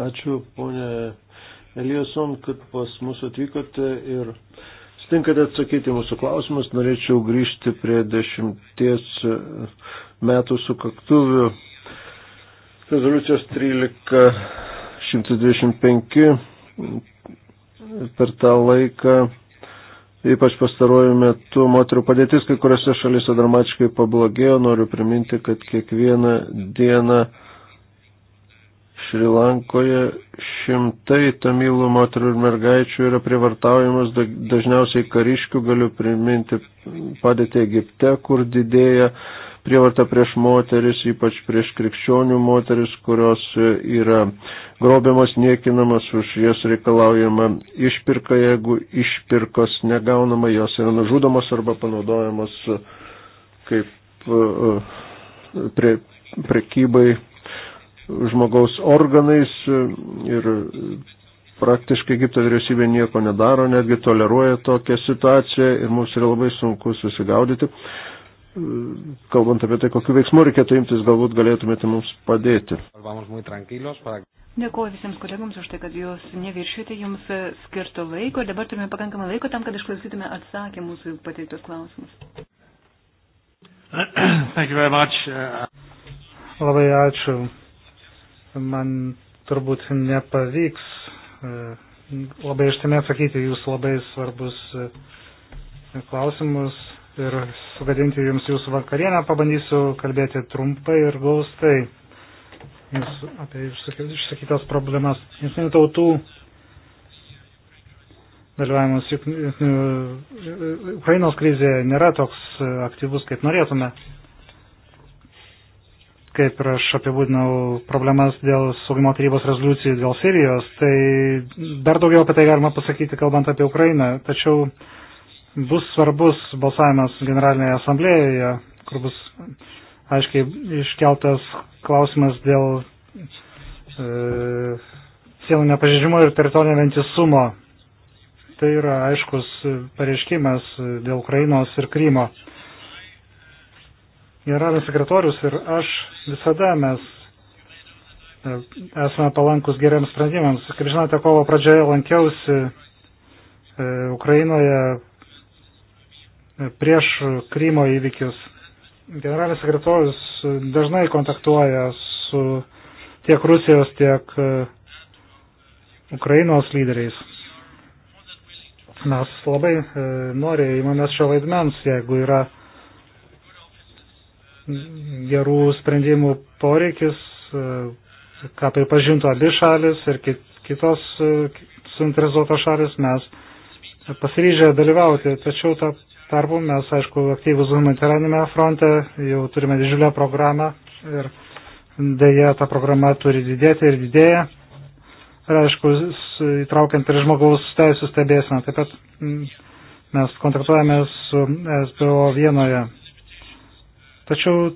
Ačiū, ponė Eliasson, kad pas mus atvykote ir sutinkate atsakyti mūsų klausimus. Norėčiau grįžti prie dešimties metų sukaktuvių rezoliucijos 13.125 per tą laiką, ypač pastaruoju metu, moterų padėtis kai kuriuose šalyse dramatiškai pablogėjo. Noriu priminti, kad kiekvieną dieną Šrilankoje šimtai tamilų moterų ir mergaičių yra privartaujamas dažniausiai kariškių, galiu priminti padėtį Egipte, kur didėja prievarta prieš moteris, ypač prieš krikščionių moteris, kurios yra grobiamas, niekinamas, už jas reikalaujama išpirka, jeigu išpirkos negaunama, jos yra nužudomos arba panaudojamos kaip uh, uh, prie, prekybai žmogaus organais ir praktiškai Egipto vyriausybė nieko nedaro, netgi toleruoja tokią situaciją ir mums yra labai sunku susigaudyti. Kalbant apie tai, kokiu veiksmu reikėtų imtis, galbūt galėtumėte mums padėti. Dėkuoju visiems kolegams už tai, kad jūs neviršite jums skirto laiko. Dabar turime pakankamai laiko tam, kad išklausytume atsakymus į pateiktus klausimus. Labai ačiū man turbūt nepavyks e, labai ištime atsakyti jūsų labai svarbus e, klausimus ir sugadinti jums jūsų vakarienę. Pabandysiu kalbėti trumpai ir gaustai jūs apie išsakytas problemas. Jungtinių tautų dalyvavimas Ukrainos krizėje nėra toks e, aktyvus, kaip norėtume kaip ir aš apibūdinau problemas dėl saugimo tarybos rezoliucijų dėl Sirijos, tai dar daugiau apie tai galima pasakyti, kalbant apie Ukrainą. Tačiau bus svarbus balsavimas Generalinėje asamblėjoje, kur bus aiškiai iškeltas klausimas dėl e, sienų nepažeidimo ir teritorinio ventisumo. Tai yra aiškus pareiškimas dėl Ukrainos ir Krymo. E, Generalinis sekretorius ir aš visada mes e, esame palankus geriams sprendimams. Kaip žinote, kovo pradžioje lankiausi e, Ukrainoje e, prieš Krymo įvykius. Generalinis sekretorius dažnai kontaktuoja su tiek Rusijos, tiek Ukrainos lyderiais. Mes labai noriai imamės šio vaidmens, jeigu yra gerų sprendimų poreikis, e, ką pripažintų abi šalis ir kitos e, suinteresuotos šalis, mes pasiryžę dalyvauti. Tačiau tą tarpu mes, aišku, aktyvus humanitarinėme fronte, jau turime didžiulę programą ir dėja ta programa turi didėti ir didėja. Ir aišku, įtraukiant ir žmogaus teisų stebėsiną. Taip pat mes kontaktuojame su SBO vienoje Tačiau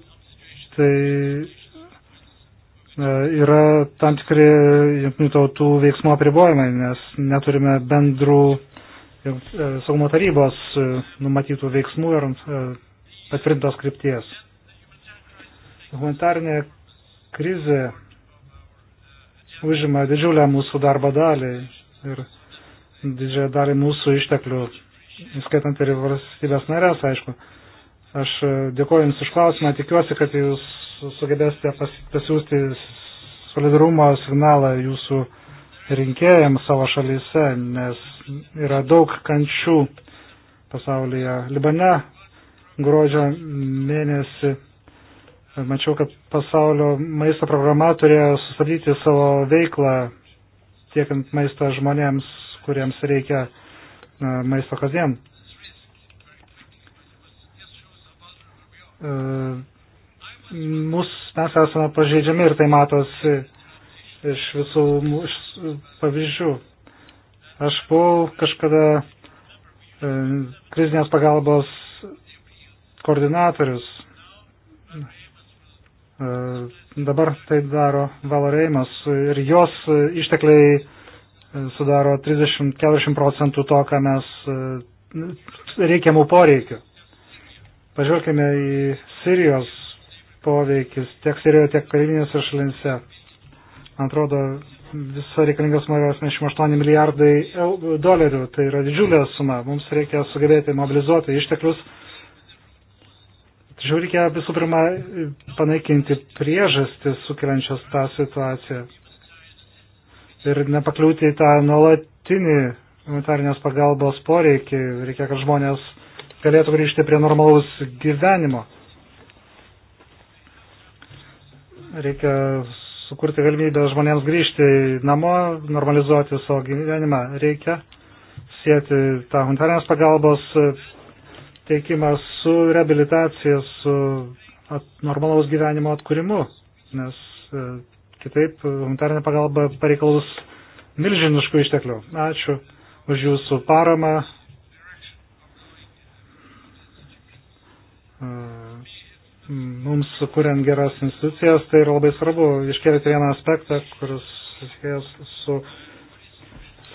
tai e, yra tam tikri jungtinių tautų veiksmų apribojimai, nes neturime bendrų e, saugumo tarybos e, numatytų veiksmų ir patvirtintos krypties. Humanitarinė krizė užima didžiulę mūsų darbo dalį ir didžiąją dalį mūsų išteklių, įskaitant ir valstybės narės, aišku. Aš e, dėkoju Jums už klausimą, tikiuosi, kad Jūs sugebėsite pasiūsti solidarumo signalą Jūsų rinkėjams savo šalyse, nes yra daug kančių pasaulyje. Libane gruodžio mėnesį mačiau, kad pasaulio maisto programa turėjo sustabdyti savo veiklą tiekant maistą žmonėms, kuriems reikia e, maisto kasdien. E, mus, mes esame pažeidžiami ir tai matosi iš visų iš pavyzdžių. Aš buvau kažkada e, krizinės pagalbos koordinatorius. E, dabar tai daro Valoreimas ir jos ištekliai sudaro 30-40 procentų to, ką mes reikiamų poreikių. Pažvelkime į Sirijos poveikis tiek Sirijoje, tiek kariminėse šalinse. Man atrodo, viso reikalingos sumos 88 milijardai dolerių. Tai yra didžiulė suma. Mums reikia sugebėti mobilizuoti išteklius. Tačiau reikia visų pirma panaikinti priežastis sukeliančias tą situaciją. Ir nepakliūti į tą nuolatinį humanitarinės pagalbos poreikį. Reikia, kad žmonės galėtų grįžti prie normalaus gyvenimo. Reikia sukurti galimybę žmonėms grįžti namo, normalizuoti savo gyvenimą. Reikia sieti tą humanitarinės pagalbos teikimą su rehabilitacija, su at, normalaus gyvenimo atkūrimu, nes e, kitaip humanitarinė pagalba pareikalaus milžiniškų išteklių. Ačiū už jūsų paramą Mm, mums sukuriant geras institucijas, tai yra labai svarbu iškelti vieną aspektą, kuris susijęs su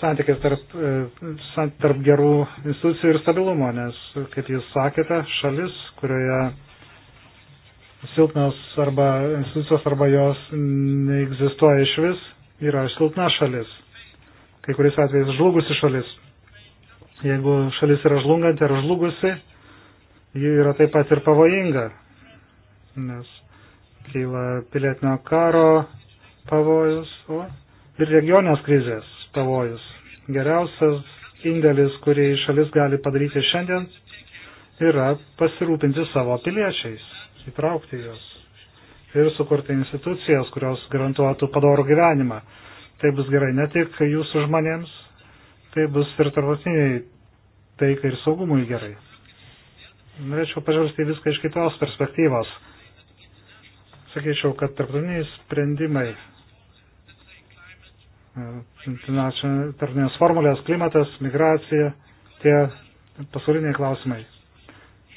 santykis tarp, e, tarp gerų institucijų ir stabilumo, nes, kaip jūs sakėte, šalis, kurioje silpnos arba institucijos arba jos neegzistuoja iš vis, yra silpna šalis, kai kuris atvejais žlugusi šalis. Jeigu šalis yra žlunganti ar žlugusi, ji yra taip pat ir pavojinga, nes kyla pilietinio karo pavojus o, ir regionės krizės pavojus. Geriausias indėlis, kurį šalis gali padaryti šiandien, yra pasirūpinti savo piliečiais, įtraukti juos ir sukurti institucijas, kurios garantuotų padorų gyvenimą. Tai bus gerai ne tik jūsų žmonėms, tai bus ir tarptautiniai taikai ir saugumui gerai norėčiau pažvelgti viską iš kitos perspektyvos. Sakyčiau, kad tarptautiniai sprendimai, tarptautinės formulės, klimatas, migracija, tie pasauliniai klausimai.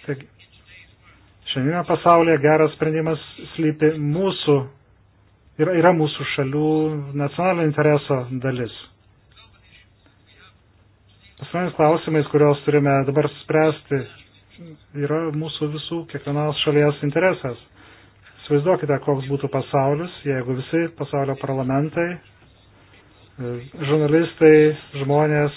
Taigi, šiandieną pasaulyje geras sprendimas slypi mūsų, yra, yra mūsų šalių nacionalinio intereso dalis asmeninis klausimais, kuriuos turime dabar spręsti yra mūsų visų kiekvienos šalies interesas. Svaizduokite, koks būtų pasaulis, jeigu visi pasaulio parlamentai, e, žurnalistai, žmonės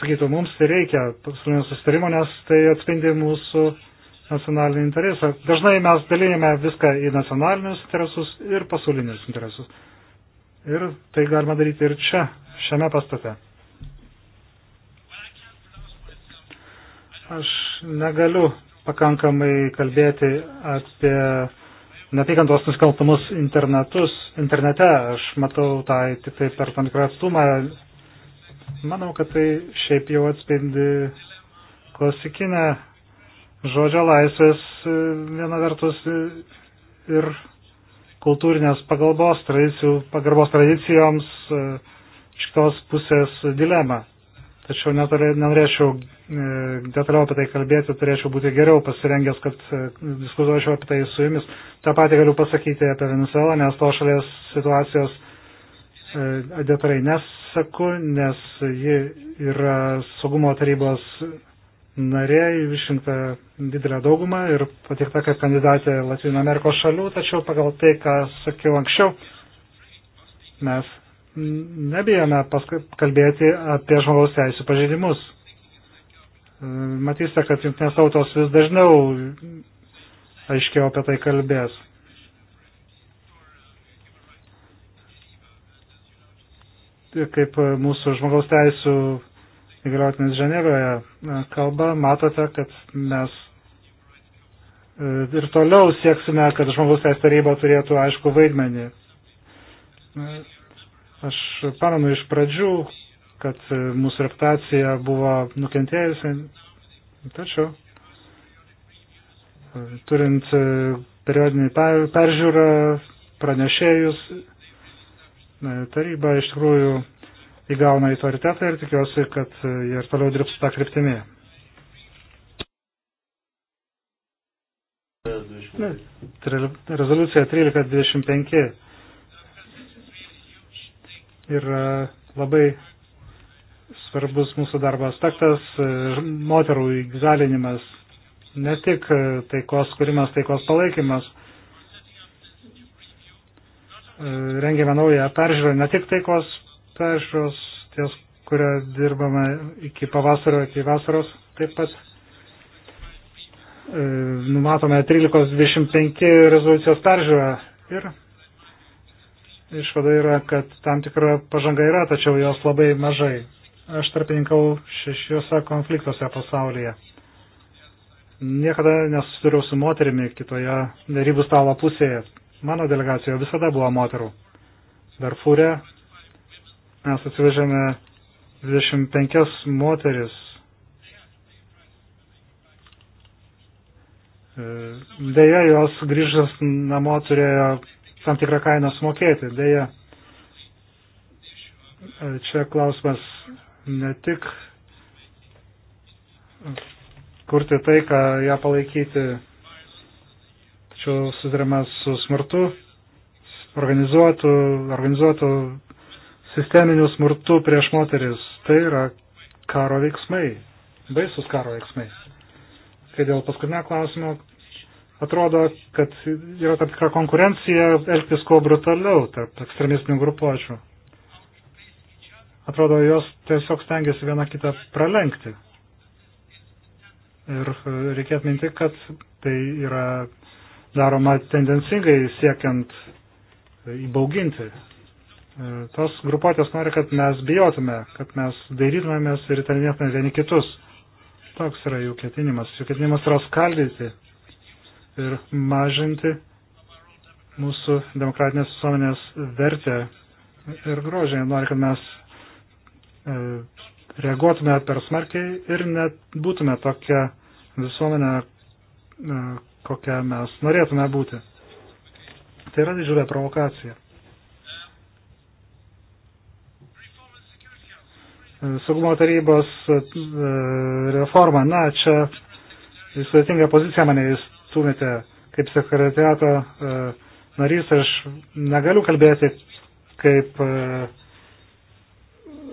sakytų, mums tai reikia pasaulinio sustarimo, nes tai atspindi mūsų nacionalinį interesą. Dažnai mes dalinėme viską į nacionalinius interesus ir pasaulinius interesus. Ir tai galima daryti ir čia, šiame pastate. Aš negaliu pakankamai kalbėti apie neapykantos nusikaltumus internetus, internete. Aš matau tą tik tai per tam tikrą atstumą. Manau, kad tai šiaip jau atspindi klasikinę žodžio laisvės e, viena vertus e, ir kultūrinės pagalbos tradicijų, pagarbos tradicijoms e, iš kitos pusės dilemą tačiau nenorėčiau e, detaliau apie tai kalbėti, turėčiau būti geriau pasirengęs, kad e, diskutuočiau apie tai su jumis. Ta pati galiu pasakyti apie Venezuelą, nes to šalies situacijos e, detaliai nesaku, nes ji yra saugumo tarybos narė, išrinkta didelę daugumą ir patikta kaip kandidatė Latino Amerikos šalių, tačiau pagal tai, ką sakiau anksčiau, mes nebijome kalbėti apie žmogaus teisų pažeidimus. E, matysite, kad jungtinės tautos vis dažniau aiškiau apie tai kalbės. Kaip mūsų žmogaus teisų įgaliotinis Ženevoje e, kalba, matote, kad mes e, ir toliau sieksime, kad žmogaus teisų taryba turėtų aišku vaidmenį. Aš pamenu iš pradžių, kad mūsų reputacija buvo nukentėjusi, tačiau turint e, periodinį peržiūrą pranešėjus, e, taryba iš tikrųjų įgauna autoritetą ir tikiuosi, kad e, jie ir toliau dirbs tą kryptimį. Rezoliucija 1325 yra labai svarbus mūsų darbo aspektas - moterų įgalinimas. Ne tik taikos kūrimas, taikos palaikymas. Rengėme naują peržiūrą, ne tik taikos peržiūros, ties kurią dirbame iki pavasario, iki vasaros taip pat. Numatome 13.25 rezoliucijos peržiūrą ir išvada yra, kad tam tikra pažanga yra, tačiau jos labai mažai. Aš tarpininkau šešiuose konfliktuose pasaulyje. Niekada nesusidūriau su moterimi kitoje darybų stalo pusėje. Mano delegacijoje visada buvo moterų. Darfūrė mes atsivežėme 25 moteris. Deja, jos grįžęs namo turėjo tam tikrą kainą sumokėti. Deja, čia klausimas ne tik kurti tai, ką ją palaikyti, tačiau susidurime su smurtu, organizuotų, organizuotų sisteminių smurtų prieš moteris. Tai yra karo veiksmai, baisus karo veiksmai. Kai dėl paskutinio klausimo, Atrodo, kad yra tam tikra konkurencija elgtis kuo brutaliau tarp ekstremistinių grupuočių. Atrodo, jos tiesiog stengiasi viena kitą pralenkti. Ir e, reikėtų minti, kad tai yra daroma tendencingai siekiant e, įbauginti. E, tos grupuotės nori, kad mes bijotume, kad mes dairytumėmės ir įtarinėtume vieni kitus. Toks yra jų ketinimas. Jų ketinimas yra skaldyti ir mažinti mūsų demokratinės visuomenės vertę ir grožį. Nori, kad mes e, reaguotume per smarkiai ir net būtume tokia visuomenė, e, kokią mes norėtume būti. Tai yra didžiulė provokacija. E, saugumo tarybos e, reforma, na, čia sudėtinga pozicija mane stumėte kaip sekretariato e, narys, aš negaliu kalbėti kaip e,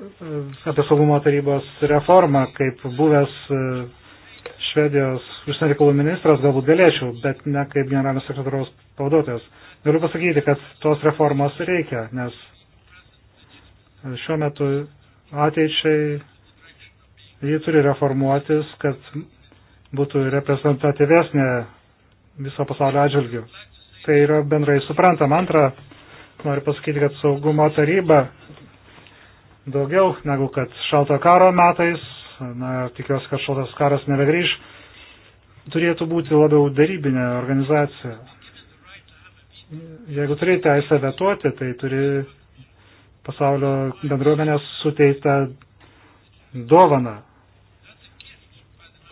e, apie saugumo tarybos reformą, kaip buvęs Švedijos užsienio reikalų ministras galbūt galėčiau, bet ne kaip generalinis sekretoriaus pavaduotojas. Galiu pasakyti, kad tos reformos reikia, nes šiuo metu ateičiai jį turi reformuotis, kad būtų reprezentatyvesnė viso pasaulio atžvilgių. Tai yra bendrai suprantama. Antra, noriu pasakyti, kad saugumo taryba daugiau negu kad šalto karo metais, na, tikiuosi, kad šaltas karas nebegrįž, turėtų būti labiau darybinė organizacija. Jeigu turi teisę vetuoti, tai turi pasaulio bendruomenės suteiktą dovaną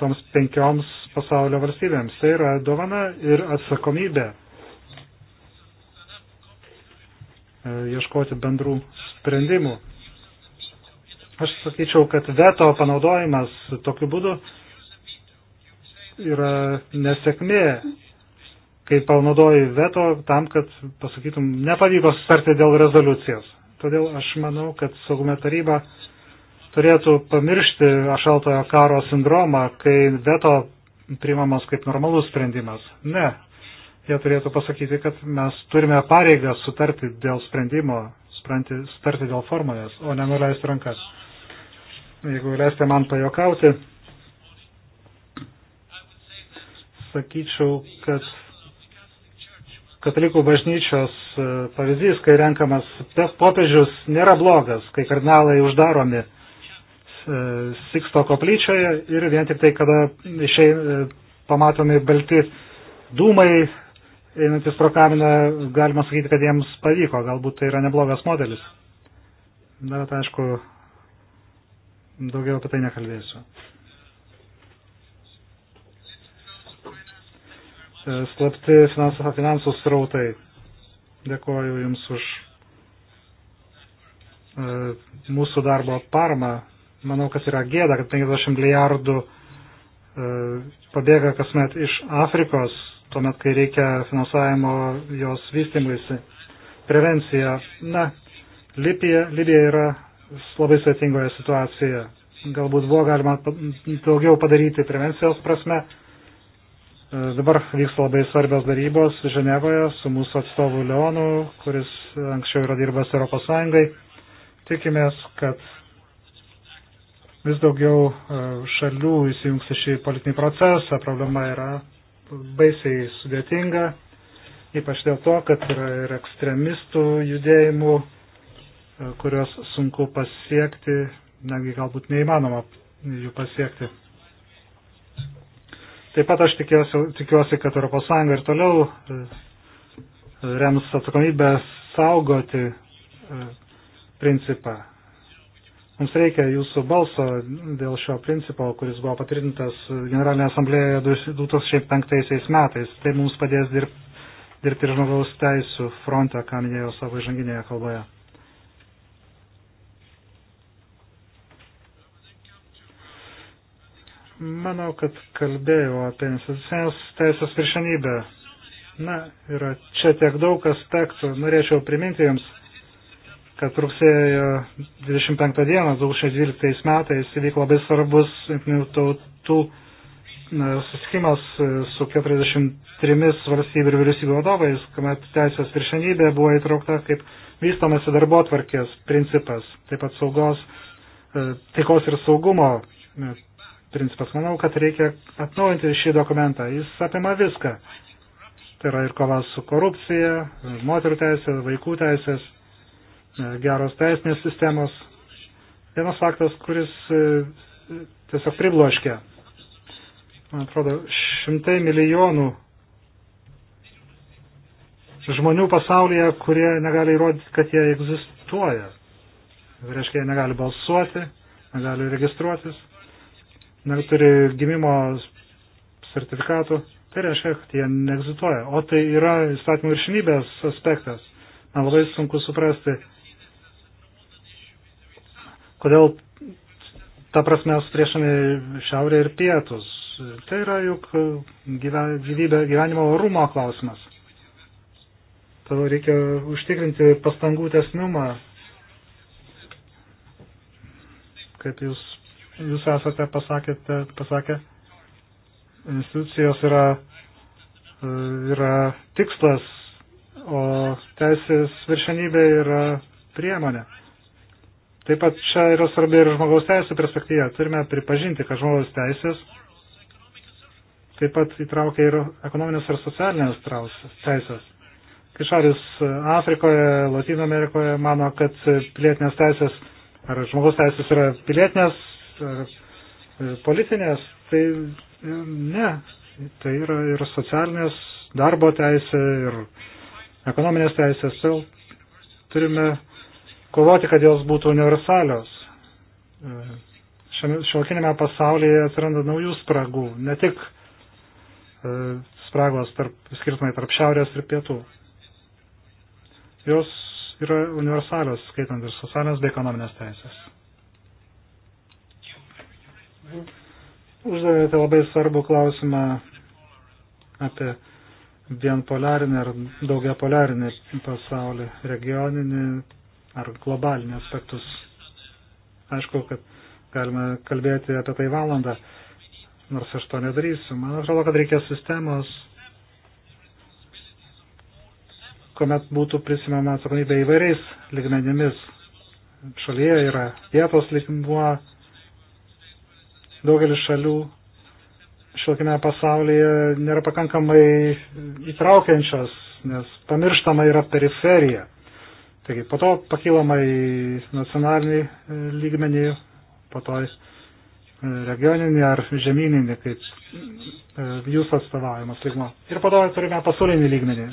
toms penkioms pasaulio valstybėms. Tai yra dovana ir atsakomybė e, ieškoti bendrų sprendimų. Aš sakyčiau, kad veto panaudojimas tokiu būdu yra nesėkmė, kai panaudoji veto tam, kad pasakytum, nepavyko sutarti dėl rezoliucijos. Todėl aš manau, kad saugumo taryba turėtų pamiršti šaltojo karo sindromą, kai veto priimamas kaip normalus sprendimas. Ne. Jie turėtų pasakyti, kad mes turime pareigą sutarti dėl sprendimo, sutarti dėl formulės, o nenuleisti rankas. Jeigu leisite man pajokauti, sakyčiau, kad katalikų bažnyčios e, pavyzdys, kai renkamas popiežius, nėra blogas, kai kardinalai uždaromi E, Siksto koplyčioje ir vien tik tai, kada išėjai e, pamatomi balti dūmai, einantis pro kaminą, galima sakyti, kad jiems pavyko, galbūt tai yra neblogas modelis. Na, bet aišku, daugiau apie tai nekalbėsiu. E, slapti finansų, finansų srautai. Dėkuoju Jums už mūsų darbo parmą Manau, kad yra gėda, kad 50 milijardų e, pabėga kasmet iš Afrikos, tuomet, kai reikia finansavimo jos vystimuisi. Prevencija. Na, Libija, Libija yra labai svetingoje situacijoje. Galbūt buvo galima daugiau padaryti prevencijos prasme. E, dabar vyksta labai svarbios darybos Ženevoje su mūsų atstovu Leonu, kuris anksčiau yra dirbęs Europos Sąjungai. Tikimės, kad vis daugiau e, šalių įsijungs į šį politinį procesą. Problema yra baisiai sudėtinga, ypač dėl to, kad yra ir ekstremistų judėjimų, e, kuriuos sunku pasiekti, netgi galbūt neįmanoma jų pasiekti. Taip pat aš tikiuosi, tikiuosi kad ES ir toliau e, rems atsakomybę saugoti principą Mums reikia jūsų balso dėl šio principo, kuris buvo patvirtintas Generalinė asamblėje 2005 metais. Tai mums padės dirb, dirbti ir žmogaus teisų fronte, ką minėjau savo žanginėje kalboje. Manau, kad kalbėjau apie institucinės teisės viršenybę. Na, yra čia tiek daug aspektų. Norėčiau priminti jums kad rugsėjo 25 dieną 2012 metais įvyko labai svarbus jungtinių tautų susitikimas e, su 43 valstybių ir vyriausybių vadovais, kuomet teisės viršenybė buvo įtraukta kaip vystomasi darbo atvarkės principas, taip pat saugos, e, taikos ir saugumo e, principas. Manau, kad reikia atnaujinti šį dokumentą. Jis apima viską. Tai yra ir kova su korupcija, moterų teisė, vaikų teisės, E, geros teisinės sistemos. Vienas faktas, kuris e, tiesiog pribloškia. Man atrodo, šimtai milijonų žmonių pasaulyje, kurie negali įrodyti, kad jie egzistuoja. Tai reiškia, jie negali balsuoti, negali registruotis, neturi gimimo sertifikatų. Tai reiškia, kad jie neegzistuoja. O tai yra įstatymų viršinybės aspektas. Man labai sunku suprasti, Kodėl ta prasme supriešami šiaurė ir pietus? Tai yra juk gyvybė, gyvenimo orumo klausimas. Todėl reikia užtikrinti pastangų tesnumą. Kaip jūs, jūs esate pasakėte, pasakė, institucijos yra, yra tikslas, o teisės viršenybė yra priemonė. Taip pat čia yra svarbi ir žmogaus teisų perspektyva. Turime pripažinti, kad žmogaus teisės taip pat įtraukia ir ekonominės ir socialinės teisės. Kai šalis Afrikoje, Latino Amerikoje mano, kad pilietinės teisės ar žmogaus teisės yra pilietinės, e, politinės, tai e, ne, tai yra ir socialinės, darbo teisė, ir ekonominės teisės. Turime kovoti, kad jos būtų universalios. E, Šiuokinėme pasaulyje atsiranda naujų spragų, ne tik e, spragos tarp, skirtumai tarp šiaurės ir pietų. Jos yra universalios, skaitant ir socialinės bei ekonominės teisės. Uždavėte labai svarbų klausimą apie vienpolarinį ar daugiapolarinį pasaulį, regioninį, ar globalinių aspektus. Aišku, kad galime kalbėti apie tai valandą, nors aš to nedarysiu. Man atrodo, kad reikia sistemos, kuomet būtų prisimama atsakomybė įvairiais ligmenimis. Šalyje yra vietos ligmuo, daugelis šalių šiolkinėme pasaulyje nėra pakankamai įtraukiančios, nes pamirštama yra periferija. Taigi, po to pakilama į nacionalinį e, lygmenį, po to e, regioninį ar žemyninį, kaip e, jūsų atstovavimas lygmo. Ir po to turime pasaulinį lygmenį.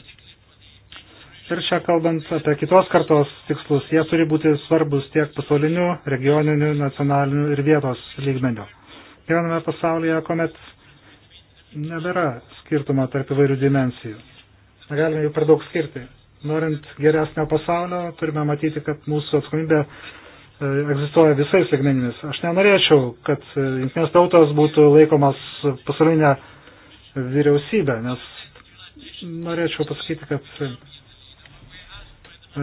Ir čia kalbant apie kitos kartos tikslus, jie turi būti svarbus tiek pasauliniu, regioniniu, nacionaliniu ir vietos lygmeniu. Gyvename pasaulyje, kuomet nebėra skirtumo tarp įvairių dimensijų. Negalime jų per daug skirti norint geresnio pasaulio, turime matyti, kad mūsų atsakomybė e, egzistuoja visais ligmenimis. Aš nenorėčiau, kad e, jungtinės tautos būtų laikomas pasaulinė vyriausybė, nes norėčiau pasakyti, kad e,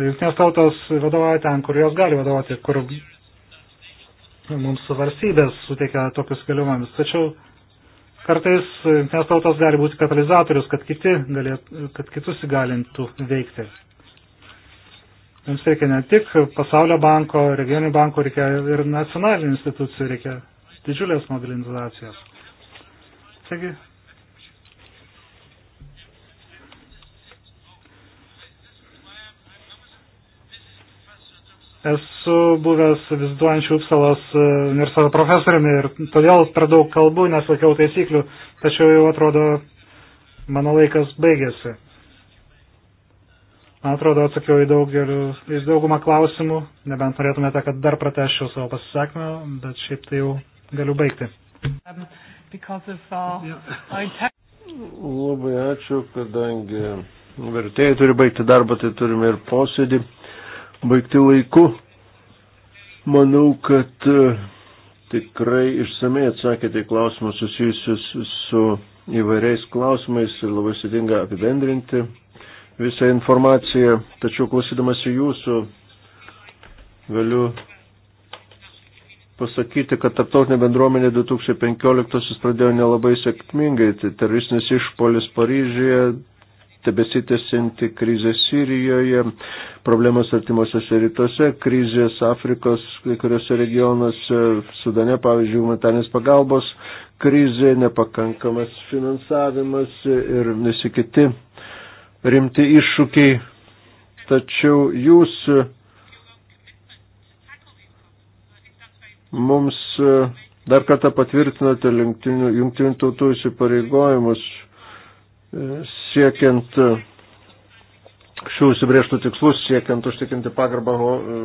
jungtinės tautos vadovauja ten, kur jos gali vadovauti, kur mums valstybės suteikia tokius galiojimus. Tačiau Kartais e, jungtinės tautos gali būti katalizatorius, kad, kiti galėt, kad kitus įgalintų veikti. Mums reikia ne tik pasaulio banko, regionių banko, reikia ir nacionalinių institucijų, reikia didžiulės mobilizacijos. Taigi Esu buvęs vizituojančių Upsalos e, universiteto profesoriumi ir todėl per daug kalbų nesakiau taisyklių, tačiau jau atrodo, mano laikas baigėsi. Man atrodo, atsakiau į, daugelių, į daugumą klausimų, nebent norėtumėte, kad dar prateščiau savo pasisakymą, bet šiaip tai jau galiu baigti. Um, our... Uh, yeah. Labai ačiū, kadangi vertėjai turi baigti darbą, tai turime ir posėdį baigti laiku. Manau, kad e, tikrai išsamei atsakėte į klausimus susijusius su įvairiais klausimais ir labai sudinga apibendrinti visą informaciją. Tačiau klausydamasi jūsų galiu pasakyti, kad tarptautinė bendruomenė 2015 pradėjo nelabai sėkmingai. Tai teroristinis išpolis Paryžyje tebesitėsinti krizė Sirijoje, problemas artimuosiuose rytuose, krizės Afrikos, kai kuriuose regionuose, Sudane, pavyzdžiui, humanitarnės pagalbos krizė, nepakankamas finansavimas ir visi kiti rimti iššūkiai. Tačiau jūs mums dar kartą patvirtinote jungtinių tautų įsipareigojimus siekiant e, šių užsibrieštų tikslus, siekiant užtikinti pagarbą e,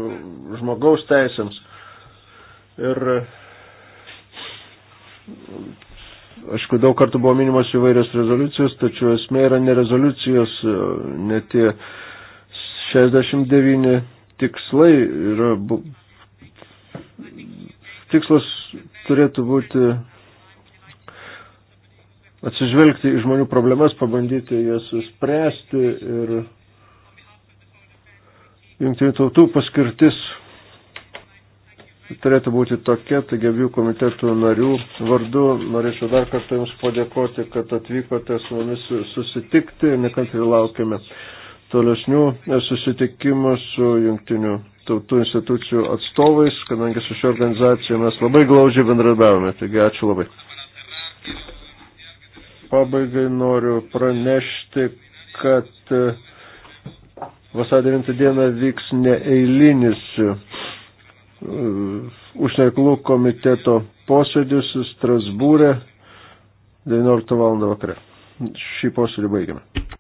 žmogaus teisėms. Ir e, aišku, daug kartų buvo minimas įvairios rezoliucijos, tačiau esmė yra ne rezoliucijos, ne tie 69 tikslai yra. Bu... Tikslas turėtų būti atsižvelgti į žmonių problemas, pabandyti jas spręsti ir jungtinių tautų paskirtis turėtų būti tokia, taigi abiejų komitetų narių vardu norėčiau dar kartą Jums padėkoti, kad atvykote su mumis susitikti, nekantri laukiame tolesnių susitikimų su jungtinių tautų institucijų atstovais, kadangi su šia organizacija mes labai glaužiai bendradavome, taigi ačiū labai pabaigai noriu pranešti, kad e, vasario 9 dieną vyks neeilinis e, užsienio reikalų komiteto posėdis Strasbūrė 19 val. vakare. Šį posėdį baigiame.